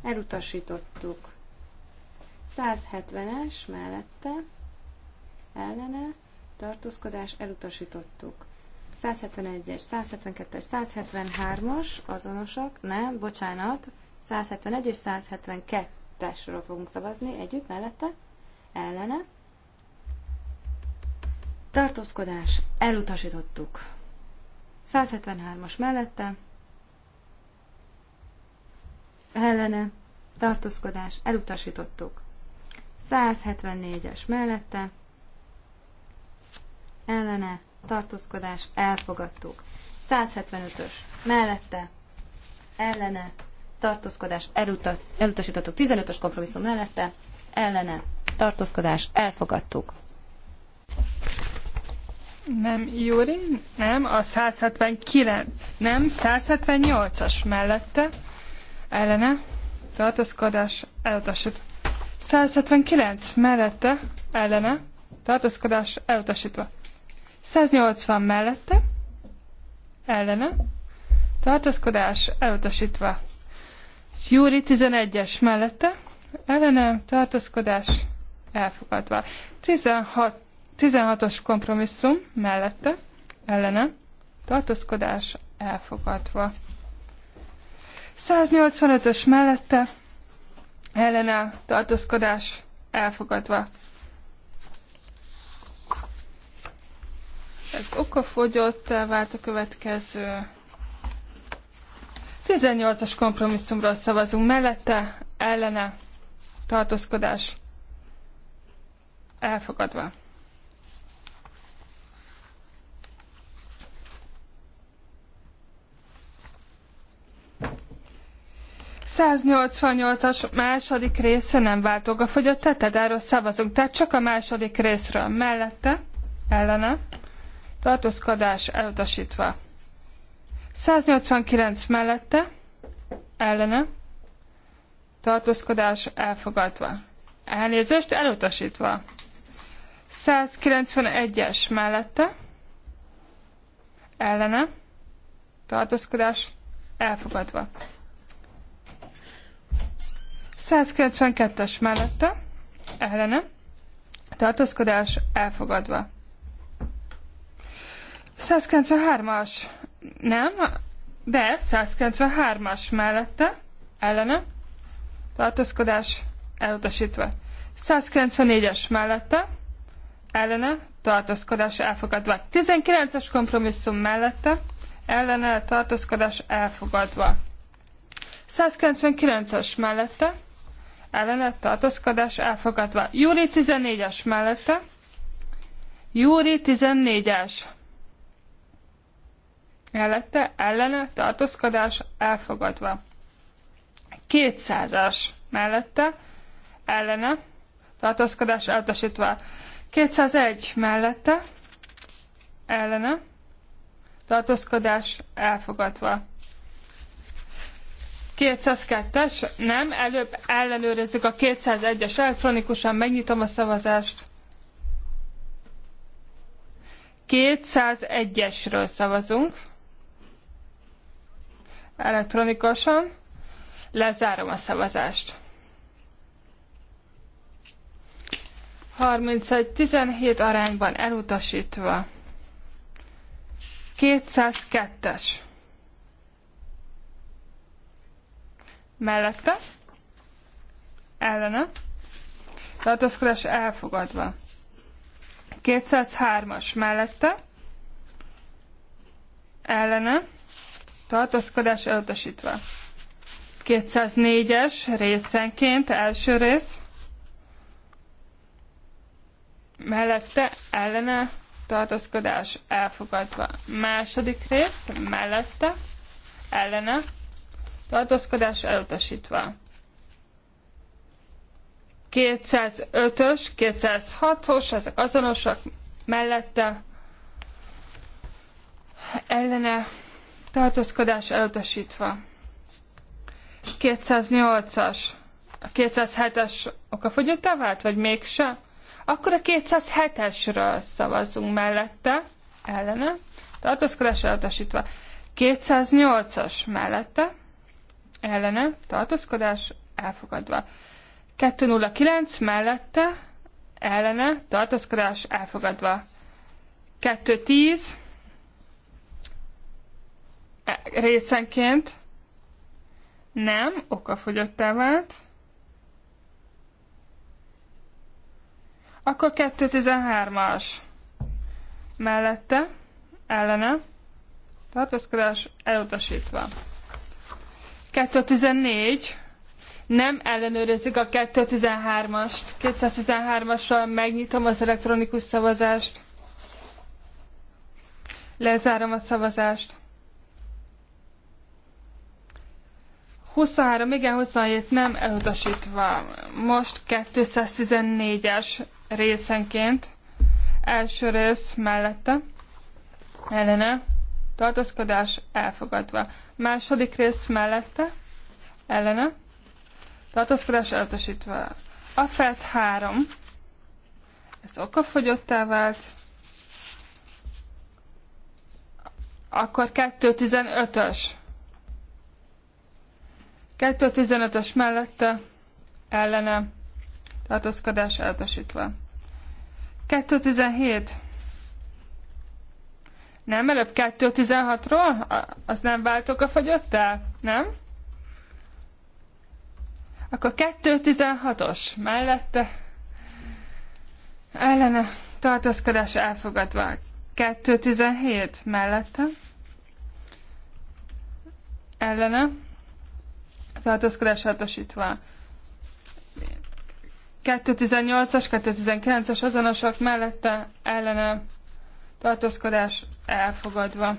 elutasítottuk, 170-es mellette ellene tartózkodás elutasítottuk. 171-es, 172-es, 173-as azonosak, nem, bocsánat, 171 és 172-esről fogunk szavazni együtt, mellette, ellene. Tartózkodás, elutasítottuk. 173-as mellette, ellene, tartózkodás, elutasítottuk. 174-es mellette, ellene, tartózkodás, elfogadtuk. 175-ös mellette, ellene, tartózkodás, elutas, elutasítottuk. 15-ös kompromisszum mellette, ellene, tartózkodás, elfogadtuk. Nem, Júri, nem, a 179, nem, 178-as mellette, ellene, tartózkodás, elutasítottuk. 179 mellette, ellene, tartózkodás elutasítva. 180 mellette, ellene, tartózkodás elutasítva. Júri 11-es mellette, ellene, tartózkodás elfogadva. 16, 16-os kompromisszum mellette, ellene, tartózkodás elfogadva. 185-ös mellette, ellenáll tartózkodás elfogadva. Ez okafogyott, vált a következő. 18-as kompromisszumról szavazunk mellette, ellene tartózkodás elfogadva. 188-as második része nem váltog a fogyott, tehát erről szavazunk. Tehát csak a második részről mellette, ellene, tartózkodás elutasítva. 189 mellette, ellene, tartózkodás elfogadva. Elnézést elutasítva. 191-es mellette, ellene, tartózkodás elfogadva. 192-es mellette, ellene, tartózkodás elfogadva. 193-as nem, de 193-as mellette, ellene, tartózkodás elutasítva. 194-es mellette, ellene, tartózkodás elfogadva. 19-es kompromisszum mellette, ellene, tartózkodás elfogadva. 199-es mellette, ellene tartózkodás elfogadva. Júli 14-es mellette. Júri 14-es. Mellette ellene tartózkodás elfogadva. 200-as mellette ellene tartózkodás elutasítva. 201 mellette ellene tartózkodás elfogadva. 202-es, nem, előbb ellenőrizzük a 201-es elektronikusan, megnyitom a szavazást. 201-esről szavazunk. Elektronikusan. Lezárom a szavazást. 31-17 arányban elutasítva. 202-es. mellette, ellene, tartózkodás elfogadva. 203-as mellette, ellene, tartózkodás elutasítva. 204-es részenként első rész, mellette, ellene, tartózkodás elfogadva. Második rész, mellette, ellene, tartózkodás elutasítva. 205-ös, 206-os, ezek azonosak mellette ellene tartózkodás elutasítva. 208-as, a 207-es okafogyottá vált, vagy mégse? Akkor a 207-esről szavazzunk mellette, ellene, tartózkodás elutasítva. 208-as mellette, ellene, tartózkodás elfogadva. 209 mellette, ellene, tartózkodás elfogadva. 210 e, részenként nem, okafogyottá vált. Akkor 213-as mellette, ellene, tartózkodás elutasítva. 2014. Nem ellenőrizzük a 2013-ast. 213-assal megnyitom az elektronikus szavazást. Lezárom a szavazást. 23, igen, 27 nem elutasítva. Most 214-es részenként. Első rész mellette. Ellene tartózkodás elfogadva. Második rész mellette, ellene, tartózkodás elutasítva. A FET 3, ez okafogyottá vált, akkor 2.15-ös. 2.15-ös mellette, ellene, tartózkodás elutasítva. 2.17 nem, előbb 2.16-ról? Az nem váltok a fogyottál? Nem? Akkor 2.16-os mellette ellene tartózkodás elfogadva. 2.17 mellette ellene tartózkodás hatosítva. 2.18-as, 2.19-as azonosok mellette ellene tartózkodás elfogadva.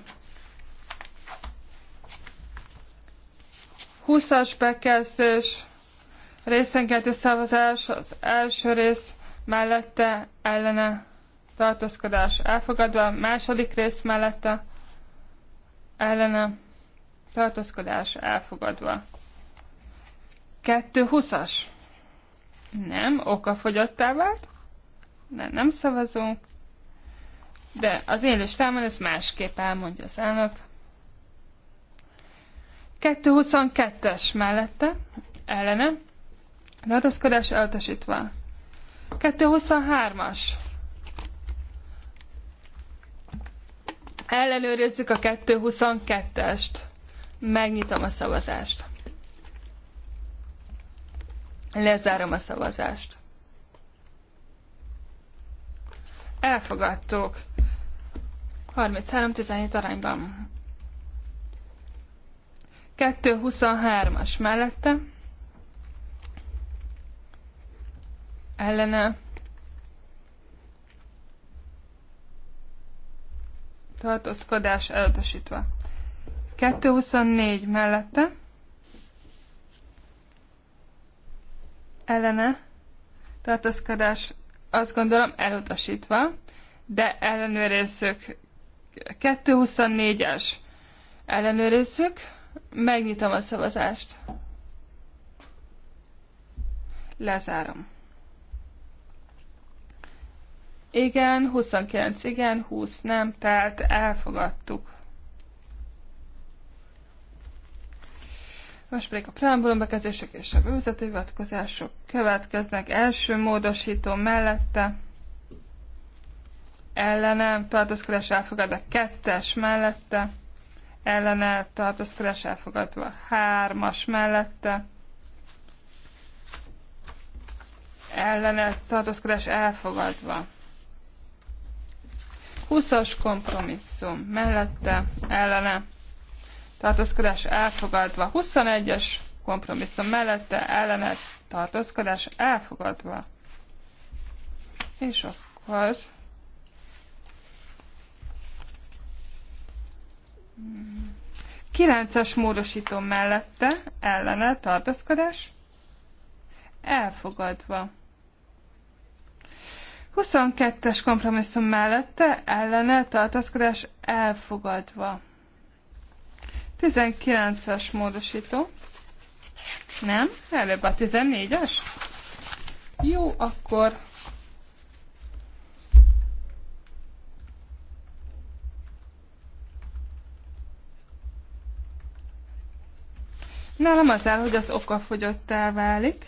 20-as bekezdés részenkénti szavazás az első rész mellette ellene tartózkodás elfogadva, második rész mellette ellene tartózkodás elfogadva. 2.20-as. Nem, fogyottá vált. Nem, nem szavazunk. De az én listámon ez másképp elmondja az elnök. 222-es mellette, ellene, ladaszkodás elutasítva. 223-as. Ellenőrizzük a 222-est. Megnyitom a szavazást. Lezárom a szavazást. elfogadtuk 33-17 arányban. 2-23-as mellette ellene tartózkodás elutasítva. 2-24 mellette ellene tartózkodás azt gondolom elutasítva, de ellenőrizzük. 224-es. Ellenőrizzük. Megnyitom a szavazást. Lezárom. Igen, 29 igen, 20 nem, tehát elfogadtuk. Most pedig a preambulum bekezdések és a vezető következnek. Első módosító mellette ellene tartózkodás elfogadva kettes mellette ellene tartózkodás elfogadva hármas mellette ellene tartózkodás elfogadva. 20-as kompromisszum mellette ellene tartózkodás elfogadva. 21-es kompromisszum mellette ellene tartózkodás elfogadva. És akkor kilences módosító mellette ellene tartózkodás elfogadva. 22-es kompromisszum mellette ellene tartózkodás elfogadva. 19-es módosító. Nem? Előbb a 14-es? Jó, akkor... Nálam az áll, hogy az oka fogyottá válik.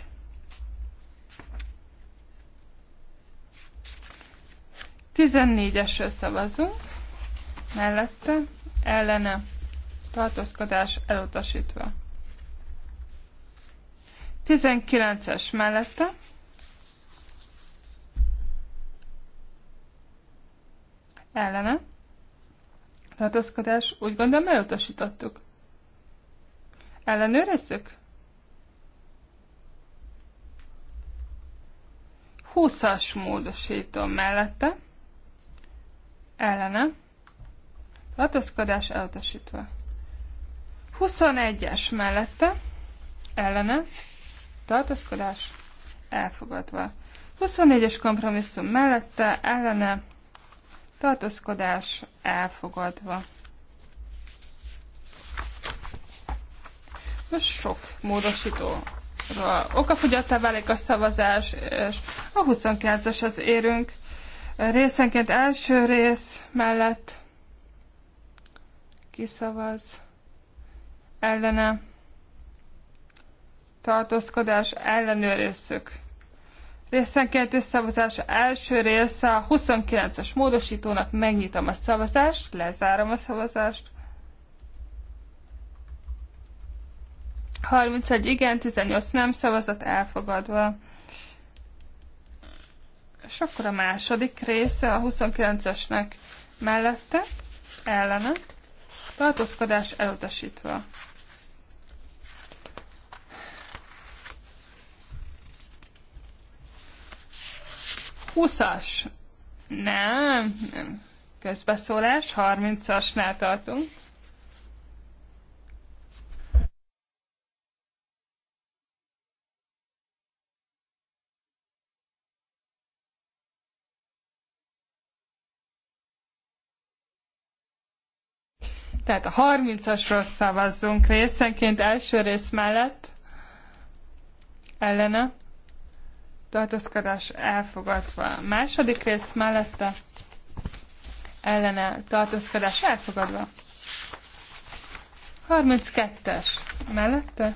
Tizennégyesről szavazunk. Mellette, ellene tartózkodás elutasítva. 19-es mellette. Ellene. Tartózkodás. Úgy gondolom elutasítottuk. Ellenőrizzük? 20-as módosító mellette. Ellene. Tartózkodás elutasítva. 21-es mellette ellene tartózkodás elfogadva. 24-es kompromisszum mellette ellene tartózkodás elfogadva. Most sok módosító okafogyattá válik a szavazás, és a 29 az érünk. Részenként első rész mellett kiszavaz ellene tartózkodás ellenőrizzük. Részenkénti szavazás első része a 29-es módosítónak megnyitom a szavazást, lezárom a szavazást. 31 igen, 18 nem szavazat elfogadva. És akkor a második része a 29-esnek mellette, ellene, tartózkodás elutasítva. 20-as. Nem, nem. Közbeszólás, 30-asnál tartunk. Tehát a 30-asról szavazzunk részenként első rész mellett ellene tartózkodás elfogadva. Második rész mellette ellene tartózkodás elfogadva. 32-es mellette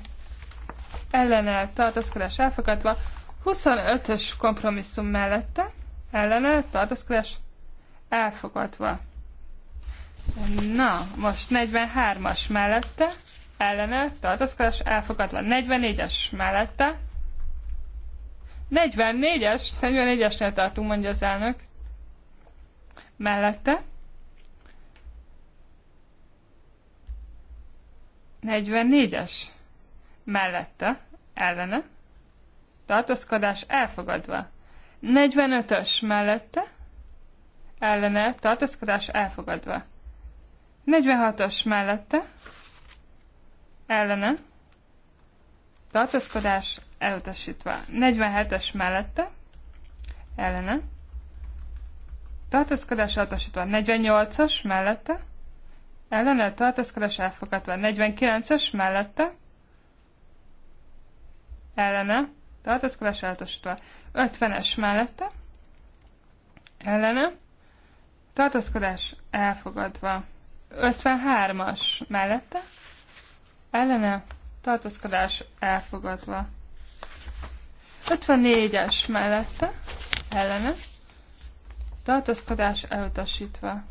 ellene tartózkodás elfogadva. 25-ös kompromisszum mellette ellene tartózkodás elfogadva. Na, most 43-as mellette ellene tartózkodás elfogadva. 44-es mellette 44-es, 44-esnél tartunk, mondja az elnök. Mellette. 44-es. Mellette. Ellene. Tartózkodás elfogadva. 45-ös mellette. Ellene. Tartózkodás elfogadva. 46-os mellette. Ellene. Tartózkodás elutasítva. 47-es mellette, ellene, tartózkodás elutasítva. 48-as mellette, ellene, tartózkodás elfogadva. 49-es mellette, ellene, tartózkodás elutasítva. 50-es mellette, ellene, tartózkodás elfogadva. 53-as mellette, ellene, tartózkodás elfogadva. 54-es mellette, ellene, tartózkodás elutasítva.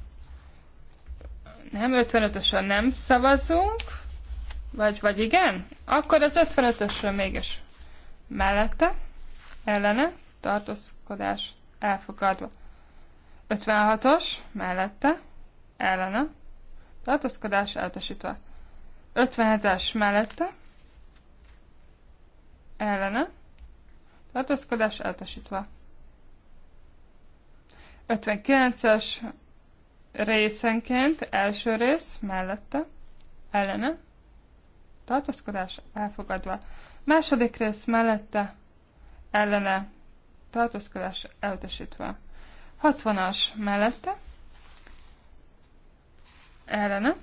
Nem, 55-ösön nem szavazunk, vagy, vagy igen? Akkor az 55-ösön mégis mellette, ellene, tartózkodás elfogadva. 56-os mellette, ellene, tartózkodás elutasítva. 57-es mellette, ellene, tartózkodás eltesítve. 59-es részenként első rész mellette, ellene, tartózkodás elfogadva. Második rész mellette, ellene, tartózkodás eltesítve. 60-as mellette, ellene,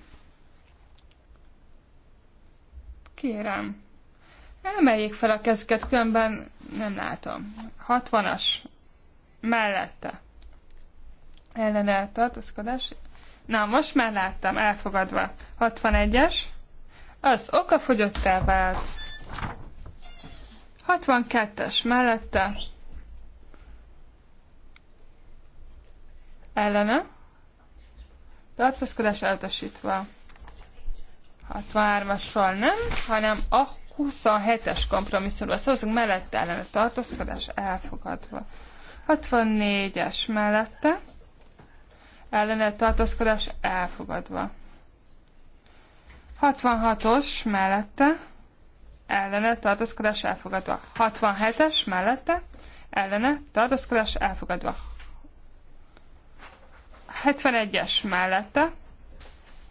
kérem, Emeljék fel a kezüket, különben nem látom. 60-as mellette ellene tartózkodás. Na, most már láttam, elfogadva. 61-es. Az oka fogyott el vált. 62-es mellette. Ellene. Tartózkodás elutasítva. 63-asról nem, hanem a 27-es kompromisszumra szavazunk, mellette ellene tartózkodás elfogadva. 64-es mellette ellene tartózkodás elfogadva. 66-os mellette ellene tartózkodás elfogadva. 67-es mellette ellene tartózkodás elfogadva. 71-es mellette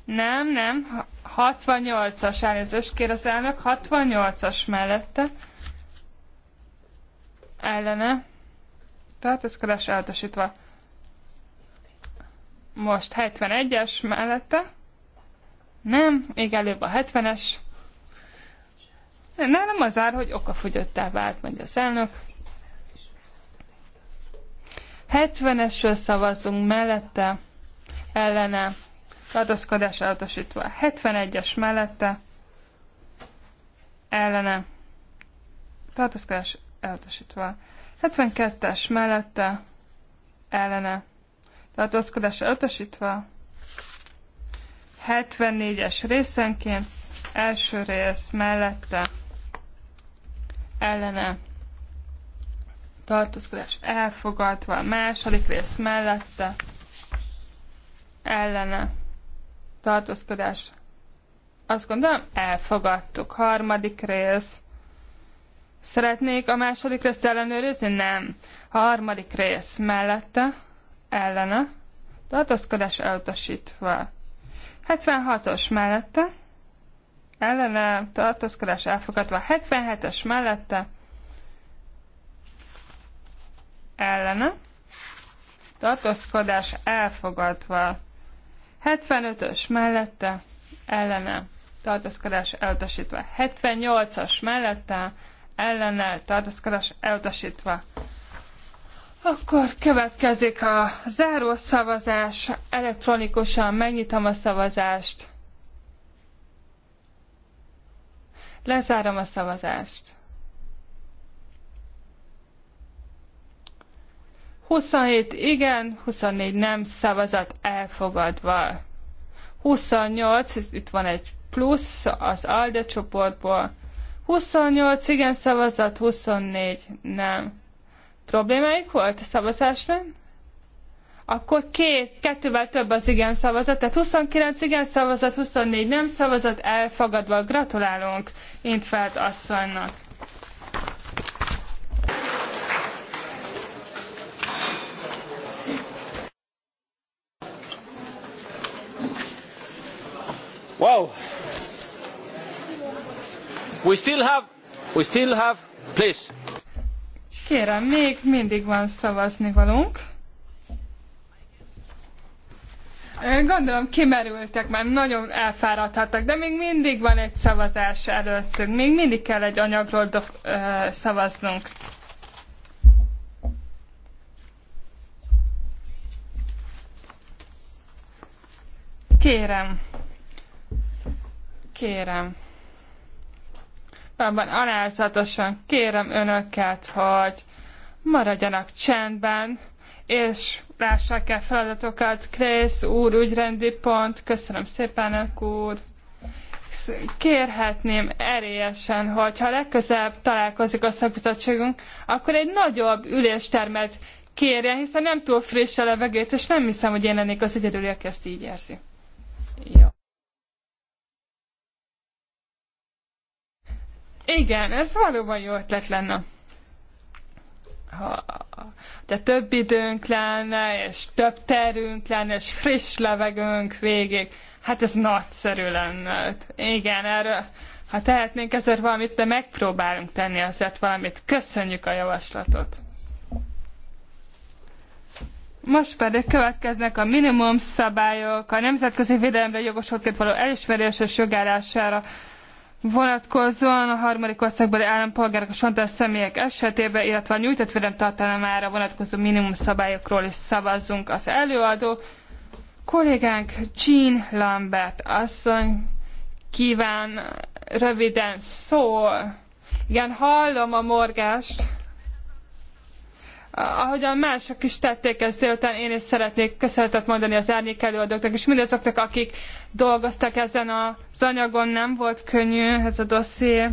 nem, nem, 68-as elnézést kér az elnök, 68-as mellette. Ellene. Tehát ez keres eltosítva. Most 71-es mellette. Nem, még előbb a 70-es. Nálam az ár, hogy okafogyottá vált, mondja az elnök. 70-esről szavazunk mellette, ellene tartózkodás elutasítva. 71-es mellette ellene tartózkodás elutasítva. 72-es mellette ellene tartózkodás elutasítva. 74-es részenként első rész mellette ellene tartózkodás elfogadva, második rész mellette ellene tartózkodás. Azt gondolom, elfogadtuk. Harmadik rész. Szeretnék a második részt ellenőrizni? Nem. harmadik rész mellette, ellene, tartózkodás elutasítva. 76-os mellette, ellene, tartózkodás elfogadva. 77-es mellette, ellene, tartózkodás elfogadva. 75-ös mellette ellene tartózkodás elutasítva. 78-as mellette ellene tartózkodás elutasítva. Akkor következik a záró szavazás. Elektronikusan megnyitom a szavazást. Lezárom a szavazást. 27 igen, 24 nem szavazat elfogadva. 28, itt van egy plusz az ALDE csoportból. 28 igen szavazat, 24 nem. Problémáik volt a szavazásnál? Akkor két, kettővel több az igen szavazat, tehát 29 igen szavazat, 24 nem szavazat, elfogadva. Gratulálunk Infeld asszonynak! Wow. We still have, we still have, please. Kérem, még mindig van szavazni valunk. Gondolom kimerültek, már nagyon elfáradhattak, de még mindig van egy szavazás előttünk. Még mindig kell egy anyagról dof, ö, szavaznunk. Kérem. Kérem, abban alázatosan kérem önöket, hogy maradjanak csendben, és lássák el feladatokat. Krész úr, ügyrendi pont, köszönöm szépen, elnök úr. Kérhetném erélyesen, hogy ha legközelebb találkozik a szakbizottságunk, akkor egy nagyobb üléstermet kérjen, hiszen nem túl friss a levegőt, és nem hiszem, hogy én lennék az egyedül, aki ezt így érzi. Jó. Igen, ez valóban jó ötlet lenne. Ha de több időnk lenne, és több terünk lenne, és friss levegőnk végig, hát ez nagyszerű lenne. Igen, erről, ha tehetnénk ezért valamit, de megpróbálunk tenni azért valamit. Köszönjük a javaslatot! Most pedig következnek a minimum szabályok a nemzetközi védelemre jogosultként való elismerés és jogállására vonatkozóan a harmadik országbeli állampolgárok a santás személyek esetében, illetve a nyújtott védelem tartalmára vonatkozó minimum szabályokról is szavazzunk. Az előadó kollégánk Jean Lambert asszony kíván röviden szól. Igen, hallom a morgást ahogyan mások is tették ezt délután, én is szeretnék köszönetet mondani az árnyék előadóknak, és mindazoknak, akik dolgoztak ezen az anyagon, nem volt könnyű ez a dosszié.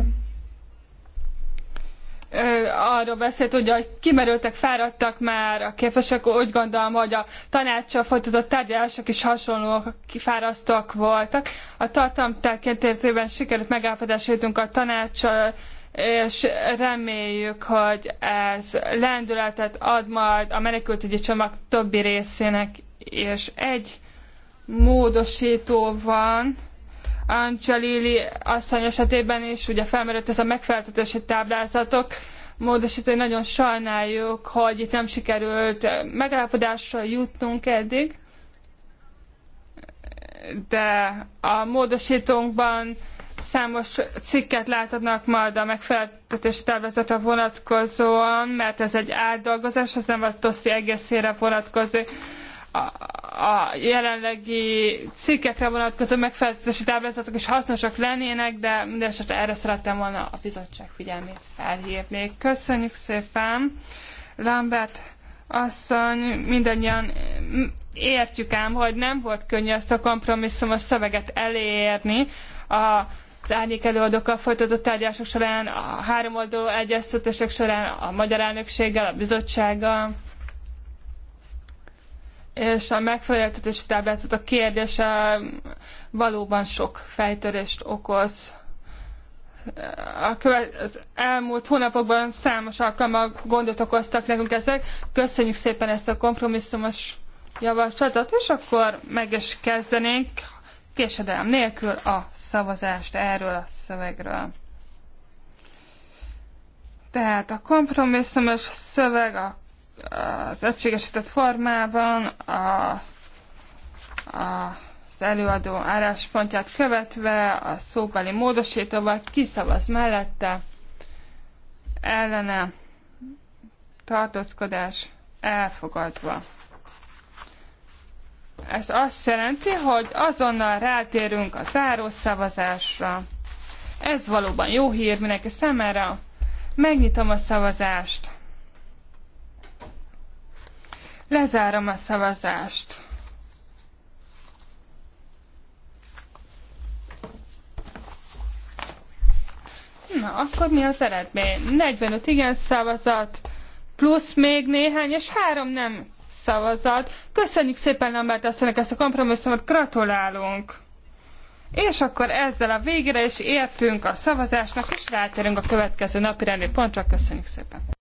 Arról beszélt, ugye, hogy kimerültek, fáradtak már a képesek, úgy gondolom, hogy a tanácssal folytatott tárgyalások is hasonlóak, fárasztóak voltak. A tartalom tekintében sikerült megállapodásra jutunk a tanácssal, és reméljük, hogy ez lendületet ad majd a menekültügyi csomag többi részének, és egy módosító van, Angelili asszony esetében is ugye felmerült ez a megfeleltetési táblázatok, módosítani nagyon sajnáljuk, hogy itt nem sikerült megállapodásra jutnunk eddig, de a módosítónkban számos cikket láthatnak majd a megfeleltetés tervezetre vonatkozóan, mert ez egy átdolgozás, ez nem a TOSZI egészére vonatkozik. A, a jelenlegi cikkekre vonatkozó megfeleltetési táblázatok is hasznosak lennének, de mindesetre erre szerettem volna a bizottság figyelmét felhívni. Köszönjük szépen, Lambert asszony, mindannyian értjük ám, hogy nem volt könnyű ezt a kompromisszumos szöveget elérni. A az árnyék előadókkal folytatott tárgyások során, a háromoldalú egyeztetések során, a magyar elnökséggel, a bizottsággal, és a megfeleltetési a kérdése valóban sok fejtörést okoz. A követ, az elmúlt hónapokban számos alkalommal gondot okoztak nekünk ezek. Köszönjük szépen ezt a kompromisszumos javaslatot, és akkor meg is kezdenénk, késedelem nélkül a szavazást erről a szövegről. Tehát a kompromisszumos szöveg a, az egységesített formában a, a az előadó álláspontját követve a szóbeli módosítóval kiszavaz mellette ellene tartózkodás elfogadva. Ez azt jelenti, hogy azonnal rátérünk a záró szavazásra. Ez valóban jó hír mindenki számára. Megnyitom a szavazást. Lezárom a szavazást. Na, akkor mi az eredmény? 45 igen szavazat, plusz még néhány, és három nem szavazat. Köszönjük szépen Lambert asszonynak ezt a kompromisszumot, gratulálunk! És akkor ezzel a végére is értünk a szavazásnak, és rátérünk a következő napi rendi pontra. Köszönjük szépen!